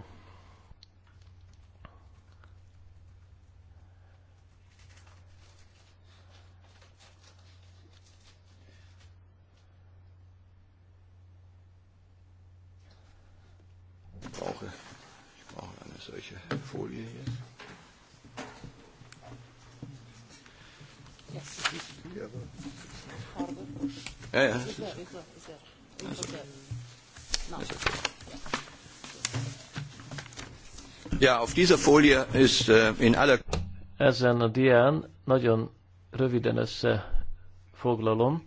Ja, ja. Ja, auf dieser Folie ist äh, in aller... Ezen a dián nagyon röviden összefoglalom,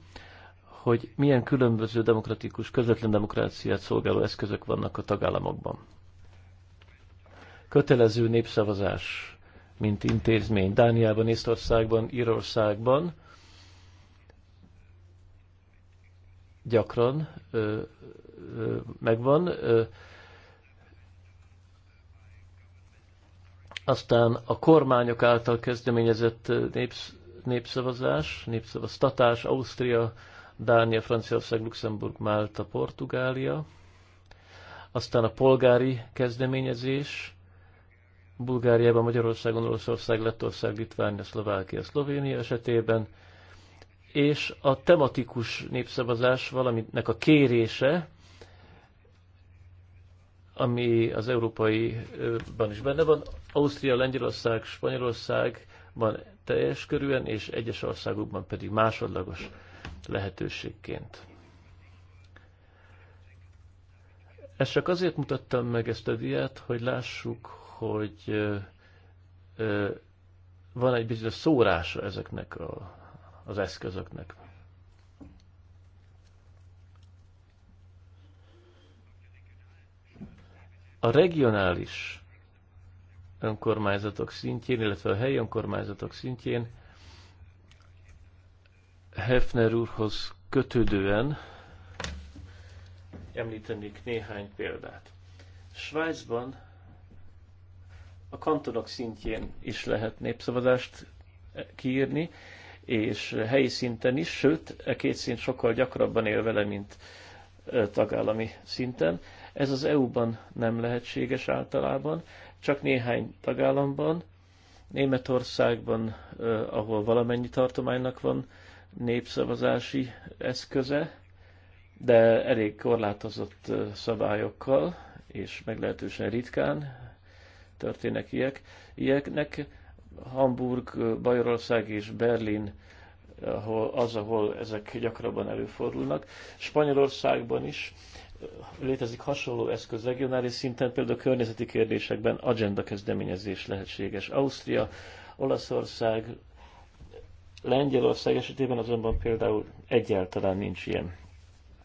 hogy milyen különböző demokratikus, közvetlen demokráciát szolgáló eszközök vannak a tagállamokban. Kötelező népszavazás, mint intézmény Dániában, Észtországban, Írországban, gyakran ö, ö, megvan. Ö, aztán a kormányok által kezdeményezett népsz, népszavazás, népszavaztatás, Ausztria, Dánia, Franciaország, Luxemburg, Málta, Portugália, aztán a polgári kezdeményezés, Bulgáriában, Magyarországon, Oroszország, Lettország, Litvánia, Szlovákia, Szlovénia esetében, és a tematikus népszavazás valaminek a kérése, ami az európaiban is benne van, Ausztria, Lengyelország, Spanyolországban teljes körülön, és egyes országokban pedig másodlagos lehetőségként. Ezt csak azért mutattam meg ezt a diát, hogy lássuk, hogy van egy bizonyos szórása ezeknek a az eszközöknek. A regionális önkormányzatok szintjén, illetve a helyi önkormányzatok szintjén Hefner úrhoz kötődően említenék néhány példát. Svájcban a kantonok szintjén is lehet népszavazást kiírni, és helyi szinten is, sőt, e két szint sokkal gyakrabban él vele, mint e, tagállami szinten. Ez az EU-ban nem lehetséges általában, csak néhány tagállamban, Németországban, e, ahol valamennyi tartománynak van népszavazási eszköze, de elég korlátozott e, szabályokkal, és meglehetősen ritkán történnek ilyek, ilyeknek. Hamburg, Bajorország és Berlin ahol, az, ahol ezek gyakrabban előfordulnak. Spanyolországban is eh, létezik hasonló eszköz regionális szinten, például a környezeti kérdésekben agenda kezdeményezés lehetséges. Ausztria, Olaszország, Lengyelország esetében azonban például egyáltalán nincs ilyen.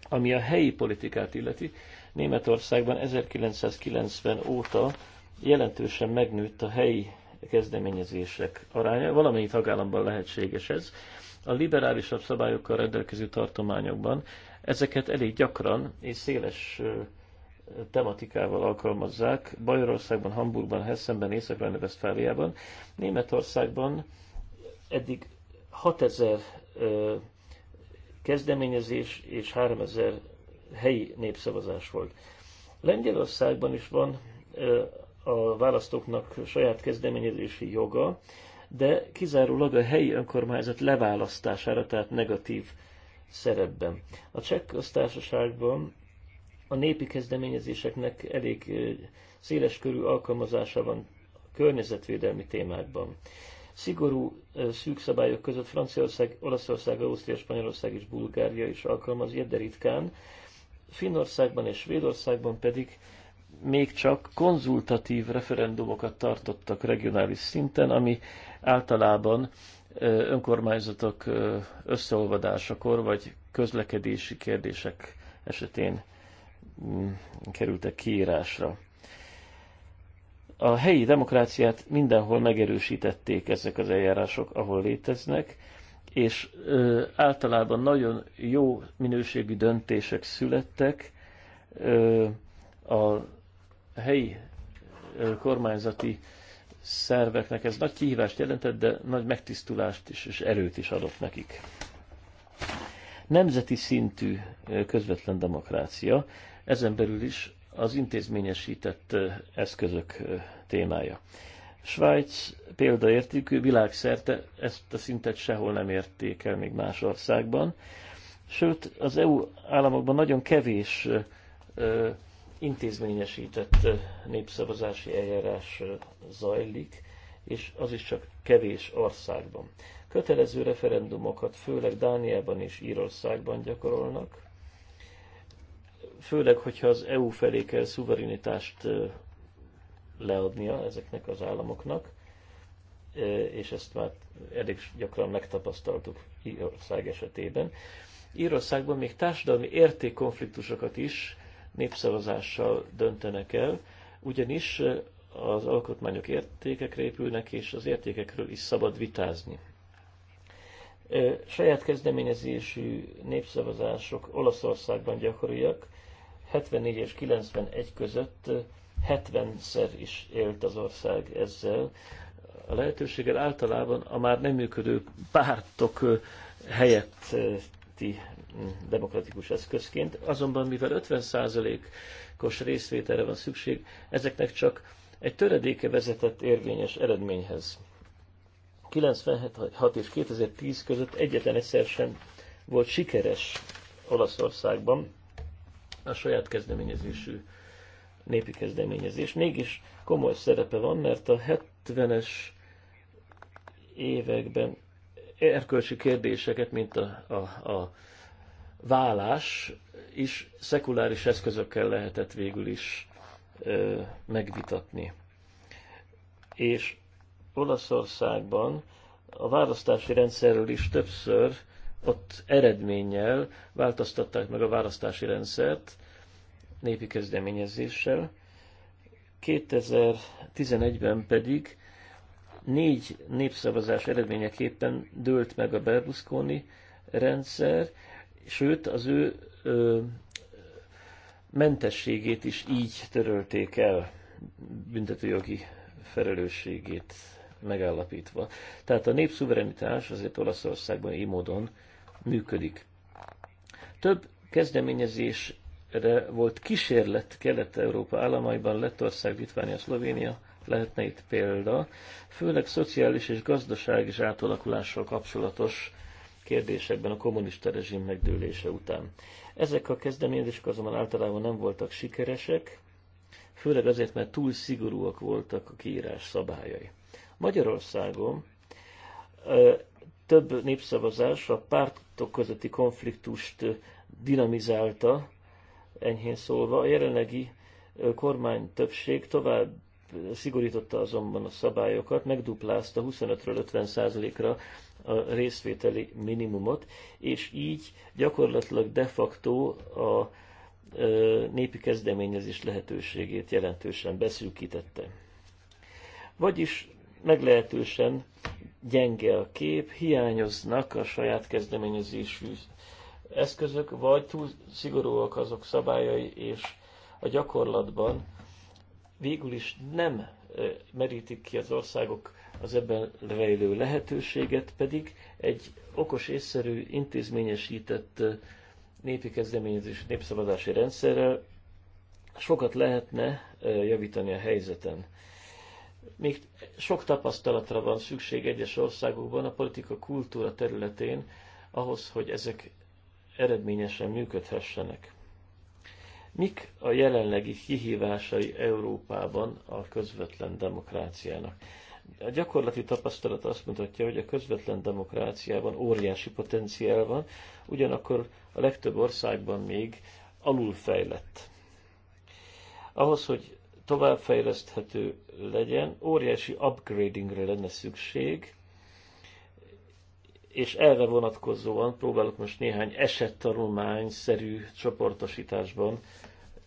Ami a helyi politikát illeti, Németországban 1990 óta jelentősen megnőtt a helyi kezdeményezések aránya. Valamennyi tagállamban lehetséges ez. A liberálisabb szabályokkal rendelkező tartományokban ezeket elég gyakran és széles tematikával alkalmazzák. Bajorországban, Hamburgban, Hessenben, észak westfáliában Németországban eddig 6000 kezdeményezés és 3000 helyi népszavazás volt. Lengyelországban is van a választóknak saját kezdeményezési joga, de kizárólag a helyi önkormányzat leválasztására, tehát negatív szerepben. A csekk köztársaságban a népi kezdeményezéseknek elég széles körű alkalmazása van környezetvédelmi témákban. Szigorú szűk szabályok között Franciaország, Olaszország, Ausztria, Spanyolország és Bulgária is alkalmaz, de ritkán. Finnországban és Svédországban pedig még csak konzultatív referendumokat tartottak regionális szinten, ami általában önkormányzatok összeolvadásakor vagy közlekedési kérdések esetén mm, kerültek kiírásra. A helyi demokráciát mindenhol megerősítették ezek az eljárások, ahol léteznek, és általában nagyon jó minőségű döntések születtek a a helyi kormányzati szerveknek ez nagy kihívást jelentett, de nagy megtisztulást is, és erőt is adott nekik. Nemzeti szintű közvetlen demokrácia, ezen belül is az intézményesített eszközök témája. Svájc példaértékű, világszerte ezt a szintet sehol nem érték el még más országban. Sőt, az EU államokban nagyon kevés intézményesített népszavazási eljárás zajlik, és az is csak kevés országban. Kötelező referendumokat főleg Dániában és Írországban gyakorolnak, főleg, hogyha az EU felé kell szuverenitást leadnia ezeknek az államoknak, és ezt már elég gyakran megtapasztaltuk Írország esetében. Írországban még társadalmi értékkonfliktusokat is népszavazással döntenek el, ugyanis az alkotmányok értékekre épülnek, és az értékekről is szabad vitázni. Saját kezdeményezésű népszavazások Olaszországban gyakoriak, 74 és 91 között 70-szer is élt az ország ezzel. A lehetőséggel általában a már nem működő pártok helyetti demokratikus eszközként. Azonban mivel 50%-os részvételre van szükség, ezeknek csak egy töredéke vezetett érvényes eredményhez. 96 és 2010 között egyetlen egyszer sem volt sikeres Olaszországban a saját kezdeményezésű népi kezdeményezés. Mégis komoly szerepe van, mert a 70-es években erkölcsi kérdéseket, mint a, a, a vállás is szekuláris eszközökkel lehetett végül is ö, megvitatni. És Olaszországban a választási rendszerről is többször ott eredménnyel változtatták meg a választási rendszert népi kezdeményezéssel. 2011-ben pedig négy népszavazás eredményeképpen dőlt meg a Berlusconi rendszer, sőt az ő ö, mentességét is így törölték el, büntetőjogi felelősségét megállapítva. Tehát a népszuverenitás azért Olaszországban így módon működik. Több kezdeményezésre volt kísérlet Kelet-Európa államaiban, Lettország, Litvánia, Szlovénia, lehetne itt példa, főleg szociális és gazdasági átalakulással kapcsolatos kérdésekben a kommunista rezsim megdőlése után. Ezek a kezdeményezések azonban általában nem voltak sikeresek, főleg azért, mert túl szigorúak voltak a kiírás szabályai. Magyarországon több népszavazás a pártok közötti konfliktust dinamizálta, enyhén szólva. A jelenlegi kormány többség tovább szigorította azonban a szabályokat, megduplázta 25-ről 50 ra a részvételi minimumot, és így gyakorlatilag de facto a népi kezdeményezés lehetőségét jelentősen beszűkítette. Vagyis meglehetősen gyenge a kép, hiányoznak a saját kezdeményezésű eszközök, vagy túl szigorúak azok szabályai, és a gyakorlatban végül is nem merítik ki az országok az ebben rejlő lehetőséget pedig egy okos, észszerű, intézményesített népi kezdeményezés népszabadási rendszerrel sokat lehetne javítani a helyzeten. Még sok tapasztalatra van szükség egyes országokban a politika kultúra területén ahhoz, hogy ezek eredményesen működhessenek. Mik a jelenlegi kihívásai Európában a közvetlen demokráciának? A gyakorlati tapasztalat azt mutatja, hogy a közvetlen demokráciában óriási potenciál van, ugyanakkor a legtöbb országban még alulfejlett. Ahhoz, hogy továbbfejleszthető legyen, óriási upgradingre lenne szükség, és erre vonatkozóan próbálok most néhány esettanulmány-szerű csoportosításban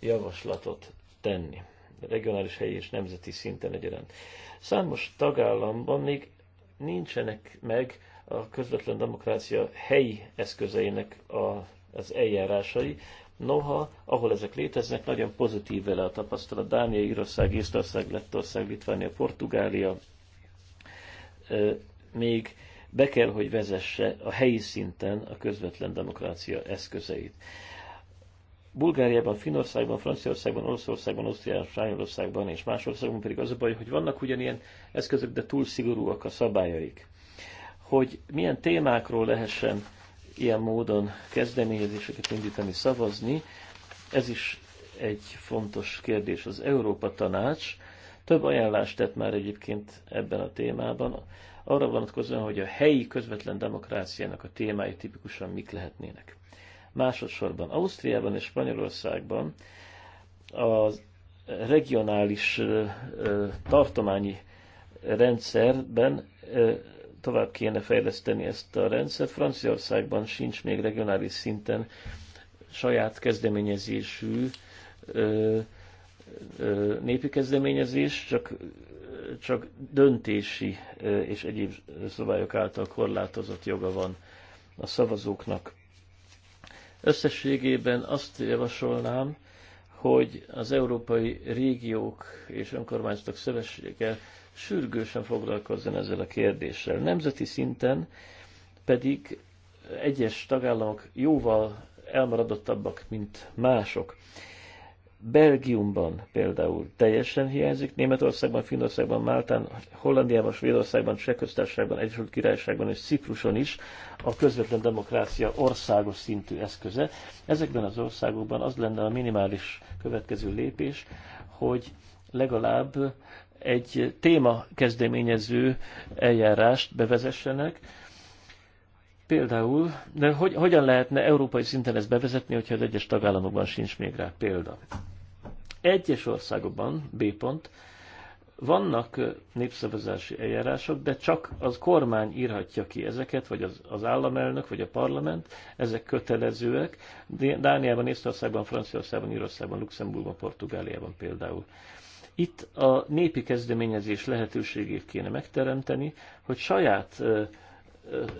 javaslatot tenni regionális, helyi és nemzeti szinten egyaránt. Számos tagállamban még nincsenek meg a közvetlen demokrácia helyi eszközeinek a, az eljárásai, Noha, ahol ezek léteznek, nagyon pozitív vele a tapasztalat. Dánia, Írország, Észtország, Lettország, Litvánia, Portugália még be kell, hogy vezesse a helyi szinten a közvetlen demokrácia eszközeit. Bulgáriában, Finországban, Franciaországban, Olaszországban, Ausztriában, Spanyolországban és más országban pedig az a baj, hogy vannak ugyanilyen eszközök, de túl szigorúak a szabályaik. Hogy milyen témákról lehessen ilyen módon kezdeményezéseket indítani, szavazni, ez is egy fontos kérdés. Az Európa Tanács több ajánlást tett már egyébként ebben a témában, arra vonatkozóan, hogy a helyi közvetlen demokráciának a témái tipikusan mik lehetnének. Másodszorban Ausztriában és Spanyolországban a regionális tartományi rendszerben tovább kéne fejleszteni ezt a rendszert. Franciaországban sincs még regionális szinten saját kezdeményezésű népi kezdeményezés, csak, csak döntési és egyéb szabályok által korlátozott joga van a szavazóknak Összességében azt javasolnám, hogy az európai régiók és önkormányzatok szövetsége sürgősen foglalkozzon ezzel a kérdéssel. Nemzeti szinten pedig egyes tagállamok jóval elmaradottabbak, mint mások. Belgiumban például teljesen hiányzik, Németországban, Finnországban, Máltán, Hollandiában, Svédországban, Csehköztársaságban, Egyesült Királyságban és Cipruson is a közvetlen demokrácia országos szintű eszköze. Ezekben az országokban az lenne a minimális következő lépés, hogy legalább egy téma kezdeményező eljárást bevezessenek, Például, de hogy, hogyan lehetne európai szinten ezt bevezetni, hogyha az egyes tagállamokban sincs még rá példa? Egyes országokban, B pont, vannak népszavazási eljárások, de csak az kormány írhatja ki ezeket, vagy az, az államelnök, vagy a parlament, ezek kötelezőek. Dániában, Észtországban, Franciaországban, Írországban, Luxemburgban, Portugáliában például. Itt a népi kezdeményezés lehetőségét kéne megteremteni, hogy saját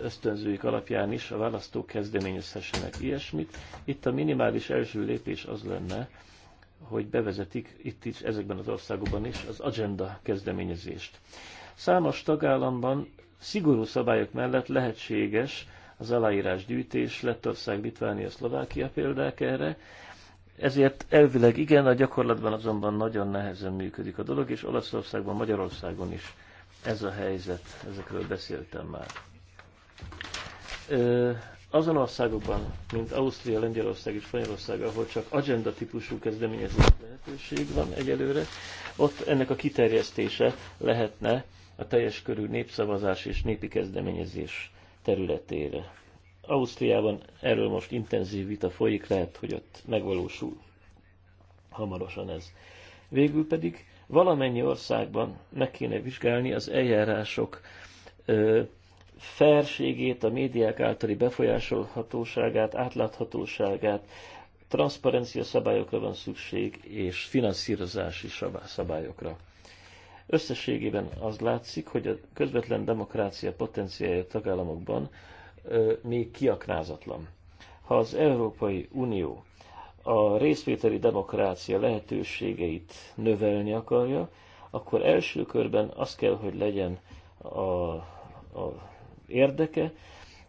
ösztönzőik alapján is a választók kezdeményezhessenek ilyesmit. Itt a minimális első lépés az lenne, hogy bevezetik itt is, ezekben az országokban is az agenda kezdeményezést. Számos tagállamban szigorú szabályok mellett lehetséges az aláírás gyűjtés, Lettország, Litvánia, Szlovákia példák erre, ezért elvileg igen, a gyakorlatban azonban nagyon nehezen működik a dolog, és Olaszországban, Magyarországon is ez a helyzet, ezekről beszéltem már azon országokban, mint Ausztria, Lengyelország és Spanyolország, ahol csak agenda típusú kezdeményezés lehetőség van egyelőre, ott ennek a kiterjesztése lehetne a teljes körű népszavazás és népi kezdeményezés területére. Ausztriában erről most intenzív vita folyik, lehet, hogy ott megvalósul hamarosan ez. Végül pedig valamennyi országban meg kéne vizsgálni az eljárások felségét, a médiák általi befolyásolhatóságát, átláthatóságát, transzparencia szabályokra van szükség, és finanszírozási szabályokra. Összességében az látszik, hogy a közvetlen demokrácia potenciája tagállamokban ö, még kiaknázatlan. Ha az Európai Unió a részvételi demokrácia lehetőségeit növelni akarja, akkor első körben az kell, hogy legyen a, a érdeke,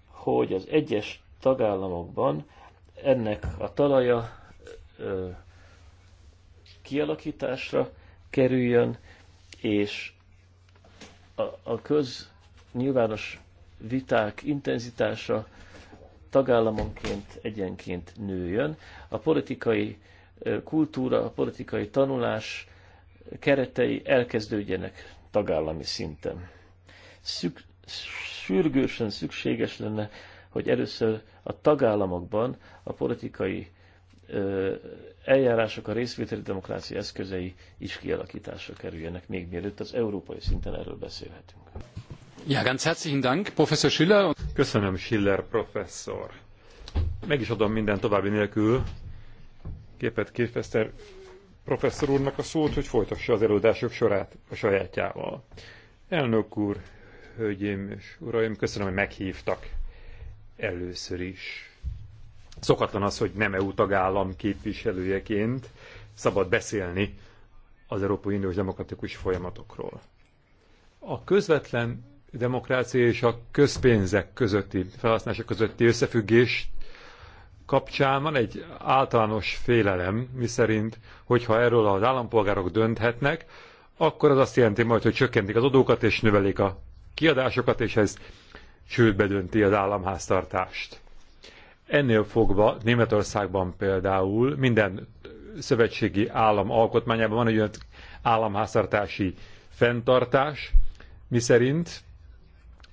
hogy az egyes tagállamokban ennek a talaja ö, kialakításra kerüljön, és a, a köz nyilvános viták intenzitása tagállamonként egyenként nőjön. A politikai kultúra, a politikai tanulás keretei elkezdődjenek tagállami szinten. Szük, sürgősen szükséges lenne, hogy először a tagállamokban a politikai ö, eljárások, a részvételi demokrácia eszközei is kialakításra kerüljenek, még mielőtt az európai szinten erről beszélhetünk. Ja, ganz herzlichen Dank, Professor Schiller. Köszönöm, Schiller professzor. Meg is adom minden további nélkül képet képeszter professzor úrnak a szót, hogy folytassa az előadások sorát a sajátjával. Elnök úr, Hölgyeim és uraim, köszönöm, hogy meghívtak először is. Szokatlan az, hogy nem EU tagállam képviselőjeként szabad beszélni az Európai Uniós demokratikus folyamatokról. A közvetlen demokrácia és a közpénzek közötti, felhasználása közötti összefüggés kapcsán van egy általános félelem, miszerint, hogyha erről az állampolgárok dönthetnek, akkor az azt jelenti majd, hogy csökkentik az adókat és növelik a kiadásokat, és ez csődbe dönti az államháztartást. Ennél fogva Németországban például minden szövetségi állam alkotmányában van egy olyan államháztartási fenntartás, miszerint,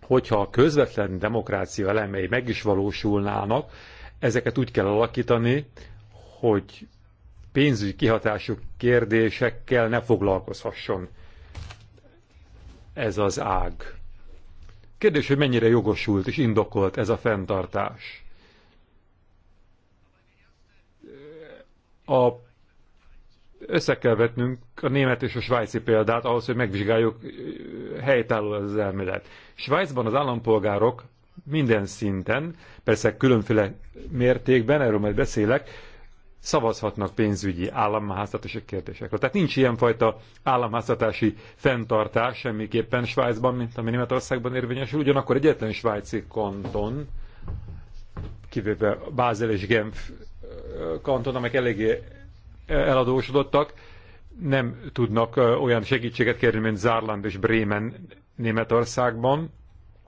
hogyha a közvetlen demokrácia elemei meg is valósulnának, ezeket úgy kell alakítani, hogy pénzügyi kihatású kérdésekkel ne foglalkozhasson ez az ág. Kérdés, hogy mennyire jogosult és indokolt ez a fenntartás. A, össze kell vetnünk a német és a svájci példát ahhoz, hogy megvizsgáljuk helytálló ez az elmélet. Svájcban az állampolgárok minden szinten, persze különféle mértékben, erről majd beszélek, szavazhatnak pénzügyi államháztatási kérdésekről. Tehát nincs ilyenfajta államháztatási fenntartás semmiképpen Svájcban, mint ami Németországban érvényesül, ugyanakkor egyetlen svájci kanton, kivéve Bázel és Genf kanton, amelyek eléggé eladósodottak, nem tudnak olyan segítséget kérni, mint Zárland és Bremen Németországban,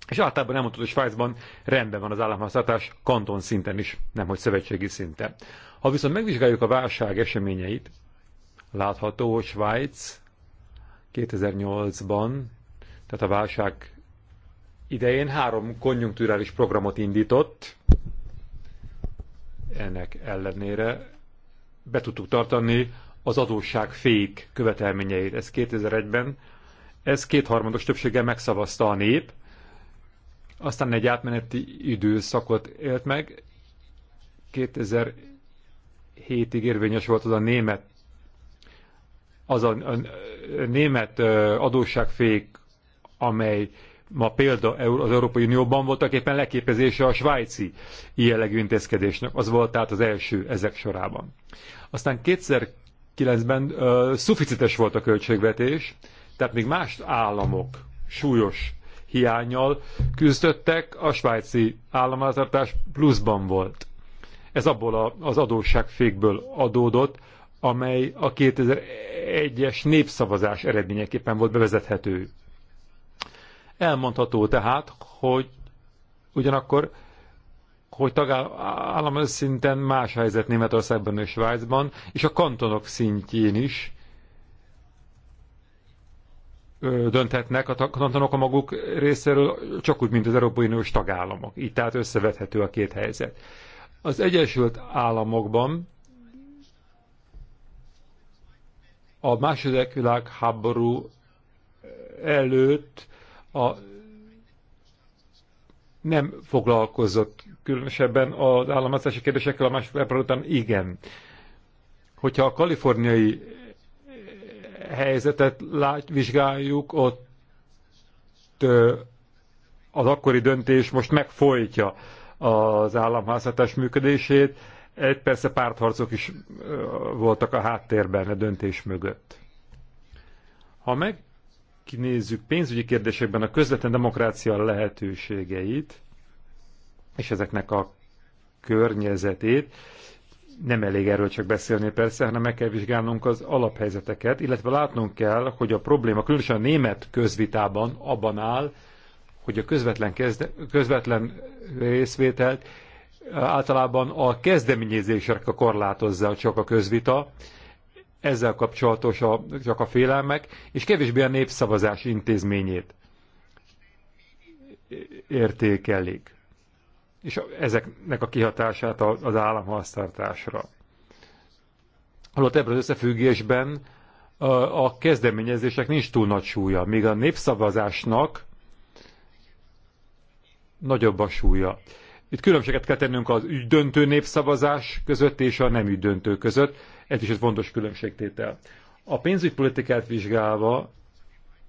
és általában nem mondtad, hogy Svájcban rendben van az államháztatás kanton szinten is, nemhogy szövetségi szinten. Ha viszont megvizsgáljuk a válság eseményeit, látható, hogy Svájc 2008-ban, tehát a válság idején három konjunkturális programot indított, ennek ellenére be tudtuk tartani az adósság fék követelményeit. Ez 2001-ben, ez kétharmados többséggel megszavazta a nép, aztán egy átmeneti időszakot élt meg, 2000 hétig érvényes volt az a német az a, a, a német adósságfék, amely ma példa az Európai Unióban voltak éppen leképezése a svájci jellegű intézkedésnek. Az volt tehát az első ezek sorában. Aztán 2009-ben uh, szuficites volt a költségvetés, tehát még más államok súlyos hiányjal küzdöttek, a svájci államháztartás pluszban volt. Ez abból a, az adósságfékből adódott, amely a 2001-es népszavazás eredményeképpen volt bevezethető. Elmondható tehát, hogy ugyanakkor hogy tagállam szinten más helyzet Németországban és Svájcban, és a kantonok szintjén is dönthetnek a kantonok a maguk részéről, csak úgy, mint az Európai Uniós tagállamok. Így tehát összevethető a két helyzet. Az Egyesült Államokban a második világháború előtt a nem foglalkozott különösebben az államháztási kérdésekkel, a második világháború után igen. Hogyha a kaliforniai helyzetet lát, vizsgáljuk, ott az akkori döntés most megfolytja az államháztartás működését. Egy persze pártharcok is voltak a háttérben a döntés mögött. Ha megnézzük pénzügyi kérdésekben a közvetlen demokrácia lehetőségeit, és ezeknek a környezetét, nem elég erről csak beszélni persze, hanem meg kell vizsgálnunk az alaphelyzeteket, illetve látnunk kell, hogy a probléma különösen a német közvitában abban áll, hogy a közvetlen, kezde, közvetlen részvételt eh, általában a kezdeményezésre korlátozza csak a közvita, ezzel kapcsolatos a, csak a félelmek, és kevésbé a népszavazás intézményét értékelik. És ezeknek a kihatását az államháztartásra. Holott ebben az összefüggésben eh, a kezdeményezések nincs túl nagy súlya, míg a népszavazásnak nagyobb a súlya. Itt különbséget kell tennünk az ügydöntő népszavazás között és a nem ügydöntő között. Ez is egy fontos különbségtétel. A pénzügypolitikát vizsgálva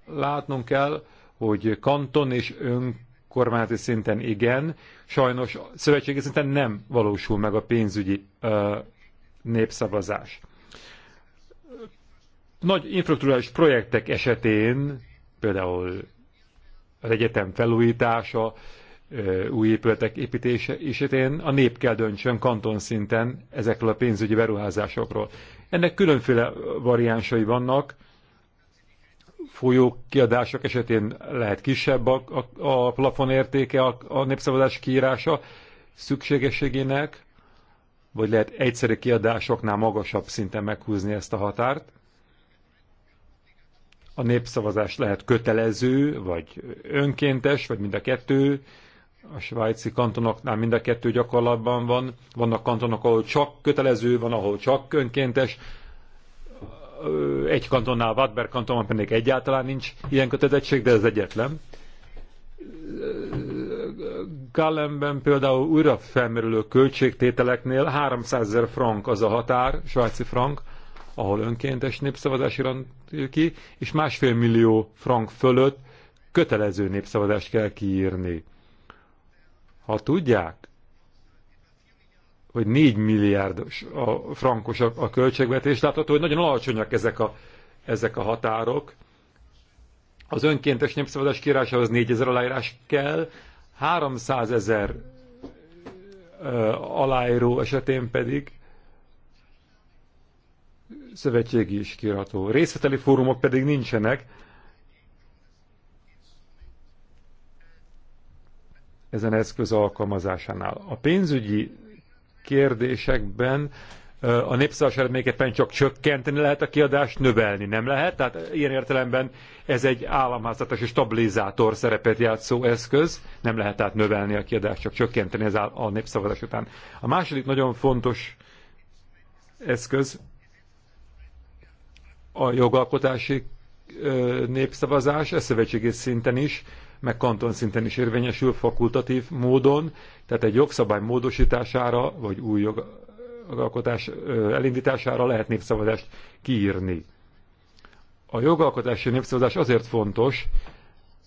látnunk kell, hogy kanton és önkormányzati szinten igen, sajnos szövetségi szinten nem valósul meg a pénzügyi ö, népszavazás. Nagy infrastruktúrális projektek esetén, például az egyetem felújítása, új épületek építése én a nép kell döntsön kanton szinten ezekről a pénzügyi beruházásokról. Ennek különféle variánsai vannak, folyó kiadások esetén lehet kisebb a, a, a értéke a, a népszavazás kiírása szükségességének, vagy lehet egyszerű kiadásoknál magasabb szinten meghúzni ezt a határt. A népszavazás lehet kötelező, vagy önkéntes, vagy mind a kettő a svájci kantonoknál mind a kettő gyakorlatban van. Vannak kantonok, ahol csak kötelező, van, ahol csak önkéntes. Egy kantonnál, Wadberg kantonban pedig egyáltalán nincs ilyen kötelezettség, de ez egyetlen. Gallenben például újra felmerülő költségtételeknél 300 ezer frank az a határ, svájci frank, ahol önkéntes népszavazás iránt ki, és másfél millió frank fölött kötelező népszavazást kell kiírni. Ha tudják, hogy 4 milliárdos a frankos a, a költségvetés, látható, hogy nagyon alacsonyak ezek a, ezek a határok. Az önkéntes népszavazás kiírásához 4000 aláírás kell, 300 ezer aláíró esetén pedig szövetségi is kirató. Részleteli fórumok pedig nincsenek, ezen eszköz alkalmazásánál. A pénzügyi kérdésekben a népszavas eredményeképpen csak csökkenteni lehet a kiadást, növelni nem lehet. Tehát ilyen értelemben ez egy államháztartási stabilizátor szerepet játszó eszköz. Nem lehet tehát növelni a kiadást, csak csökkenteni ez a népszavazás után. A második nagyon fontos eszköz a jogalkotási népszavazás, e szövetségi szinten is meg kanton szinten is érvényesül fakultatív módon, tehát egy jogszabály módosítására, vagy új jogalkotás elindítására lehet népszavazást kiírni. A jogalkotási népszavazás azért fontos,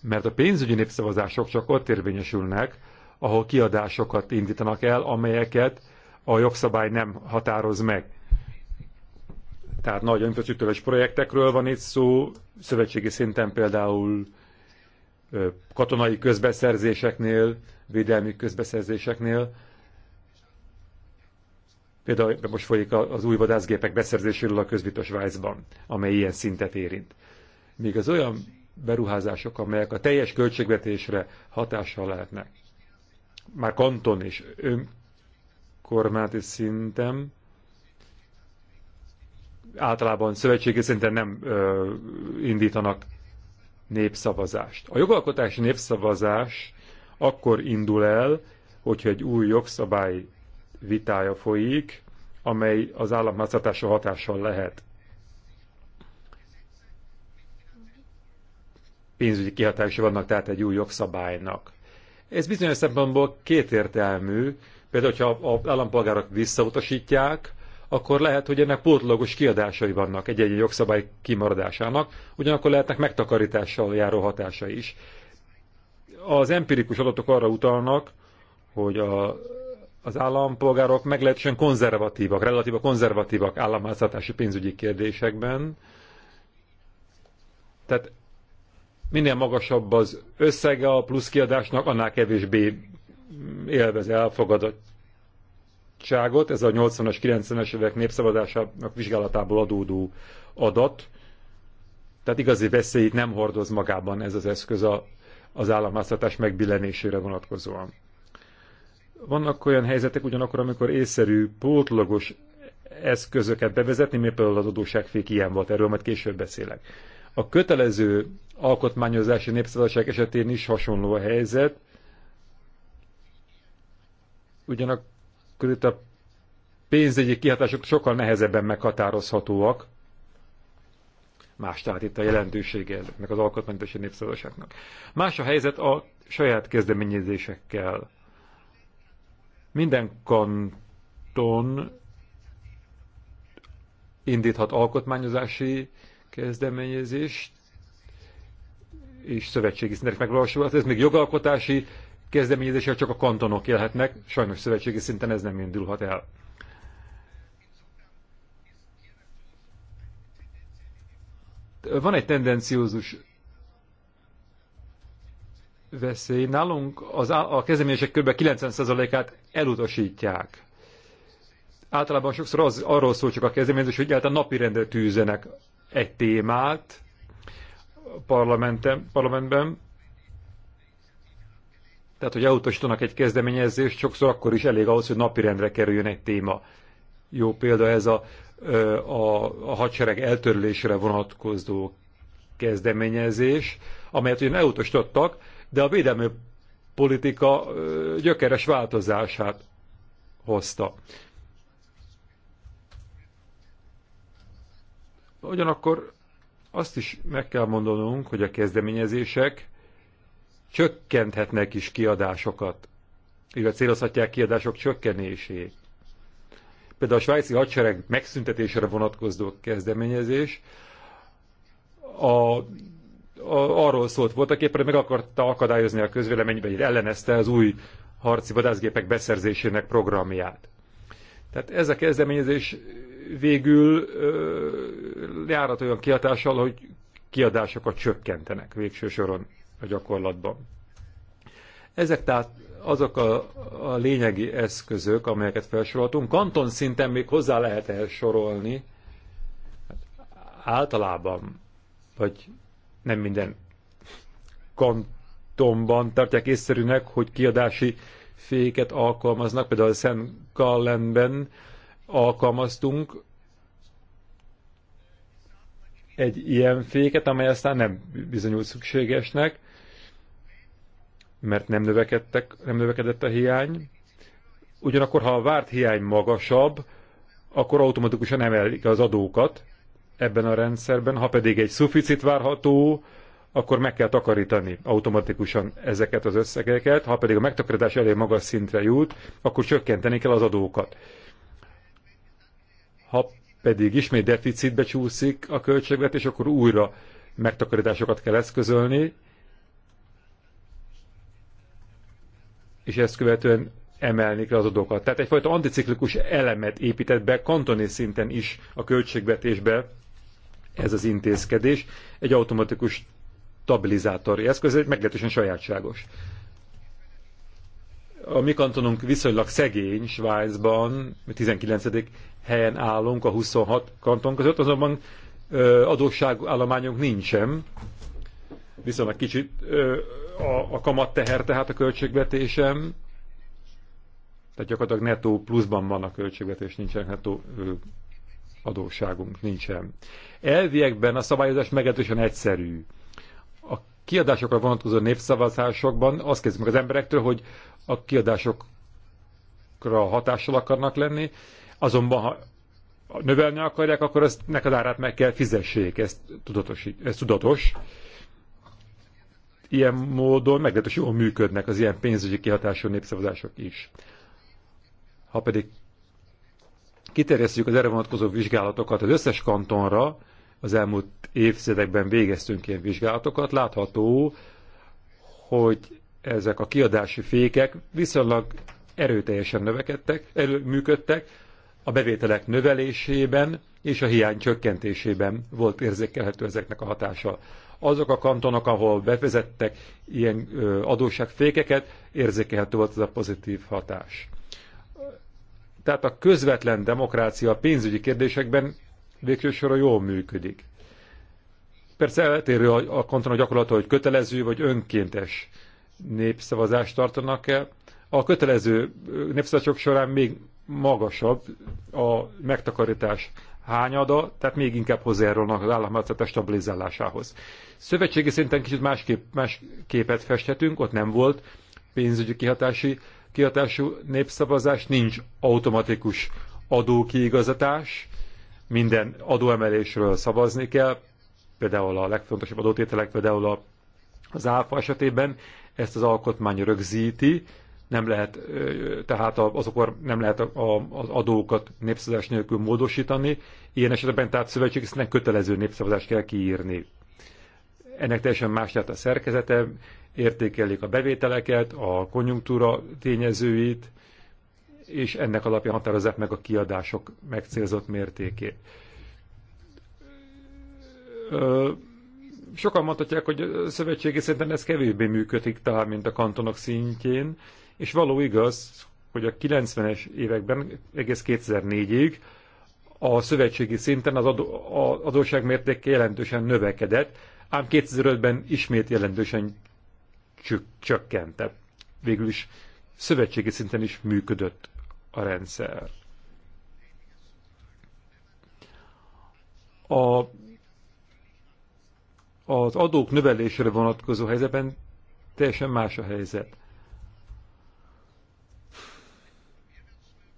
mert a pénzügyi népszavazások csak ott érvényesülnek, ahol kiadásokat indítanak el, amelyeket a jogszabály nem határoz meg. Tehát nagy infrastruktúrás projektekről van itt szó, szövetségi szinten például katonai közbeszerzéseknél, védelmi közbeszerzéseknél. Például most folyik az új vadászgépek beszerzéséről a közvitos Svájcban, amely ilyen szintet érint. Míg az olyan beruházások, amelyek a teljes költségvetésre hatással lehetnek, már kanton és önkormányzati szinten, általában szövetségi szinten nem ö, indítanak népszavazást. A jogalkotási népszavazás akkor indul el, hogyha egy új jogszabály vitája folyik, amely az államháztartása hatással lehet. Pénzügyi kihatása vannak tehát egy új jogszabálynak. Ez bizonyos szempontból kétértelmű, például, hogyha az állampolgárok visszautasítják, akkor lehet, hogy ennek pótlagos kiadásai vannak egy-egy jogszabály kimaradásának, ugyanakkor lehetnek megtakarítással járó hatása is. Az empirikus adatok arra utalnak, hogy a, az állampolgárok meglehetősen konzervatívak, relatíva konzervatívak államháztartási pénzügyi kérdésekben. Tehát minél magasabb az összege a plusz kiadásnak, annál kevésbé élvez elfogadott bizottságot, ez a 80-as, 90-es évek népszavazásának vizsgálatából adódó adat, tehát igazi veszélyt nem hordoz magában ez az eszköz a, az államháztatás megbillenésére vonatkozóan. Vannak olyan helyzetek ugyanakkor, amikor észszerű, pótlagos eszközöket bevezetni, mert például az adóságfék ilyen volt, erről majd később beszélek. A kötelező alkotmányozási népszavazások esetén is hasonló a helyzet, ugyanakkor akkor a pénzügyi kihatások sokkal nehezebben meghatározhatóak. Más tehát itt a jelentősége ennek az alkotmányos népszavazásoknak. Más a helyzet a saját kezdeményezésekkel. Minden kanton indíthat alkotmányozási kezdeményezést, és szövetségi szintek megvalósulhat. Ez még jogalkotási kezdeményezéssel csak a kantonok élhetnek, sajnos szövetségi szinten ez nem indulhat el. Van egy tendenciózus veszély. Nálunk az, a kezdeményezések kb. 90%-át elutasítják. Általában sokszor az, arról szól csak a kezdeményezés, hogy egyáltalán napirendre tűzenek egy témát parlamentben, tehát, hogy elutasítanak egy kezdeményezést, sokszor akkor is elég ahhoz, hogy napirendre kerüljön egy téma. Jó példa ez a, a, a hadsereg eltörlésre vonatkozó kezdeményezés, amelyet ugye elutasítottak, de a védelmi politika gyökeres változását hozta. Ugyanakkor azt is meg kell mondanunk, hogy a kezdeményezések csökkenthetnek is kiadásokat, illetve célozhatják kiadások csökkenését. Például a svájci hadsereg megszüntetésére vonatkozó kezdeményezés a, a, arról szólt voltak éppen, meg akarta akadályozni a közvéleményben, hogy ellenezte az új harci vadászgépek beszerzésének programját. Tehát ez a kezdeményezés végül ö, járat olyan kiadással, hogy kiadásokat csökkentenek végső soron a gyakorlatban. Ezek tehát azok a, a lényegi eszközök, amelyeket felsoroltunk. Kanton szinten még hozzá lehet ehhez sorolni általában, vagy nem minden kantonban tartják észszerűnek, hogy kiadási féket alkalmaznak, például a Szent Gallenben alkalmaztunk egy ilyen féket, amely aztán nem bizonyult szükségesnek mert nem, növekedtek, nem növekedett a hiány. Ugyanakkor, ha a várt hiány magasabb, akkor automatikusan emelik az adókat ebben a rendszerben, ha pedig egy szuficit várható, akkor meg kell takarítani automatikusan ezeket az összegeket, ha pedig a megtakarítás elég magas szintre jut, akkor csökkenteni kell az adókat. Ha pedig ismét deficitbe csúszik a költségvetés, akkor újra megtakarításokat kell eszközölni, és ezt követően emelni kell az adókat. Tehát egyfajta anticiklikus elemet épített be kantoni szinten is a költségvetésbe ez az intézkedés. Egy automatikus stabilizátori eszköz, egy meglehetősen sajátságos. A mi kantonunk viszonylag szegény Svájcban, 19. helyen állunk a 26 kanton között, azonban adósságállományunk nincsen, viszonylag kicsit a, a teher, tehát a költségvetésem, tehát gyakorlatilag netó pluszban van a költségvetés, nincsen netó adósságunk, nincsen. Elviekben a szabályozás meglehetősen egyszerű. A kiadásokra vonatkozó népszavazásokban azt kezdjük meg az emberektől, hogy a kiadásokra hatással akarnak lenni, azonban ha növelni akarják, akkor ezt neked árát meg kell fizessék, ez, tudatosít, ez tudatos ilyen módon meglehetős jól működnek az ilyen pénzügyi kihatású népszavazások is. Ha pedig kiterjesztjük az erre vonatkozó vizsgálatokat az összes kantonra, az elmúlt évtizedekben végeztünk ilyen vizsgálatokat, látható, hogy ezek a kiadási fékek viszonylag erőteljesen növekedtek, erő, működtek, a bevételek növelésében és a hiány csökkentésében volt érzékelhető ezeknek a hatása azok a kantonok, ahol bevezettek ilyen adósságfékeket, érzékelhető volt ez a pozitív hatás. Tehát a közvetlen demokrácia a pénzügyi kérdésekben végső soron jól működik. Persze eltérő a, a a gyakorlata, hogy kötelező vagy önkéntes népszavazást tartanak el. A kötelező népszavazások során még magasabb a megtakarítás hányada, tehát még inkább hozzájárulnak az államháztartás stabilizálásához. Szövetségi szinten kicsit másképp, más képet festhetünk, ott nem volt pénzügyi kihatási, kihatású népszavazás, nincs automatikus adókiigazatás, minden adóemelésről szavazni kell, például a legfontosabb adótételek, például az áfa esetében, ezt az alkotmány rögzíti, nem lehet, tehát azokor nem lehet az adókat népszavazás nélkül módosítani, ilyen esetben tehát szövetségnek kötelező népszavazást kell kiírni. Ennek teljesen más lett a szerkezete, értékelik a bevételeket, a konjunktúra tényezőit, és ennek alapján határozzák meg a kiadások megcélzott mértékét. sokan mondhatják, hogy a szövetségi szinten ez kevésbé működik, talán, mint a kantonok szintjén, és való igaz, hogy a 90-es években, egész 2004-ig a szövetségi szinten az adó, a adósság mértéke jelentősen növekedett, ám 2005-ben ismét jelentősen csökkent. végül is szövetségi szinten is működött a rendszer. A, az adók növelésére vonatkozó helyzetben teljesen más a helyzet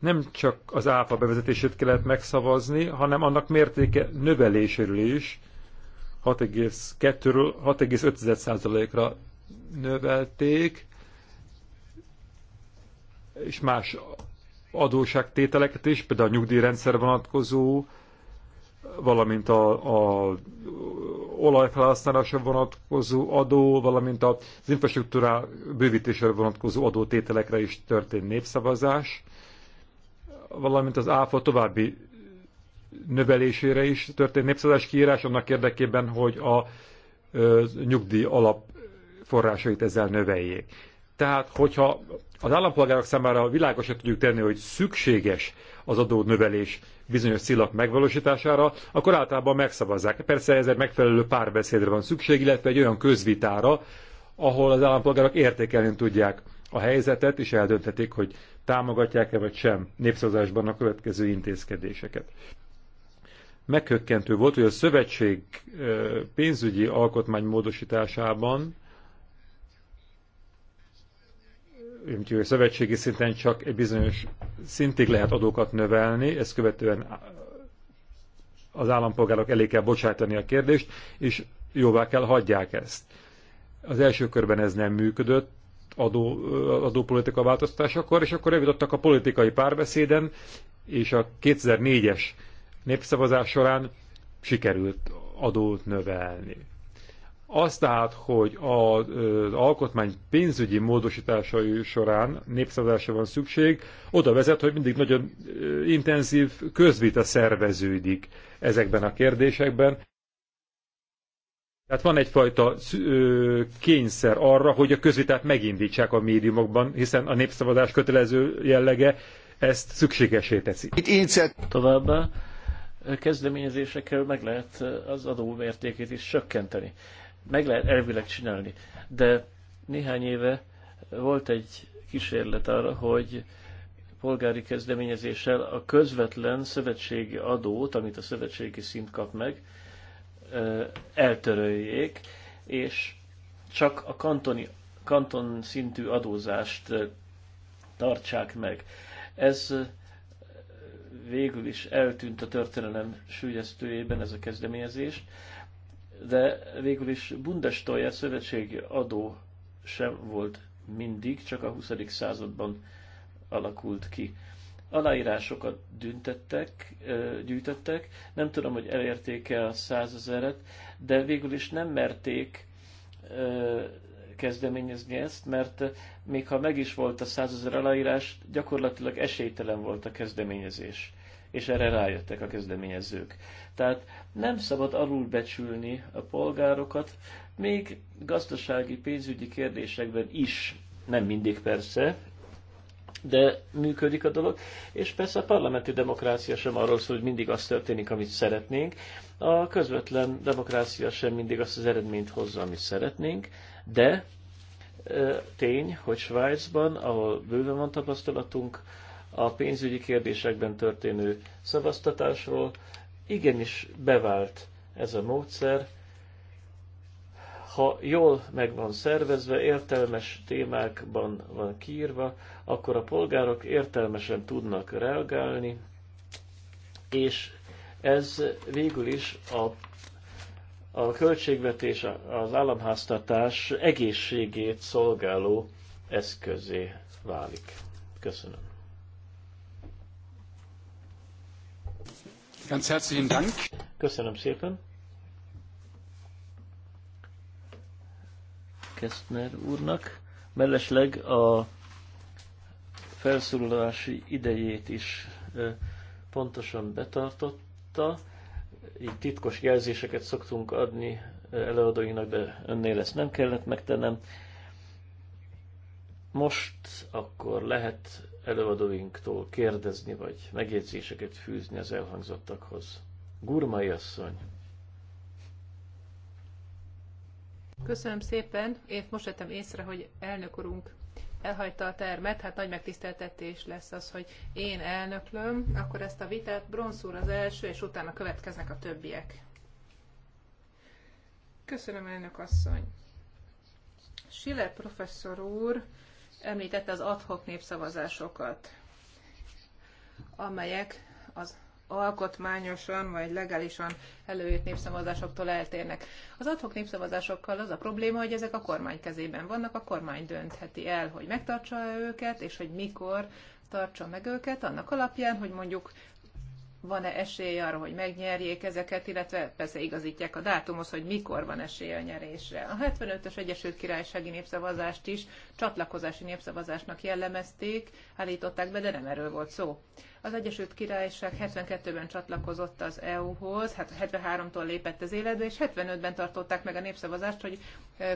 nem csak az áfa bevezetését kellett megszavazni, hanem annak mértéke növeléséről is 6,2-ről 6,5%-ra növelték, és más adóságtételeket is, például a nyugdíjrendszer vonatkozó, valamint a, a olajfelhasználásra vonatkozó adó, valamint az infrastruktúrá bővítésre vonatkozó adótételekre is történt népszavazás valamint az ÁFA további növelésére is történt népszavazás kiírás annak érdekében, hogy a nyugdíj alap forrásait ezzel növeljék. Tehát, hogyha az állampolgárok számára világosra tudjuk tenni, hogy szükséges az adó növelés bizonyos célok megvalósítására, akkor általában megszavazzák. Persze ezért megfelelő párbeszédre van szükség, illetve egy olyan közvitára, ahol az állampolgárok értékelni tudják a helyzetet, és eldönthetik, hogy támogatják-e vagy sem népszavazásban a következő intézkedéseket. Meghökkentő volt, hogy a szövetség pénzügyi alkotmány módosításában a szövetségi szinten csak egy bizonyos szintig lehet adókat növelni, ezt követően az állampolgárok elé kell bocsájtani a kérdést, és jóvá kell hagyják ezt. Az első körben ez nem működött, adó, adópolitika változtatásakor, és akkor elvitottak a politikai párbeszéden, és a 2004-es népszavazás során sikerült adót növelni. Azt tehát, hogy az alkotmány pénzügyi módosításai során népszavazásra van szükség, oda vezet, hogy mindig nagyon intenzív közvita szerveződik ezekben a kérdésekben, tehát van egyfajta kényszer arra, hogy a közvitát megindítsák a médiumokban, hiszen a népszavazás kötelező jellege ezt szükségesé teszi. Továbbá kezdeményezésekkel meg lehet az adómértékét is csökkenteni. Meg lehet elvileg csinálni. De néhány éve volt egy kísérlet arra, hogy polgári kezdeményezéssel a közvetlen szövetségi adót, amit a szövetségi szint kap meg, eltöröljék, és csak a kantoni, kanton szintű adózást tartsák meg. Ez végül is eltűnt a történelem sűjesztőjében ez a kezdeményezés, de végül is Bundesteuer szövetségi adó sem volt mindig, csak a 20. században alakult ki aláírásokat düntettek, gyűjtöttek, nem tudom, hogy elérték-e a százezeret, de végül is nem merték kezdeményezni ezt, mert még ha meg is volt a százezer aláírás, gyakorlatilag esélytelen volt a kezdeményezés, és erre rájöttek a kezdeményezők. Tehát nem szabad alulbecsülni a polgárokat, még gazdasági, pénzügyi kérdésekben is, nem mindig persze, de működik a dolog, és persze a parlamenti demokrácia sem arról szól, hogy mindig az történik, amit szeretnénk. A közvetlen demokrácia sem mindig azt az eredményt hozza, amit szeretnénk, de tény, hogy Svájcban, ahol bőven van tapasztalatunk, a pénzügyi kérdésekben történő szavaztatásról, igenis bevált ez a módszer, ha jól meg van szervezve, értelmes témákban van kiírva, akkor a polgárok értelmesen tudnak reagálni, és ez végül is a, a költségvetés, az államháztartás egészségét szolgáló eszközé válik. Köszönöm. Ganz herzlichen Dank. Köszönöm szépen. Kestner úrnak. Mellesleg a felszólalási idejét is pontosan betartotta. Így titkos jelzéseket szoktunk adni előadóinak, de önnél ezt nem kellett megtennem. Most akkor lehet előadóinktól kérdezni, vagy megjegyzéseket fűzni az elhangzottakhoz. Gurmai asszony! Köszönöm szépen. Én most vettem észre, hogy elnök urunk elhagyta a termet, hát nagy megtiszteltetés lesz az, hogy én elnöklöm, akkor ezt a vitát bronzúr az első, és utána következnek a többiek. Köszönöm, elnök asszony. Schiller professzor úr említette az adhok népszavazásokat, amelyek az alkotmányosan vagy legálisan előírt népszavazásoktól eltérnek. Az adhok népszavazásokkal az a probléma, hogy ezek a kormány kezében vannak, a kormány döntheti el, hogy megtartsa -e őket, és hogy mikor tartsa meg őket, annak alapján, hogy mondjuk van-e esély arra, hogy megnyerjék ezeket, illetve persze igazítják a dátumhoz, hogy mikor van esély a nyerésre. A 75-ös Egyesült Királysági népszavazást is csatlakozási népszavazásnak jellemezték, állították be, de nem erről volt szó. Az Egyesült Királyság 72-ben csatlakozott az EU-hoz, hát 73-tól lépett az életbe, és 75-ben tartották meg a népszavazást, hogy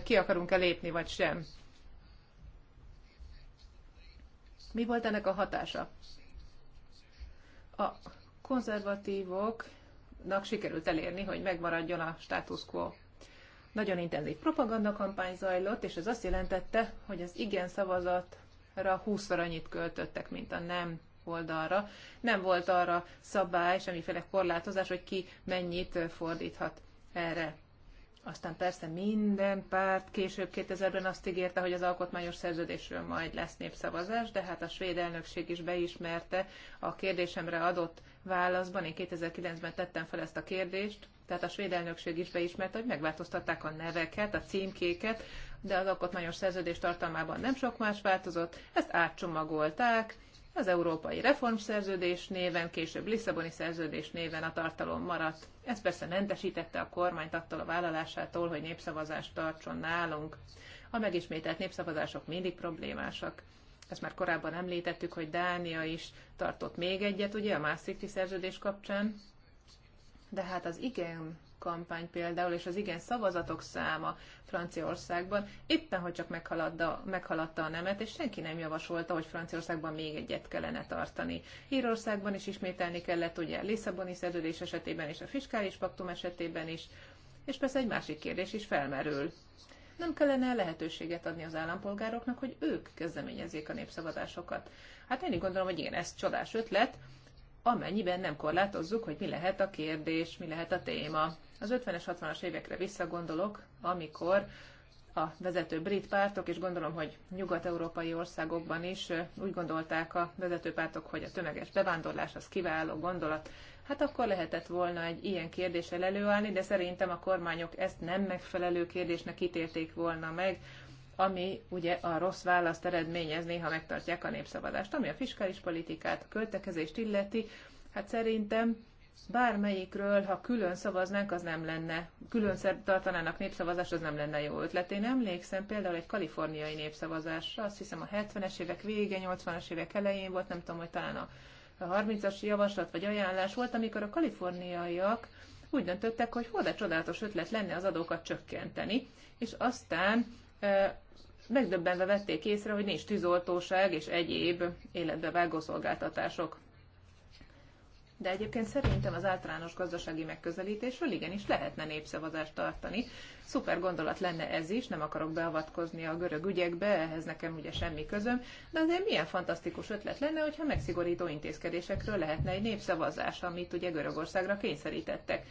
ki akarunk-e lépni, vagy sem. Mi volt ennek a hatása? A konzervatívoknak sikerült elérni, hogy megmaradjon a status quo. Nagyon intenzív propagandakampány zajlott, és ez azt jelentette, hogy az igen szavazatra 20-szor annyit költöttek, mint a nem oldalra. Nem volt arra szabály, semmiféle korlátozás, hogy ki mennyit fordíthat erre. Aztán persze minden párt később 2000-ben azt ígérte, hogy az alkotmányos szerződésről majd lesz népszavazás, de hát a svéd elnökség is beismerte a kérdésemre adott válaszban. Én 2009-ben tettem fel ezt a kérdést, tehát a svéd elnökség is beismerte, hogy megváltoztatták a neveket, a címkéket, de az alkotmányos szerződés tartalmában nem sok más változott, ezt átcsomagolták, az Európai Reformszerződés néven, később Lisszaboni Szerződés néven a tartalom maradt. Ez persze mentesítette a kormányt attól a vállalásától, hogy népszavazást tartson nálunk. A megismételt népszavazások mindig problémásak. Ezt már korábban említettük, hogy Dánia is tartott még egyet, ugye, a Maastrichti szerződés kapcsán. De hát az igen kampány például, és az igen szavazatok száma Franciaországban éppen, hogy csak meghaladta, meghaladta a nemet, és senki nem javasolta, hogy Franciaországban még egyet kellene tartani. Írországban is ismételni kellett, ugye Lisszaboni szerződés esetében és a fiskális paktum esetében is, és persze egy másik kérdés is felmerül. Nem kellene lehetőséget adni az állampolgároknak, hogy ők kezdeményezzék a népszavazásokat. Hát én így gondolom, hogy igen, ez csodás ötlet, amennyiben nem korlátozzuk, hogy mi lehet a kérdés, mi lehet a téma. Az 50-es, 60-as évekre visszagondolok, amikor a vezető brit pártok, és gondolom, hogy nyugat-európai országokban is úgy gondolták a vezető pártok, hogy a tömeges bevándorlás az kiváló gondolat. Hát akkor lehetett volna egy ilyen kérdéssel előállni, de szerintem a kormányok ezt nem megfelelő kérdésnek ítélték volna meg, ami ugye a rossz választ eredményez, néha megtartják a népszavazást. Ami a fiskális politikát, a költekezést illeti, hát szerintem bármelyikről, ha külön szavaznánk, az nem lenne, külön tartanának népszavazást, az nem lenne jó ötlet. Én emlékszem például egy kaliforniai népszavazásra, azt hiszem a 70-es évek vége, 80-as évek elején volt, nem tudom, hogy talán a 30-as javaslat vagy ajánlás volt, amikor a kaliforniaiak úgy döntöttek, hogy hol de csodálatos ötlet lenne az adókat csökkenteni, és aztán e, megdöbbenve vették észre, hogy nincs tűzoltóság és egyéb életbe vágó szolgáltatások. De egyébként szerintem az általános gazdasági megközelítésről igenis lehetne népszavazást tartani. Szuper gondolat lenne ez is, nem akarok beavatkozni a görög ügyekbe, ehhez nekem ugye semmi közöm, de azért milyen fantasztikus ötlet lenne, hogyha megszigorító intézkedésekről lehetne egy népszavazás, amit ugye Görögországra kényszerítettek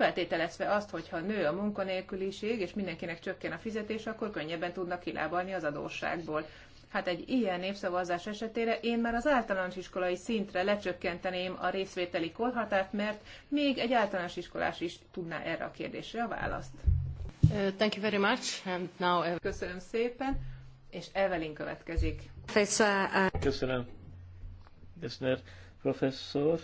feltételezve azt, hogy ha nő a munkanélküliség, és mindenkinek csökken a fizetés, akkor könnyebben tudnak kilábalni az adósságból. Hát egy ilyen népszavazás esetére én már az általános iskolai szintre lecsökkenteném a részvételi korhatárt, mert még egy általános iskolás is tudná erre a kérdésre a választ. Uh, thank you very much. And now... Evelyn. Köszönöm szépen, és Evelyn következik. Uh, Köszönöm, Köszönöm, Professor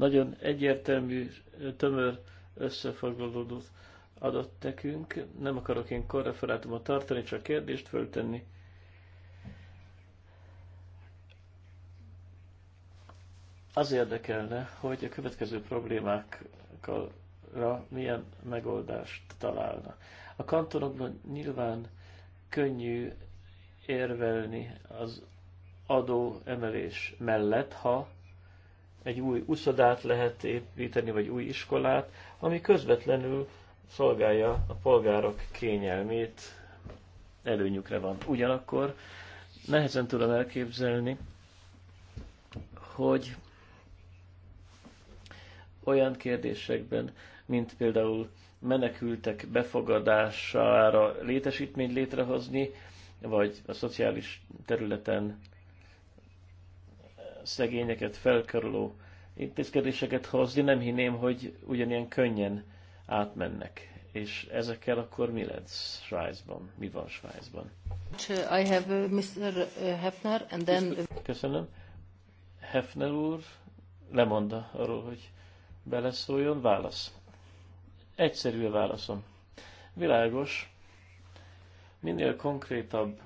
nagyon egyértelmű, tömör összefoglalódót adott nekünk. Nem akarok én korreferátumot tartani, csak kérdést föltenni. Az érdekelne, hogy a következő problémákkal milyen megoldást találna. A kantonokban nyilván könnyű érvelni az adó emelés mellett, ha egy új uszodát lehet építeni, vagy új iskolát, ami közvetlenül szolgálja a polgárok kényelmét, előnyükre van. Ugyanakkor nehezen tudom elképzelni, hogy olyan kérdésekben, mint például menekültek befogadására létesítményt létrehozni, vagy a szociális területen szegényeket felkaroló intézkedéseket hozni, nem hinném, hogy ugyanilyen könnyen átmennek. És ezekkel akkor mi lesz Svájcban? Mi van Svájcban? I have uh, Mr. Uh, Hefner, and then... Köszönöm. Hefner úr lemonda arról, hogy beleszóljon. Válasz. Egyszerű a válaszom. Világos. Minél konkrétabb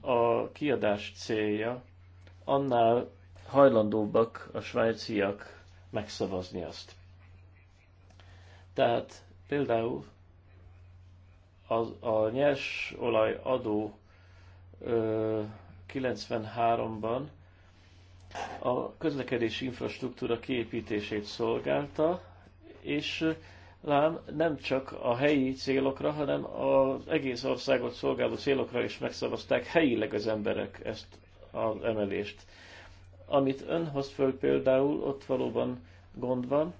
a kiadás célja, annál hajlandóbbak a svájciak megszavazni azt. Tehát például az, a nyers olaj adó 93-ban a közlekedési infrastruktúra kiépítését szolgálta, és lám nem csak a helyi célokra, hanem az egész országot szolgáló célokra is megszavazták helyileg az emberek ezt az emelést. Amit ön hoz föl például, ott valóban gond van,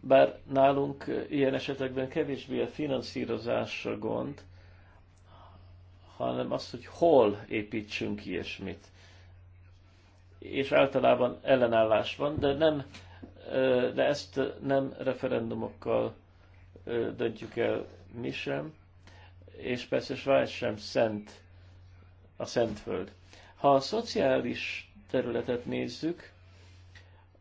bár nálunk ilyen esetekben kevésbé a finanszírozásra gond, hanem az, hogy hol építsünk ilyesmit. És általában ellenállás van, de nem, de ezt nem referendumokkal döntjük el mi sem, és persze Svájc sem szent a Szentföld. Ha a szociális területet nézzük,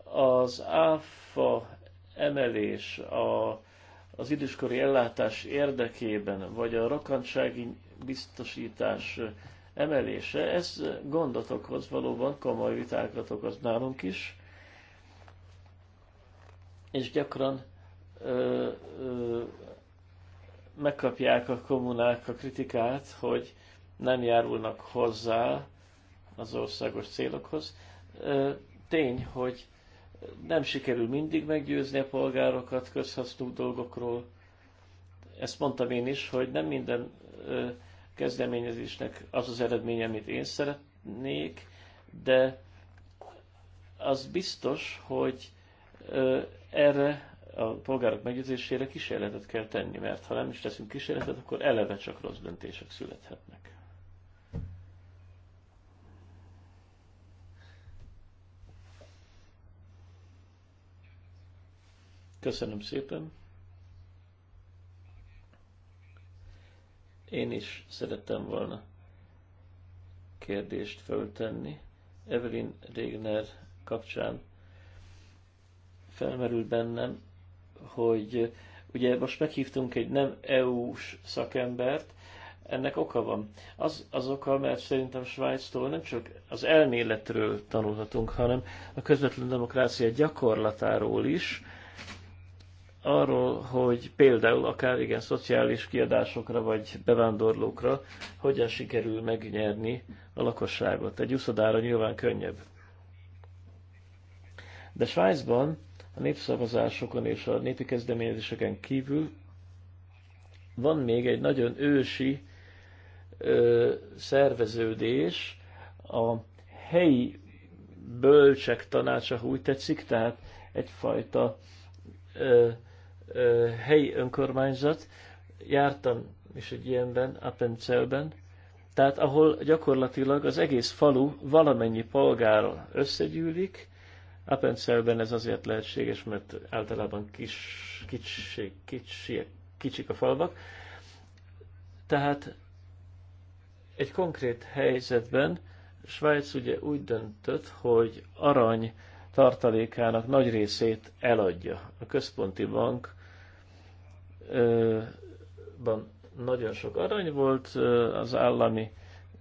az áfa emelés, a, az időskori ellátás érdekében, vagy a rokkantsági biztosítás emelése, ez gondot okoz, valóban komoly vitákat okoz nálunk is, és gyakran ö, ö, megkapják a kommunák a kritikát, hogy nem járulnak hozzá az országos célokhoz. Tény, hogy nem sikerül mindig meggyőzni a polgárokat közhasznú dolgokról. Ezt mondtam én is, hogy nem minden kezdeményezésnek az az eredménye, amit én szeretnék, de az biztos, hogy erre a polgárok meggyőzésére kísérletet kell tenni, mert ha nem is teszünk kísérletet, akkor eleve csak rossz döntések születhetnek. Köszönöm szépen. Én is szerettem volna kérdést föltenni. Evelyn Regner kapcsán felmerült bennem, hogy ugye most meghívtunk egy nem EU-s szakembert, ennek oka van. Az, az oka, mert szerintem Svájctól nem csak az elméletről tanulhatunk, hanem a közvetlen demokrácia gyakorlatáról is, arról, hogy például akár igen szociális kiadásokra vagy bevándorlókra hogyan sikerül megnyerni a lakosságot. Egy úszodára nyilván könnyebb. De Svájcban a népszavazásokon és a népi kezdeményezéseken kívül van még egy nagyon ősi ö, szerveződés, a helyi bölcsek tanácsa, úgy tetszik, tehát egyfajta ö, helyi önkormányzat. Jártam is egy ilyenben, Appenzellben, tehát ahol gyakorlatilag az egész falu valamennyi polgára összegyűlik, Appenzellben ez azért lehetséges, mert általában kis, kicsi kicsi kicsik a falvak. Tehát egy konkrét helyzetben Svájc ugye úgy döntött, hogy arany tartalékának nagy részét eladja. A központi bank ban nagyon sok arany volt, az állami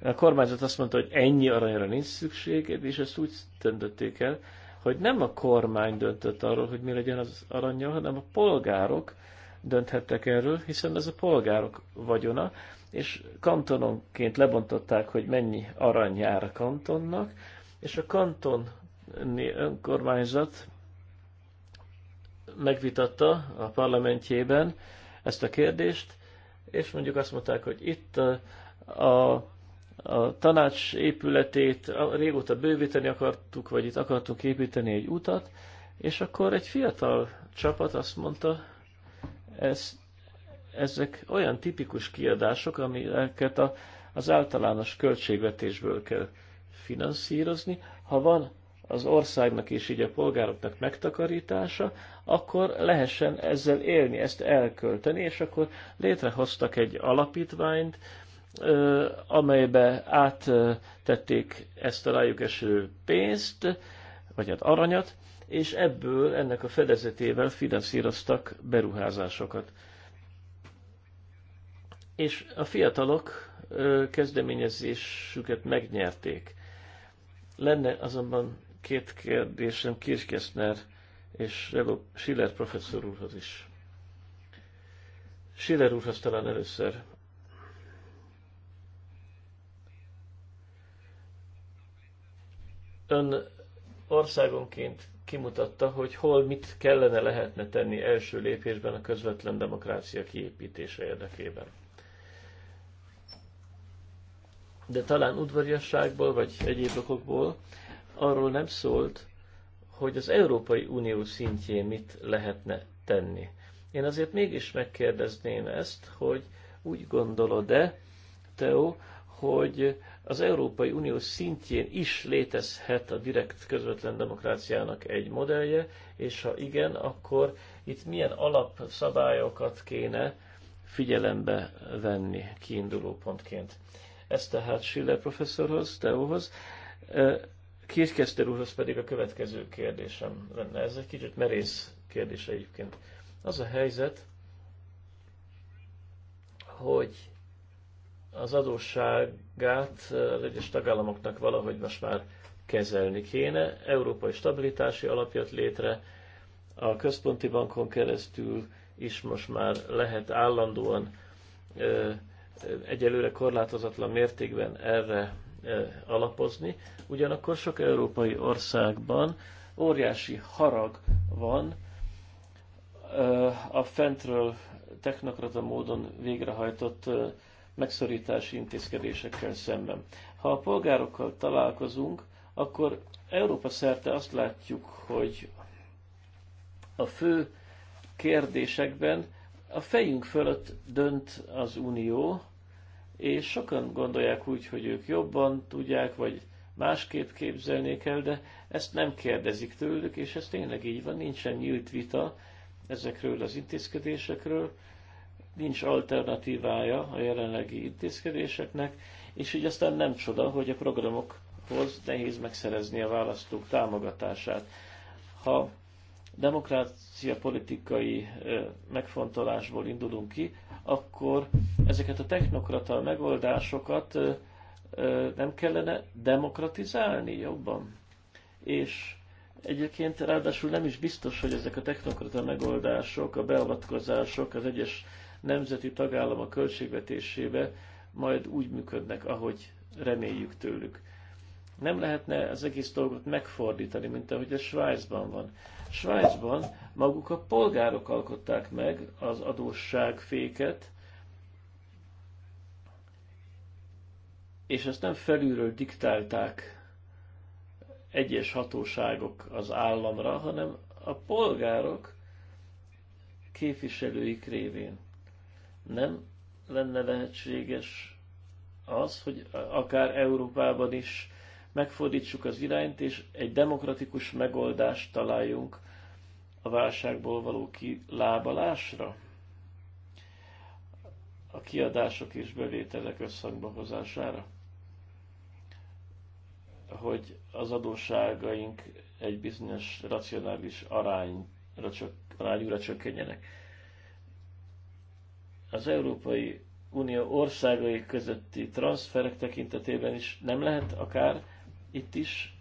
a kormányzat azt mondta, hogy ennyi aranyra nincs szükség, és ezt úgy döntötték el, hogy nem a kormány döntött arról, hogy mi legyen az aranyja, hanem a polgárok dönthettek erről, hiszen ez a polgárok vagyona, és kantononként lebontották, hogy mennyi arany jár a kantonnak, és a kantoni önkormányzat megvitatta a parlamentjében ezt a kérdést, és mondjuk azt mondták, hogy itt a, a, a tanács épületét régóta bővíteni akartuk, vagy itt akartunk építeni egy utat, és akkor egy fiatal csapat azt mondta, ez, ezek olyan tipikus kiadások, amiket a, az általános költségvetésből kell finanszírozni. Ha van az országnak és így a polgároknak megtakarítása, akkor lehessen ezzel élni, ezt elkölteni, és akkor létrehoztak egy alapítványt, amelybe áttették ezt a rájuk eső pénzt, vagy hát aranyat, és ebből ennek a fedezetével finanszíroztak beruházásokat. És a fiatalok kezdeményezésüket megnyerték. Lenne azonban két kérdésem Kirchgesner és Schiller professzor úrhoz is. Schiller úrhoz talán először. Ön országonként kimutatta, hogy hol mit kellene lehetne tenni első lépésben a közvetlen demokrácia kiépítése érdekében. De talán udvariasságból, vagy egyéb okokból arról nem szólt, hogy az Európai Unió szintjén mit lehetne tenni. Én azért mégis megkérdezném ezt, hogy úgy gondolod-e, Teo, hogy az Európai Unió szintjén is létezhet a direkt közvetlen demokráciának egy modellje, és ha igen, akkor itt milyen alapszabályokat kéne figyelembe venni kiinduló pontként. Ez tehát Schiller professzorhoz, Teóhoz. Kirkester úrhoz pedig a következő kérdésem lenne. Ez egy kicsit merész kérdés egyébként. Az a helyzet, hogy az adósságát az egyes tagállamoknak valahogy most már kezelni kéne. Európai stabilitási alapját létre, a központi bankon keresztül is most már lehet állandóan egyelőre korlátozatlan mértékben erre alapozni. Ugyanakkor sok európai országban óriási harag van a fentről technokrata módon végrehajtott megszorítási intézkedésekkel szemben. Ha a polgárokkal találkozunk, akkor Európa szerte azt látjuk, hogy a fő kérdésekben a fejünk fölött dönt az Unió, és sokan gondolják úgy, hogy ők jobban tudják, vagy másképp képzelnék el, de ezt nem kérdezik tőlük, és ez tényleg így van, nincsen nyílt vita ezekről az intézkedésekről, nincs alternatívája a jelenlegi intézkedéseknek, és így aztán nem csoda, hogy a programokhoz nehéz megszerezni a választók támogatását. Ha demokrácia politikai megfontolásból indulunk ki, akkor ezeket a technokrata megoldásokat nem kellene demokratizálni jobban. És egyébként ráadásul nem is biztos, hogy ezek a technokrata megoldások, a beavatkozások az egyes nemzeti tagállamok költségvetésébe majd úgy működnek, ahogy reméljük tőlük. Nem lehetne az egész dolgot megfordítani, mint ahogy a Svájcban van. Svájcban maguk a polgárok alkották meg az adósságféket, és ezt nem felülről diktálták egyes hatóságok az államra, hanem a polgárok képviselőik révén. Nem lenne lehetséges az, hogy akár Európában is megfordítsuk az irányt, és egy demokratikus megoldást találjunk a válságból való kilábalásra, a kiadások és bevételek összhangba hozására, hogy az adósságaink egy bizonyos racionális arányra csök, arányúra csökkenjenek. Az Európai Unió országai közötti transferek tekintetében is nem lehet akár itt is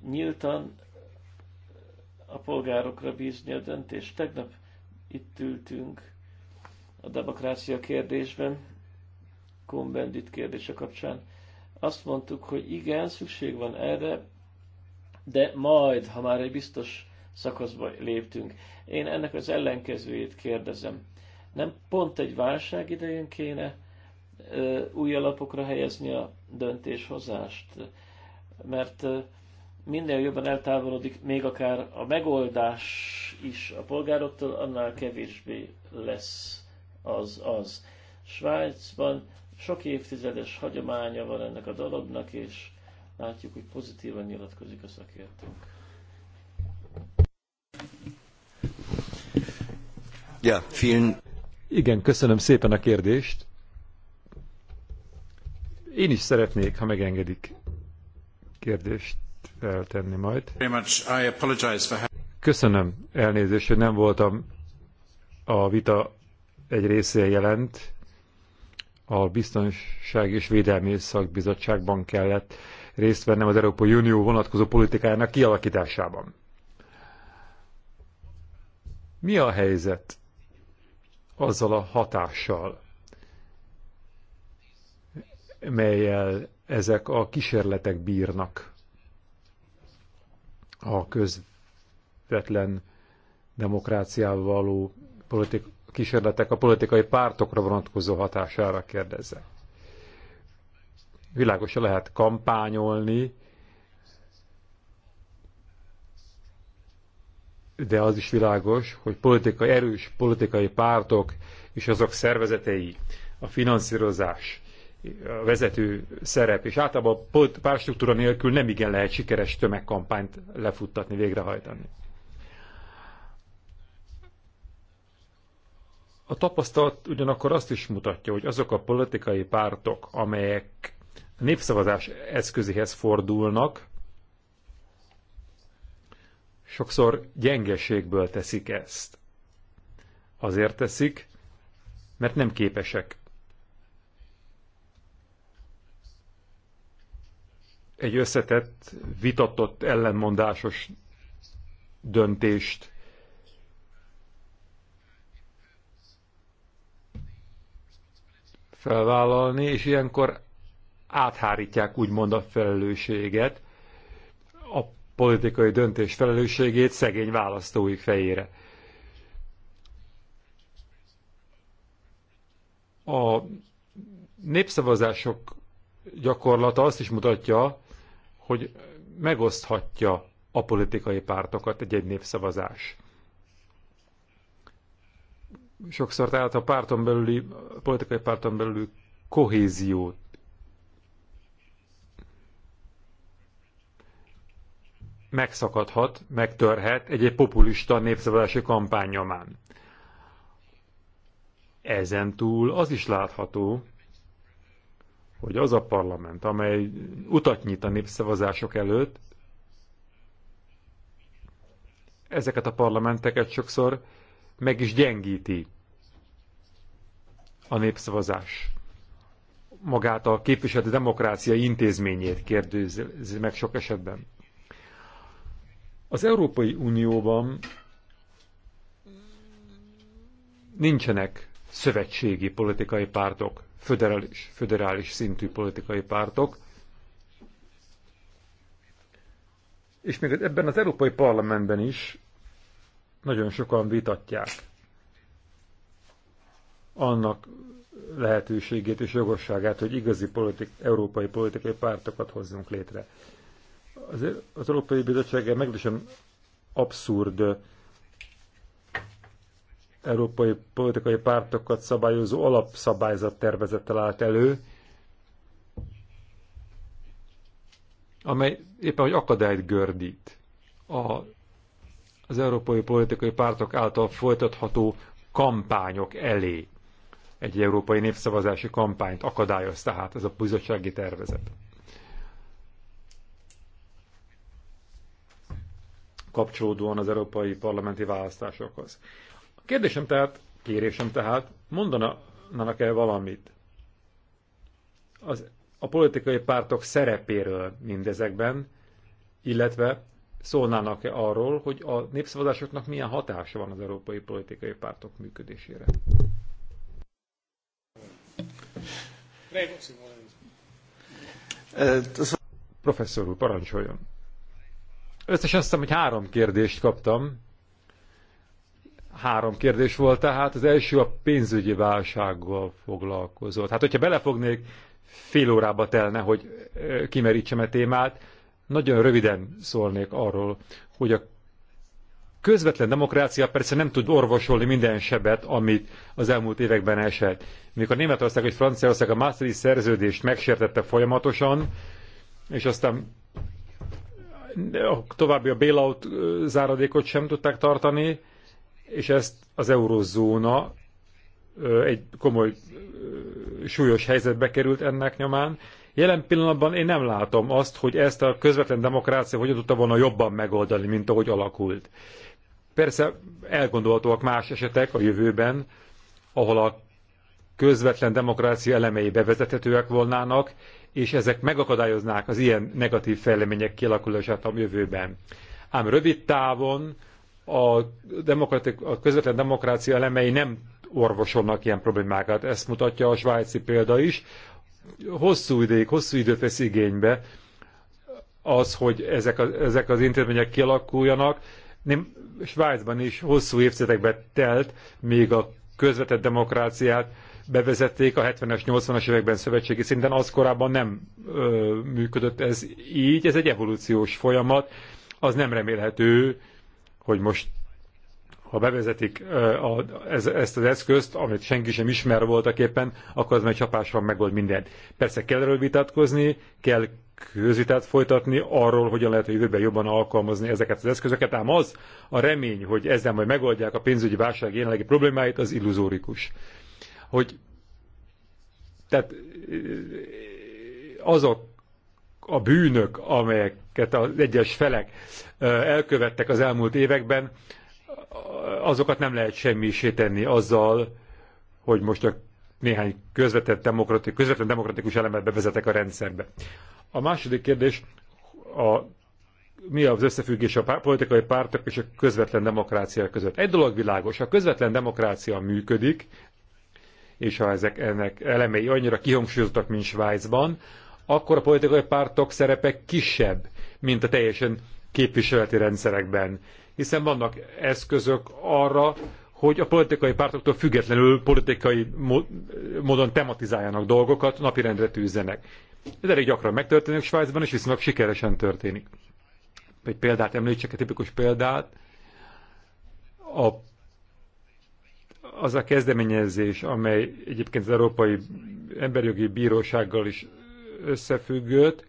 nyíltan a polgárokra bízni a döntést. Tegnap itt ültünk a demokrácia kérdésben, Kumbendit kérdése kapcsán. Azt mondtuk, hogy igen, szükség van erre, de majd, ha már egy biztos szakaszba léptünk. Én ennek az ellenkezőjét kérdezem. Nem pont egy válság idején kéne ö, új alapokra helyezni a döntéshozást? Mert ö, minél jobban eltávolodik még akár a megoldás is a polgároktól, annál kevésbé lesz az az. Svájcban sok évtizedes hagyománya van ennek a dolognak, és látjuk, hogy pozitívan nyilatkozik a szakértőnk. Ja, film. Igen, köszönöm szépen a kérdést. Én is szeretnék, ha megengedik kérdést feltenni majd. Köszönöm elnézést, hogy nem voltam a vita egy részén jelent. A Biztonság és Védelmi Szakbizottságban kellett részt vennem az Európai Unió vonatkozó politikájának kialakításában. Mi a helyzet azzal a hatással, melyel ezek a kísérletek bírnak a közvetlen demokráciával való politik, kísérletek a politikai pártokra vonatkozó hatására kérdezze. Világosan lehet kampányolni, de az is világos, hogy politikai, erős politikai pártok és azok szervezetei, a finanszírozás vezető szerep, és általában párstruktúra nélkül nem igen lehet sikeres tömegkampányt lefuttatni, végrehajtani. A tapasztalat ugyanakkor azt is mutatja, hogy azok a politikai pártok, amelyek a népszavazás eszközéhez fordulnak, sokszor gyengeségből teszik ezt. Azért teszik, mert nem képesek egy összetett, vitatott, ellenmondásos döntést felvállalni, és ilyenkor áthárítják úgymond a felelősséget, a politikai döntés felelősségét szegény választóik fejére. A népszavazások gyakorlata azt is mutatja, hogy megoszthatja a politikai pártokat egy-egy népszavazás. Sokszor tehát a párton belüli, a politikai párton belüli kohéziót megszakadhat, megtörhet egy-egy populista népszavazási kampány nyomán. Ezen túl az is látható, hogy az a parlament, amely utat nyit a népszavazások előtt, ezeket a parlamenteket sokszor meg is gyengíti a népszavazás. Magát a képviseleti demokrácia intézményét kérdőzi meg sok esetben. Az Európai Unióban nincsenek szövetségi politikai pártok föderális, föderális szintű politikai pártok. És még ebben az Európai Parlamentben is nagyon sokan vitatják annak lehetőségét és jogosságát, hogy igazi politik, európai politikai pártokat hozzunk létre. Az, az Európai Bizottság meglehetősen abszurd európai politikai pártokat szabályozó alapszabályzat tervezettel állt elő, amely éppen hogy akadályt gördít a, az európai politikai pártok által folytatható kampányok elé. Egy európai népszavazási kampányt akadályoz tehát ez a bizottsági tervezet. kapcsolódóan az európai parlamenti választásokhoz. Kérdésem tehát, kérésem tehát, mondanának-e valamit az, a politikai pártok szerepéről mindezekben, illetve szólnának-e arról, hogy a népszavazásoknak milyen hatása van az európai politikai pártok működésére? Professzor úr, parancsoljon. Összesen azt hiszem, hogy három kérdést kaptam. Három kérdés volt tehát, az első a pénzügyi válsággal foglalkozott. Hát, hogyha belefognék, fél órába telne, hogy kimerítsem a e témát. Nagyon röviden szólnék arról, hogy a közvetlen demokrácia persze nem tud orvosolni minden sebet, amit az elmúlt években esett. Mikor Németország és Franciaország a Mászeri szerződést megsértette folyamatosan, és aztán a további a bailout záradékot sem tudták tartani, és ezt az eurozóna egy komoly súlyos helyzetbe került ennek nyomán. Jelen pillanatban én nem látom azt, hogy ezt a közvetlen demokrácia hogyan tudta volna jobban megoldani, mint ahogy alakult. Persze elgondolhatóak más esetek a jövőben, ahol a közvetlen demokrácia elemei bevezethetőek volnának, és ezek megakadályoznák az ilyen negatív fejlemények kialakulását a jövőben. Ám rövid távon a, a közvetlen demokrácia elemei nem orvosolnak ilyen problémákat. Ezt mutatja a svájci példa is. Hosszú ideig, hosszú időt vesz igénybe az, hogy ezek, a, ezek az intézmények kialakuljanak. Nem, Svájcban is hosszú évtizedekbe telt, még a közvetett demokráciát bevezették a 70-es, 80-as években szövetségi szinten, az korábban nem ö, működött ez így, ez egy evolúciós folyamat, az nem remélhető, hogy most ha bevezetik ezt az eszközt, amit senki sem ismer voltak éppen, akkor az már csapásra megold mindent. Persze kell erről vitatkozni, kell közvitát folytatni arról, hogyan lehet a jövőben jobban alkalmazni ezeket az eszközöket, ám az a remény, hogy ezzel majd megoldják a pénzügyi válság jelenlegi problémáit, az illuzórikus. Hogy tehát azok a bűnök, amelyeket az egyes felek elkövettek az elmúlt években, azokat nem lehet semmisé tenni azzal, hogy most a néhány közvetett demokratik, közvetlen demokratikus elemet bevezetek a rendszerbe. A második kérdés, a, mi az összefüggés a politikai pártok és a közvetlen demokrácia között? Egy dolog világos, a közvetlen demokrácia működik, és ha ezek ennek elemei annyira kihangsúlyozottak, mint Svájcban, akkor a politikai pártok szerepe kisebb, mint a teljesen képviseleti rendszerekben. Hiszen vannak eszközök arra, hogy a politikai pártoktól függetlenül politikai módon tematizáljanak dolgokat, napirendre tűzzenek. Ez elég gyakran megtörténik Svájcban, és viszonylag sikeresen történik. Egy példát említsek, egy tipikus példát. A, az a kezdeményezés, amely egyébként az Európai Emberjogi Bírósággal is összefüggött.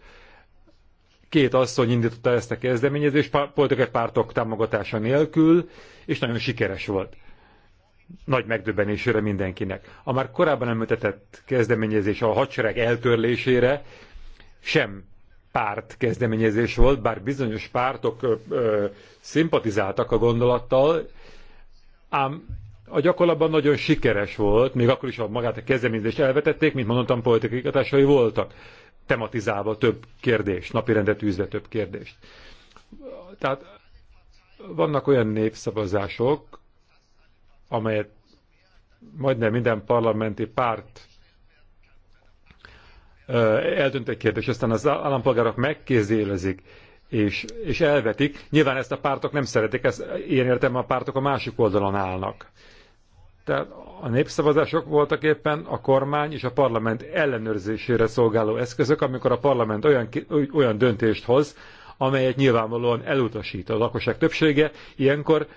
Két asszony indította ezt a kezdeményezést politikai pártok támogatása nélkül, és nagyon sikeres volt. Nagy megdöbbenésére mindenkinek. A már korábban említett kezdeményezés a hadsereg eltörlésére sem párt kezdeményezés volt, bár bizonyos pártok ö, ö, szimpatizáltak a gondolattal, ám a gyakorlatban nagyon sikeres volt, még akkor is, ha magát a kezdeményezést elvetették, mint mondtam, politikai hatásai voltak, tematizálva több kérdést, napirendet űzve több kérdést. Tehát vannak olyan népszavazások, amelyet majdnem minden parlamenti párt eldönt egy kérdés, aztán az állampolgárok megkézélezik, és, és elvetik. Nyilván ezt a pártok nem szeretik, ezt, én értem a pártok a másik oldalon állnak. Tehát a népszavazások voltak éppen a kormány és a parlament ellenőrzésére szolgáló eszközök, amikor a parlament olyan, olyan döntést hoz, amelyet nyilvánvalóan elutasít a lakosság többsége, ilyenkor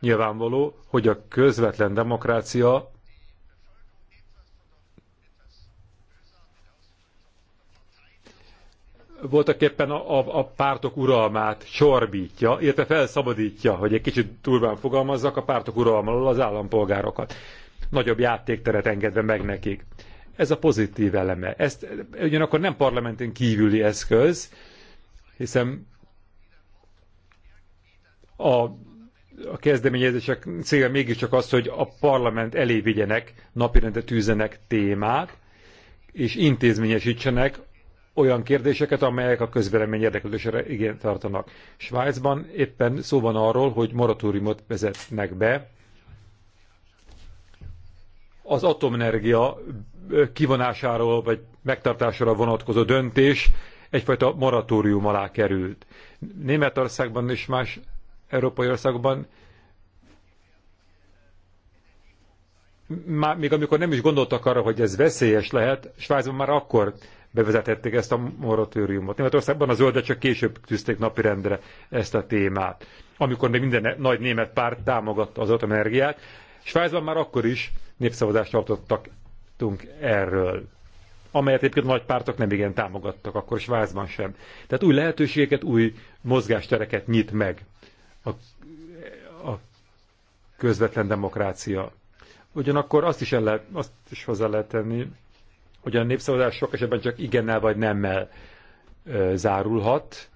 nyilvánvaló, hogy a közvetlen demokrácia voltak éppen a, a, a pártok uralmát csorbítja, illetve felszabadítja, hogy egy kicsit durván fogalmazzak, a pártok uralma az állampolgárokat. Nagyobb játékteret engedve meg nekik. Ez a pozitív eleme. Ezt ugyanakkor nem parlamenten kívüli eszköz, hiszen a, a kezdeményezések célja mégiscsak az, hogy a parlament elé vigyenek, napirendet tűzenek témát, és intézményesítsenek olyan kérdéseket, amelyek a közvélemény érdeklődésére igényt tartanak. Svájcban éppen szó van arról, hogy moratóriumot vezetnek be az atomenergia kivonásáról vagy megtartásra vonatkozó döntés egyfajta moratórium alá került. Németországban és más európai országokban már, még amikor nem is gondoltak arra, hogy ez veszélyes lehet, Svájcban már akkor bevezetették ezt a moratóriumot. Németországban a zöldet csak később tűzték napirendre ezt a témát, amikor még minden nagy német párt támogatta az atomenergiát. Svájcban már akkor is népszavazást tartottak erről amelyet egyébként nagy pártok nem igen támogattak, akkor Svájcban sem. Tehát új lehetőségeket, új mozgástereket nyit meg a, a közvetlen demokrácia. Ugyanakkor azt is, el lehet, azt is hozzá lehet tenni, hogy a népszavazás sok esetben csak igennel vagy nemmel zárulhat,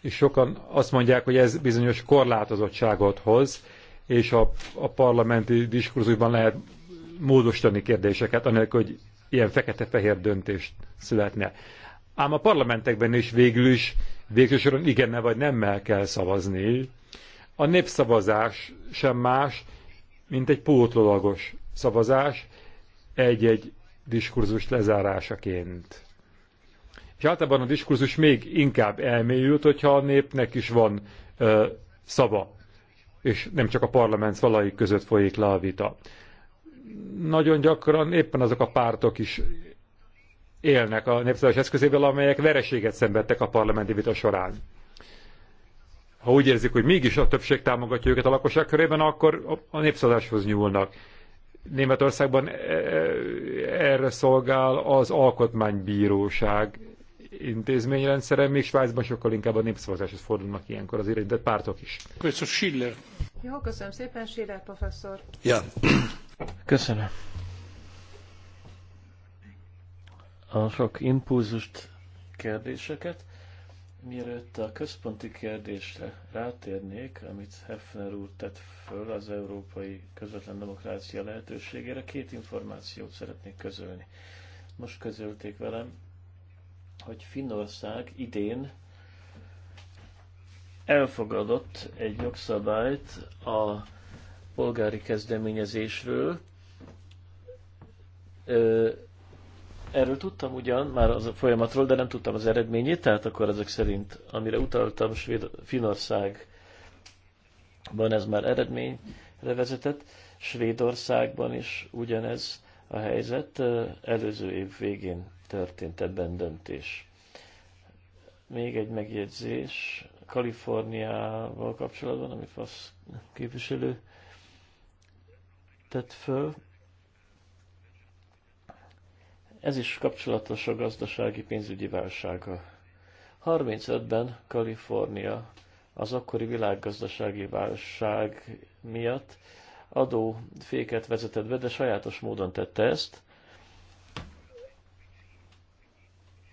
és sokan azt mondják, hogy ez bizonyos korlátozottságot hoz, és a, a parlamenti diskurzusban lehet módosítani kérdéseket, anélkül, hogy ilyen fekete-fehér döntést születne. Ám a parlamentekben is végül is végső soron igenne vagy nemmel kell szavazni. A népszavazás sem más, mint egy pótlólagos szavazás egy-egy diskurzus lezárásaként. És általában a diskurzus még inkább elmélyült, hogyha a népnek is van ö, szava, és nem csak a parlament szalai között folyik le a vita. Nagyon gyakran éppen azok a pártok is élnek a népszavazás eszközével, amelyek vereséget szenvedtek a parlamenti vita során. Ha úgy érzik, hogy mégis a többség támogatja őket a lakosság körében, akkor a népszavazáshoz nyúlnak. Németországban e, e, erre szolgál az alkotmánybíróság intézményrendszere, még Svájcban sokkal inkább a népszavazáshoz fordulnak ilyenkor az érintett pártok is. Köszönöm, Schiller. Jó, köszönöm szépen, Schiller professzor. Ja. Köszönöm. A sok impulzust, kérdéseket. Mielőtt a központi kérdésre rátérnék, amit Hefner úr tett föl az európai közvetlen demokrácia lehetőségére, két információt szeretnék közölni. Most közölték velem, hogy Finnország idén elfogadott egy jogszabályt a polgári kezdeményezésről, Erről tudtam ugyan, már az a folyamatról, de nem tudtam az eredményét, tehát akkor ezek szerint, amire utaltam, Svéd, Finországban ez már eredményre vezetett, Svédországban is ugyanez a helyzet, előző év végén történt ebben döntés. Még egy megjegyzés Kaliforniával kapcsolatban, ami FASZ képviselő tett föl. Ez is kapcsolatos a gazdasági pénzügyi válsággal. 35-ben Kalifornia az akkori világgazdasági válság miatt adóféket vezetett be, de sajátos módon tette ezt.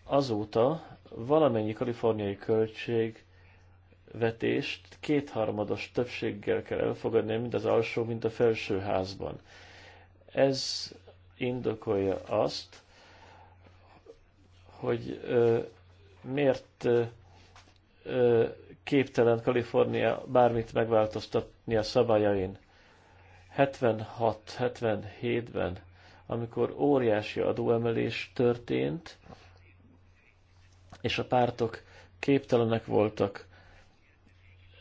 Azóta valamennyi kaliforniai költségvetést kétharmados többséggel kell elfogadni, mind az alsó, mind a felső házban. Ez indokolja azt, hogy miért képtelen Kalifornia bármit megváltoztatni a szabályain. 76-77-ben, amikor óriási adóemelés történt, és a pártok képtelenek voltak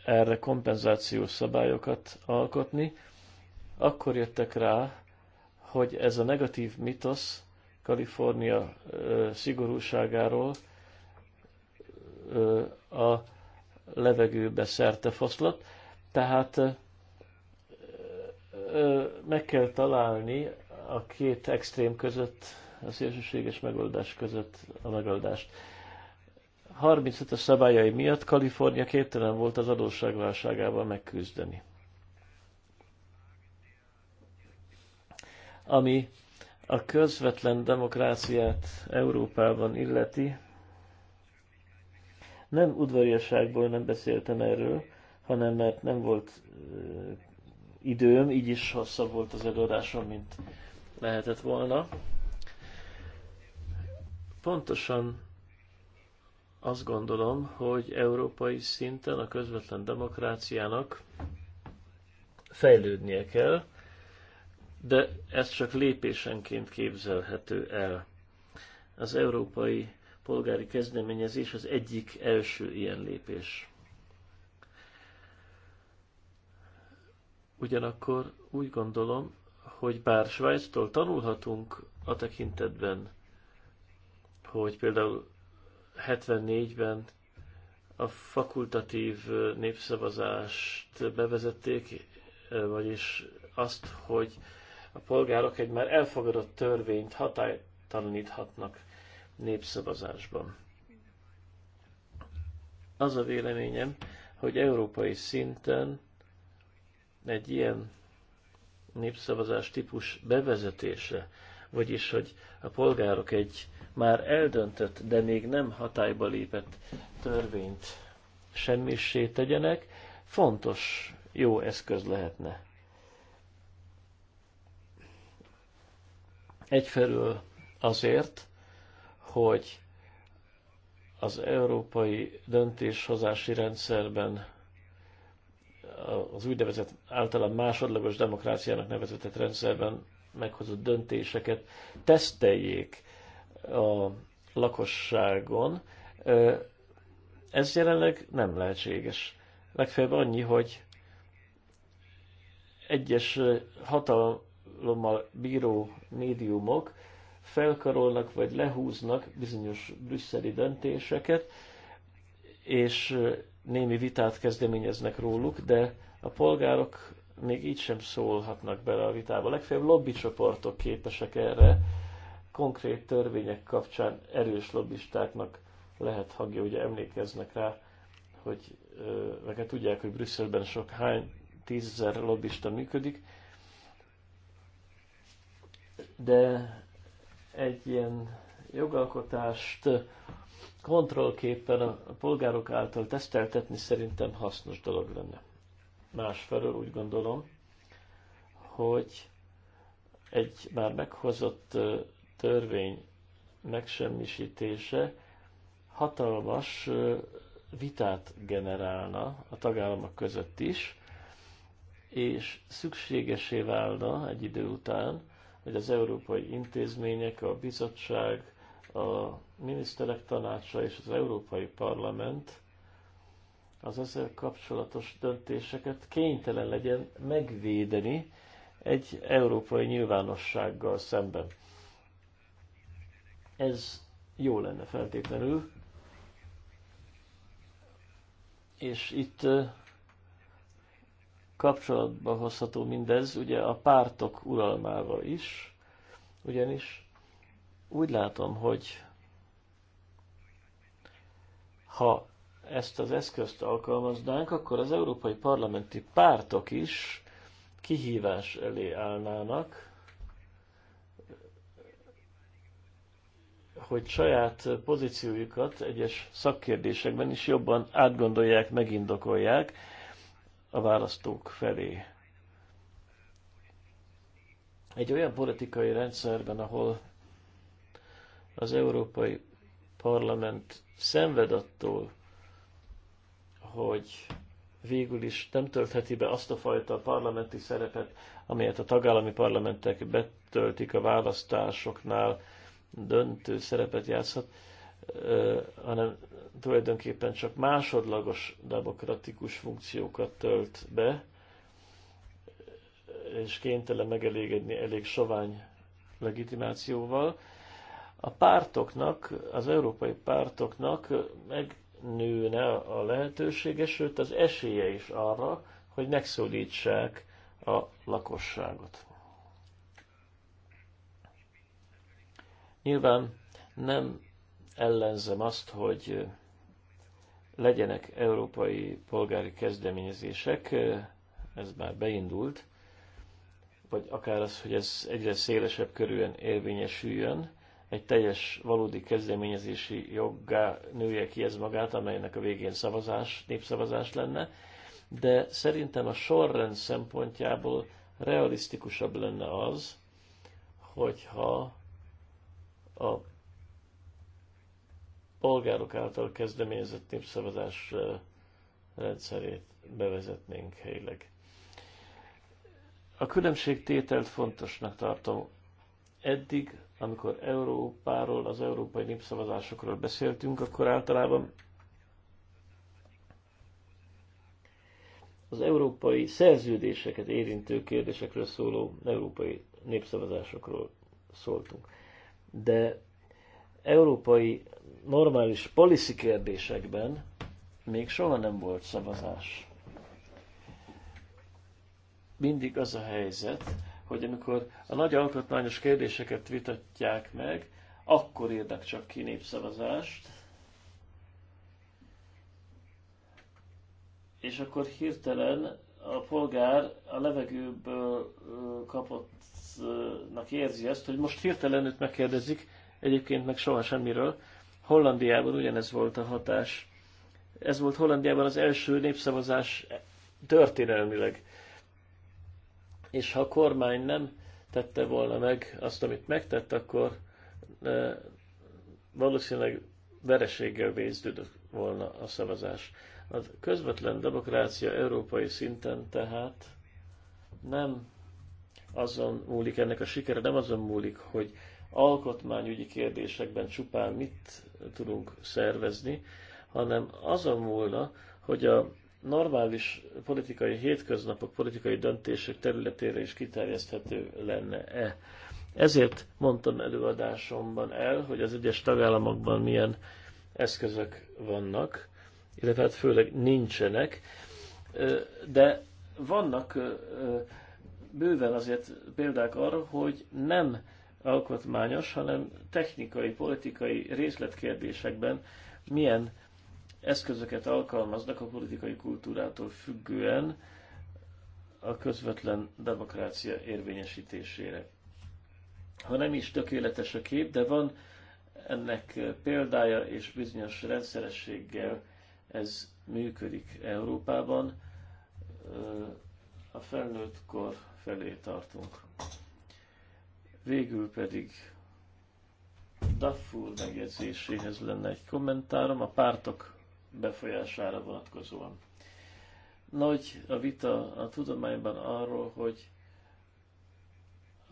erre kompenzációs szabályokat alkotni, akkor jöttek rá, hogy ez a negatív mitosz Kalifornia szigorúságáról a levegőbe szerte foszlott. Tehát meg kell találni a két extrém között, a szélsőséges megoldás között a megoldást. 35 a szabályai miatt Kalifornia képtelen volt az adósságválságával megküzdeni. Ami a közvetlen demokráciát Európában illeti, nem udvariasságból nem beszéltem erről, hanem mert nem volt időm, így is hosszabb volt az előadásom, mint lehetett volna. Pontosan azt gondolom, hogy európai szinten a közvetlen demokráciának fejlődnie kell, de ez csak lépésenként képzelhető el. Az európai polgári kezdeményezés az egyik első ilyen lépés. Ugyanakkor úgy gondolom, hogy bár Svájctól tanulhatunk a tekintetben, hogy például 74-ben a fakultatív népszavazást bevezették, vagyis azt, hogy a polgárok egy már elfogadott törvényt hatálytalaníthatnak népszavazásban. Az a véleményem, hogy európai szinten egy ilyen népszavazás típus bevezetése, vagyis hogy a polgárok egy már eldöntött, de még nem hatályba lépett törvényt semmissé tegyenek, fontos, jó eszköz lehetne. Egyfelől azért, hogy az európai döntéshozási rendszerben az úgynevezett általán másodlagos demokráciának nevezett rendszerben meghozott döntéseket teszteljék a lakosságon. Ez jelenleg nem lehetséges. Legfeljebb annyi, hogy egyes hatal hatalommal bíró médiumok felkarolnak vagy lehúznak bizonyos brüsszeli döntéseket, és némi vitát kezdeményeznek róluk, de a polgárok még így sem szólhatnak bele a vitába. Legfeljebb lobbycsoportok képesek erre, konkrét törvények kapcsán erős lobbistáknak lehet hangja, ugye emlékeznek rá, hogy meg hát tudják, hogy Brüsszelben sok hány tízezer lobbista működik, de egy ilyen jogalkotást kontrollképpen a polgárok által teszteltetni szerintem hasznos dolog lenne. Másfelől úgy gondolom, hogy egy már meghozott törvény megsemmisítése hatalmas vitát generálna a tagállamok között is, és szükségesé válna egy idő után, hogy az európai intézmények, a bizottság, a miniszterek tanácsa és az Európai Parlament az ezzel kapcsolatos döntéseket kénytelen legyen megvédeni egy európai nyilvánossággal szemben. Ez jó lenne feltétlenül, és itt kapcsolatba hozható mindez ugye a pártok uralmával is, ugyanis úgy látom, hogy ha ezt az eszközt alkalmaznánk, akkor az európai parlamenti pártok is kihívás elé állnának, hogy saját pozíciójukat egyes szakkérdésekben is jobban átgondolják, megindokolják, a választók felé. Egy olyan politikai rendszerben, ahol az Európai Parlament szenved attól, hogy végül is nem töltheti be azt a fajta parlamenti szerepet, amelyet a tagállami parlamentek betöltik a választásoknál, döntő szerepet játszhat hanem tulajdonképpen csak másodlagos demokratikus funkciókat tölt be, és kénytelen megelégedni elég sovány legitimációval. A pártoknak, az európai pártoknak megnőne a lehetősége, sőt az esélye is arra, hogy megszólítsák a lakosságot. Nyilván nem ellenzem azt, hogy legyenek európai polgári kezdeményezések, ez már beindult, vagy akár az, hogy ez egyre szélesebb körülön érvényesüljön, egy teljes valódi kezdeményezési joggá nője ki ez magát, amelynek a végén szavazás, népszavazás lenne, de szerintem a sorrend szempontjából realisztikusabb lenne az, hogyha a polgárok által kezdeményezett népszavazás rendszerét bevezetnénk helyleg. A különbségtételt fontosnak tartom. Eddig, amikor Európáról, az európai népszavazásokról beszéltünk, akkor általában az európai szerződéseket érintő kérdésekről szóló európai népszavazásokról szóltunk. De európai normális policy kérdésekben még soha nem volt szavazás. Mindig az a helyzet, hogy amikor a nagy alkotmányos kérdéseket vitatják meg, akkor érdek csak ki népszavazást, és akkor hirtelen a polgár a levegőből kapottnak érzi ezt, hogy most hirtelen őt megkérdezik, egyébként meg soha semmiről. Hollandiában ugyanez volt a hatás. Ez volt Hollandiában az első népszavazás történelmileg. És ha a kormány nem tette volna meg azt, amit megtett, akkor valószínűleg vereséggel vészdődött volna a szavazás. A közvetlen demokrácia európai szinten tehát nem azon múlik ennek a sikere, nem azon múlik, hogy alkotmányügyi kérdésekben csupán mit tudunk szervezni, hanem azon múlna, hogy a normális politikai hétköznapok, politikai döntések területére is kiterjeszthető lenne-e. Ezért mondtam előadásomban el, hogy az egyes tagállamokban milyen eszközök vannak, illetve hát főleg nincsenek, de vannak bőven azért példák arra, hogy nem alkotmányos, hanem technikai, politikai részletkérdésekben milyen eszközöket alkalmaznak a politikai kultúrától függően a közvetlen demokrácia érvényesítésére. Ha nem is tökéletes a kép, de van ennek példája, és bizonyos rendszerességgel ez működik Európában, a felnőtt kor felé tartunk. Végül pedig Duffur megjegyzéséhez lenne egy kommentárom a pártok befolyására vonatkozóan. Nagy a vita a tudományban arról, hogy,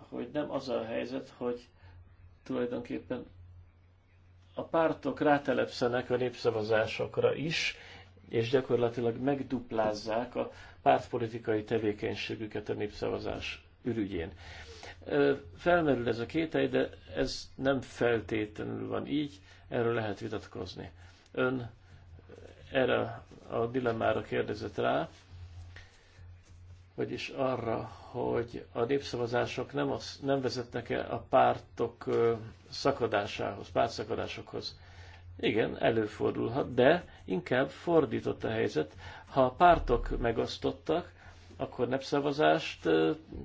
hogy nem az a helyzet, hogy tulajdonképpen a pártok rátelepszenek a népszavazásokra is, és gyakorlatilag megduplázzák a pártpolitikai tevékenységüket a népszavazás ürügyén. Felmerül ez a kétel, de ez nem feltétlenül van így, erről lehet vitatkozni. Ön erre a dilemmára kérdezett rá, vagyis arra, hogy a népszavazások nem, az, nem vezetnek-e a pártok szakadásához, pártszakadásokhoz. Igen, előfordulhat, de inkább fordított a helyzet. Ha a pártok megosztottak, akkor népszavazást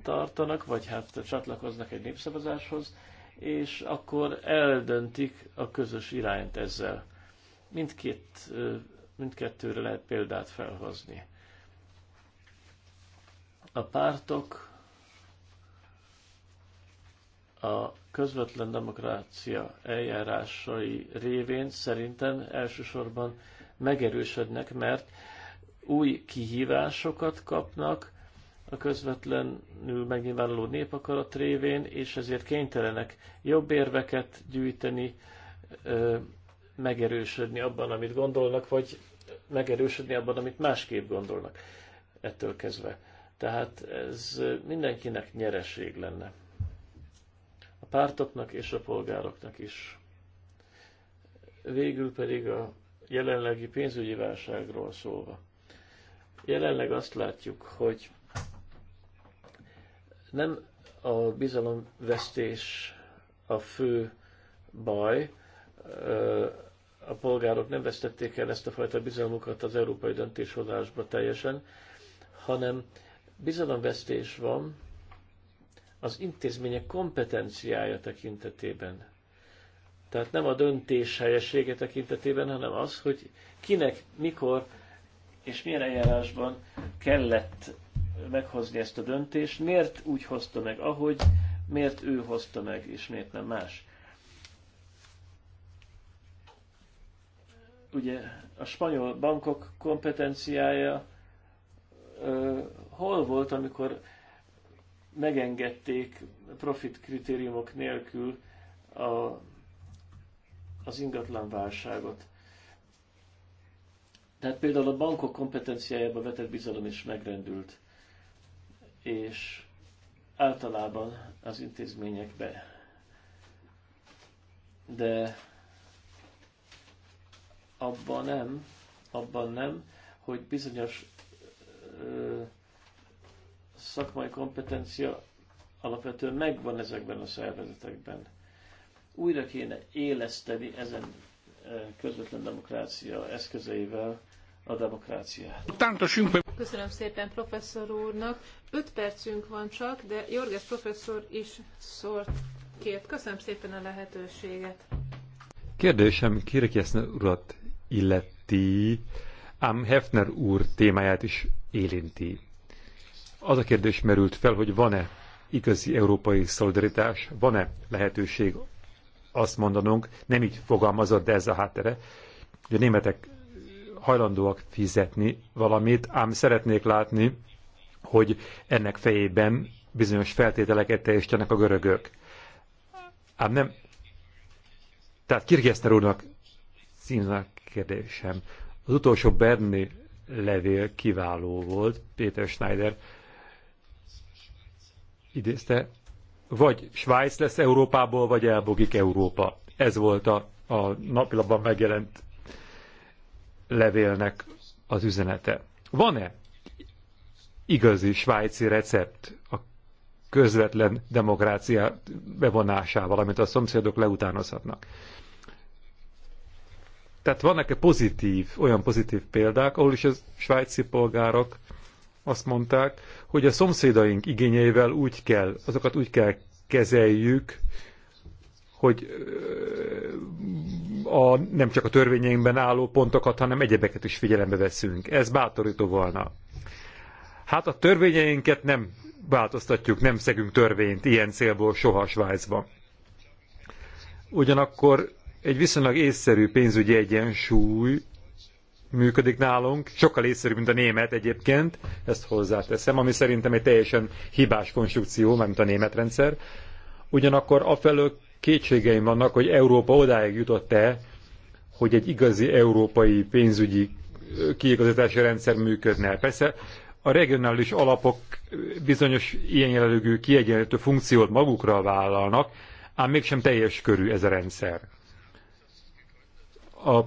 tartanak, vagy hát csatlakoznak egy népszavazáshoz, és akkor eldöntik a közös irányt ezzel. Mindkét, mindkettőre lehet példát felhozni. A pártok a közvetlen demokrácia eljárásai révén szerintem elsősorban megerősödnek, mert új kihívásokat kapnak a közvetlenül megnyilvánuló népakarat révén, és ezért kénytelenek jobb érveket gyűjteni, megerősödni abban, amit gondolnak, vagy megerősödni abban, amit másképp gondolnak ettől kezdve. Tehát ez mindenkinek nyereség lenne. A pártoknak és a polgároknak is. Végül pedig a jelenlegi pénzügyi válságról szólva. Jelenleg azt látjuk, hogy nem a bizalomvesztés a fő baj, a polgárok nem vesztették el ezt a fajta bizalmukat az európai döntéshozásba teljesen, hanem bizalomvesztés van az intézmények kompetenciája tekintetében. Tehát nem a döntés helyessége tekintetében, hanem az, hogy kinek, mikor és milyen eljárásban kellett meghozni ezt a döntést, miért úgy hozta meg, ahogy, miért ő hozta meg, és miért nem más. Ugye a spanyol bankok kompetenciája hol volt, amikor megengedték profit kritériumok nélkül a, az ingatlan válságot? Tehát például a bankok kompetenciájába vetett bizalom is megrendült, és általában az intézményekbe. De abban nem, abban nem, hogy bizonyos ö, szakmai kompetencia alapvetően megvan ezekben a szervezetekben. Újra kéne éleszteni ezen közvetlen demokrácia eszközeivel a demokráciát. Köszönöm szépen professzor úrnak. Öt percünk van csak, de Jorges professzor is szólt kért. Köszönöm szépen a lehetőséget. Kérdésem Kirkjeszne urat illeti, ám Hefner úr témáját is érinti. Az a kérdés merült fel, hogy van-e igazi európai szolidaritás, van-e lehetőség azt mondanunk, nem így fogalmazott, de ez a háttere, hogy a németek hajlandóak fizetni valamit, ám szeretnék látni, hogy ennek fejében bizonyos feltételeket teljesítenek a görögök. Ám nem. Tehát Kirgeszter úrnak színzak kérdésem. Az utolsó Berni levél kiváló volt, Péter Schneider idézte, vagy Svájc lesz Európából, vagy elbogik Európa. Ez volt a, a napilapban megjelent levélnek az üzenete. Van-e igazi svájci recept a közvetlen demokrácia bevonásával, amit a szomszédok leutánozhatnak? Tehát vannak-e pozitív, olyan pozitív példák, ahol is a svájci polgárok azt mondták, hogy a szomszédaink igényeivel úgy kell, azokat úgy kell kezeljük, hogy a, nem csak a törvényeinkben álló pontokat, hanem egyebeket is figyelembe veszünk. Ez bátorító volna. Hát a törvényeinket nem változtatjuk, nem szegünk törvényt ilyen célból soha Svájcban. Ugyanakkor egy viszonylag észszerű pénzügyi egyensúly működik nálunk, sokkal észszerűbb, mint a német egyébként, ezt hozzáteszem, ami szerintem egy teljesen hibás konstrukció, mert a német rendszer. Ugyanakkor afelől kétségeim vannak, hogy Európa odáig jutott-e, hogy egy igazi európai pénzügyi kiigazítási rendszer működne. Persze a regionális alapok bizonyos ilyen jellegű kiegyenlítő funkciót magukra vállalnak, ám mégsem teljes körű ez a rendszer. A,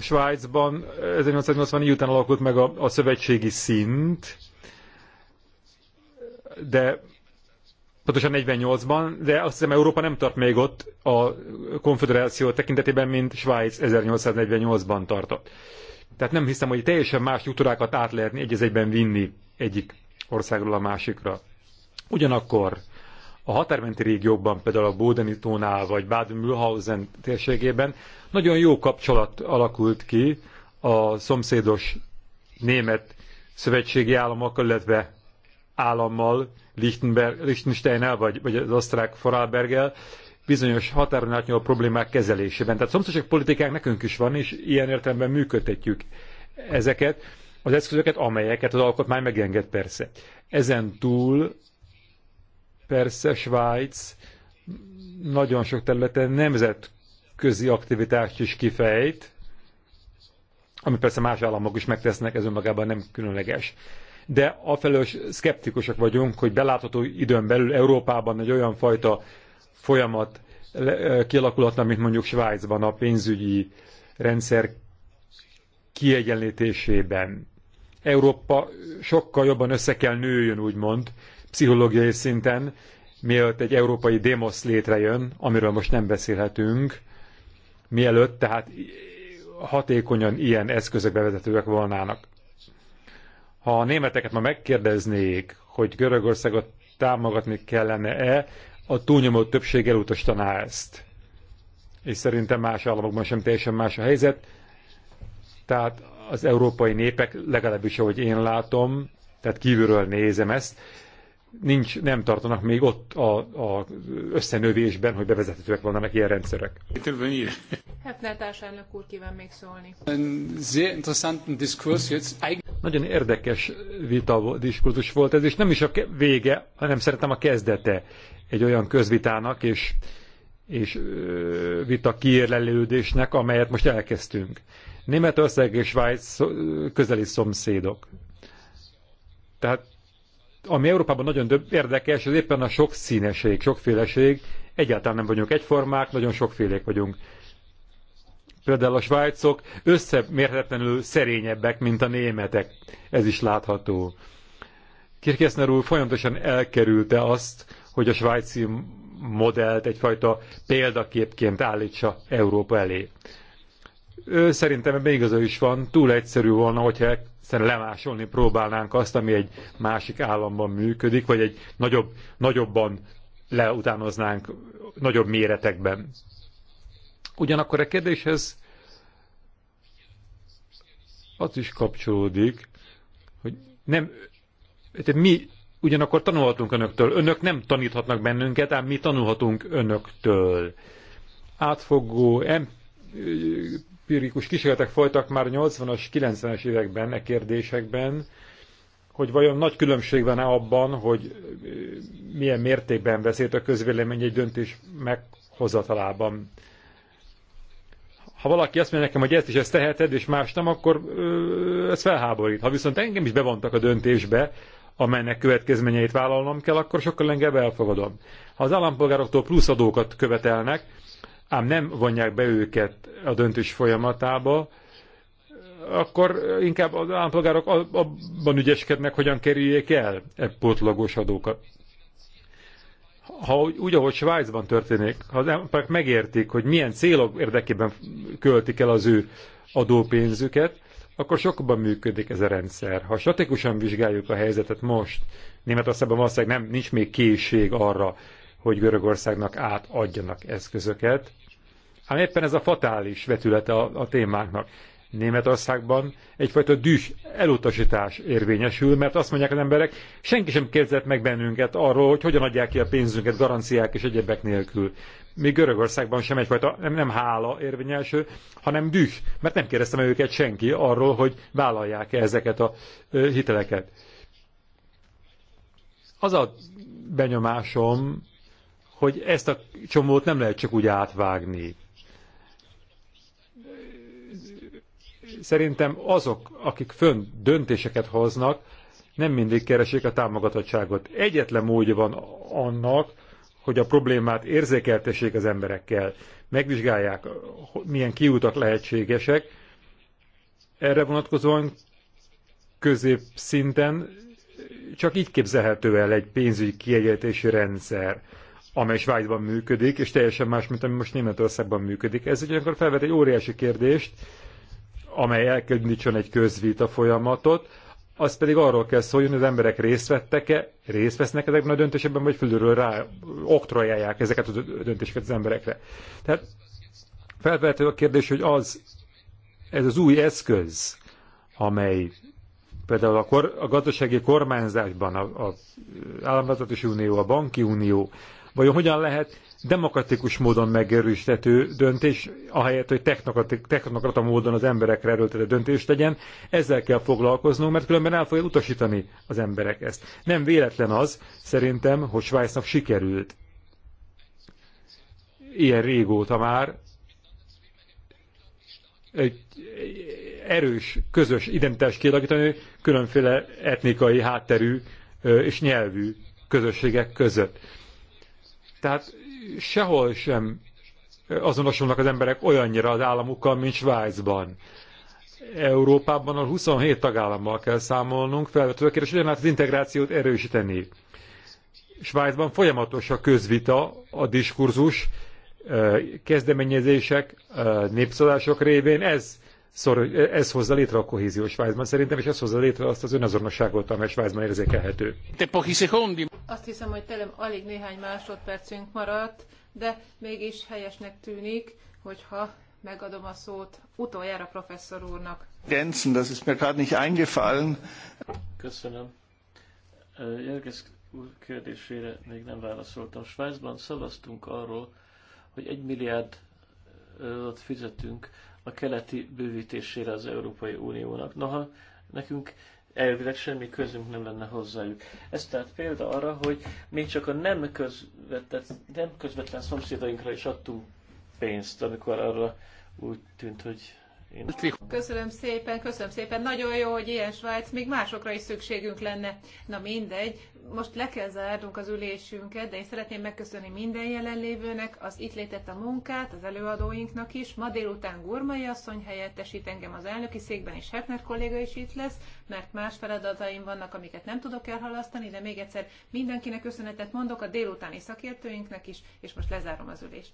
Svájcban Svájcban 1884 után alakult meg a, a szövetségi szint, de pontosan 48-ban, de azt hiszem Európa nem tart még ott a konfederáció tekintetében, mint Svájc 1848-ban tartott. Tehát nem hiszem, hogy teljesen más struktúrákat át lehetne egy egyben vinni egyik országról a másikra. Ugyanakkor a határmenti régiókban, például a Bódeni tónál vagy Baden-Mülhausen térségében nagyon jó kapcsolat alakult ki a szomszédos német szövetségi államokkal, illetve állammal, Lichtenberg, vagy, vagy az osztrák Foralberggel, bizonyos határon átnyúló problémák kezelésében. Tehát szomszédos politikák nekünk is van, és ilyen értelemben működtetjük ezeket az eszközöket, amelyeket az alkotmány megenged persze. Ezen túl persze Svájc nagyon sok területen nemzetközi aktivitást is kifejt, ami persze más államok is megtesznek, ez önmagában nem különleges de afelől szkeptikusak vagyunk, hogy belátható időn belül Európában egy olyan fajta folyamat kialakulhatna, mint mondjuk Svájcban a pénzügyi rendszer kiegyenlítésében. Európa sokkal jobban össze kell nőjön, úgymond, pszichológiai szinten, mielőtt egy európai démosz létrejön, amiről most nem beszélhetünk, mielőtt tehát hatékonyan ilyen eszközök bevezetőek volnának. Ha a németeket ma megkérdeznék, hogy Görögországot támogatni kellene-e, a túlnyomó többség elutasítaná ezt. És szerintem más államokban sem teljesen más a helyzet. Tehát az európai népek, legalábbis ahogy én látom, tehát kívülről nézem ezt, nincs, nem tartanak még ott a, a összenövésben, hogy bevezethetőek vannak ilyen rendszerek. Hefner hát, társelnök úr kíván még szólni. Sehr interessanten Diskurs jetzt. Nagyon érdekes vita diskurzus volt ez, és nem is a vége, hanem szeretem a kezdete egy olyan közvitának és, és vita kiérlelődésnek, amelyet most elkezdtünk. Németország és Svájc közeli szomszédok. Tehát ami Európában nagyon érdekes, az éppen a sokszíneség, sokféleség. Egyáltalán nem vagyunk egyformák, nagyon sokfélék vagyunk. Például a svájcok összemérhetetlenül szerényebbek, mint a németek. Ez is látható. Kirkeszner úr folyamatosan elkerülte azt, hogy a svájci modellt egyfajta példaképként állítsa Európa elé szerintem ebben igaza is van, túl egyszerű volna, hogyha lemásolni próbálnánk azt, ami egy másik államban működik, vagy egy nagyobb, nagyobban leutánoznánk, nagyobb méretekben. Ugyanakkor a kérdéshez az is kapcsolódik, hogy nem, mi ugyanakkor tanulhatunk önöktől. Önök nem taníthatnak bennünket, ám mi tanulhatunk önöktől. Átfogó, em, empirikus kísérletek folytak már 80-as, 90-es években e kérdésekben, hogy vajon nagy különbség van-e abban, hogy milyen mértékben beszélt a közvélemény egy döntés meghozatalában. Ha valaki azt mondja nekem, hogy ezt is ezt teheted, és más nem, akkor ö, ez felháborít. Ha viszont engem is bevontak a döntésbe, amelynek következményeit vállalnom kell, akkor sokkal inkább elfogadom. Ha az állampolgároktól plusz adókat követelnek, ám nem vonják be őket a döntés folyamatába, akkor inkább az állampolgárok abban ügyeskednek, hogyan kerüljék el e potlagos adókat. Ha úgy, ahogy Svájcban történik, ha az emberek megértik, hogy milyen célok érdekében költik el az ő adópénzüket, akkor sokban működik ez a rendszer. Ha statikusan vizsgáljuk a helyzetet most, Németországban valószínűleg nem, nincs még készség arra, hogy Görögországnak átadjanak eszközöket. Ám éppen ez a fatális vetülete a, a témáknak. Németországban egyfajta düh elutasítás érvényesül, mert azt mondják az emberek, senki sem kérdezett meg bennünket arról, hogy hogyan adják ki a pénzünket garanciák és egyebek nélkül. Még Görögországban sem egyfajta nem, nem hála érvényesül, hanem düh, mert nem kérdezte meg őket senki arról, hogy vállalják-e ezeket a hiteleket. Az a benyomásom, hogy ezt a csomót nem lehet csak úgy átvágni. Szerintem azok, akik fönn döntéseket hoznak, nem mindig keresik a támogatottságot. Egyetlen módja van annak, hogy a problémát érzékeltessék az emberekkel, megvizsgálják, milyen kiútak lehetségesek. Erre vonatkozóan középszinten csak így képzelhető el egy pénzügyi kiegyenlítési rendszer amely Svájcban működik, és teljesen más, mint ami most Németországban működik. Ez ugyanakkor felvet egy óriási kérdést, amely el egy közvita folyamatot, az pedig arról kell szóljon, hogy az emberek részt vettek-e, részt vesznek ezekben a döntésekben, vagy fölülről rá oktrojálják ezeket a döntéseket az emberekre. Tehát felvető a kérdés, hogy az, ez az új eszköz, amely például a, kor, a gazdasági kormányzásban, a, a államvezetési unió, a banki unió, Vajon hogyan lehet demokratikus módon megerősítető döntés, ahelyett, hogy technokrata, módon az emberekre erőltető döntést legyen, ezzel kell foglalkoznunk, mert különben el fogja utasítani az emberek ezt. Nem véletlen az, szerintem, hogy Svájcnak sikerült ilyen régóta már egy erős, közös identitás kialakítani különféle etnikai hátterű és nyelvű közösségek között. Tehát sehol sem azonosulnak az emberek olyannyira az államukkal, mint Svájcban. Európában a 27 tagállammal kell számolnunk, felvető a kérdés, ugyanát az integrációt erősíteni. Svájcban folyamatos a közvita, a diskurzus, eh, kezdeményezések, eh, népszólások révén ez szor, szóval, ez hozza létre a kohézió Svájcban szerintem, és ez hozza létre azt az önazonosságot, amely Svájcban érzékelhető. Azt hiszem, hogy telem alig néhány másodpercünk maradt, de mégis helyesnek tűnik, hogyha megadom a szót utoljára professzor úrnak. Gänzen, das ist mir gerade nicht eingefallen. Köszönöm. Jörges úr kérdésére még nem válaszoltam. Svájcban szavaztunk arról, hogy egy milliárd fizetünk a keleti bővítésére az Európai Uniónak. Noha nekünk elvileg semmi közünk nem lenne hozzájuk. Ez tehát példa arra, hogy még csak a nem, nem közvetlen szomszédainkra is adtunk pénzt, amikor arra úgy tűnt, hogy én... Köszönöm szépen, köszönöm szépen. Nagyon jó, hogy ilyen Svájc, még másokra is szükségünk lenne. Na mindegy, most le kell zárnunk az ülésünket, de én szeretném megköszönni minden jelenlévőnek, az itt létett a munkát, az előadóinknak is. Ma délután Gurmai asszony helyettesít engem az elnöki székben, és Hefner kolléga is itt lesz, mert más feladataim vannak, amiket nem tudok elhalasztani, de még egyszer mindenkinek köszönetet mondok a délutáni szakértőinknek is, és most lezárom az ülést.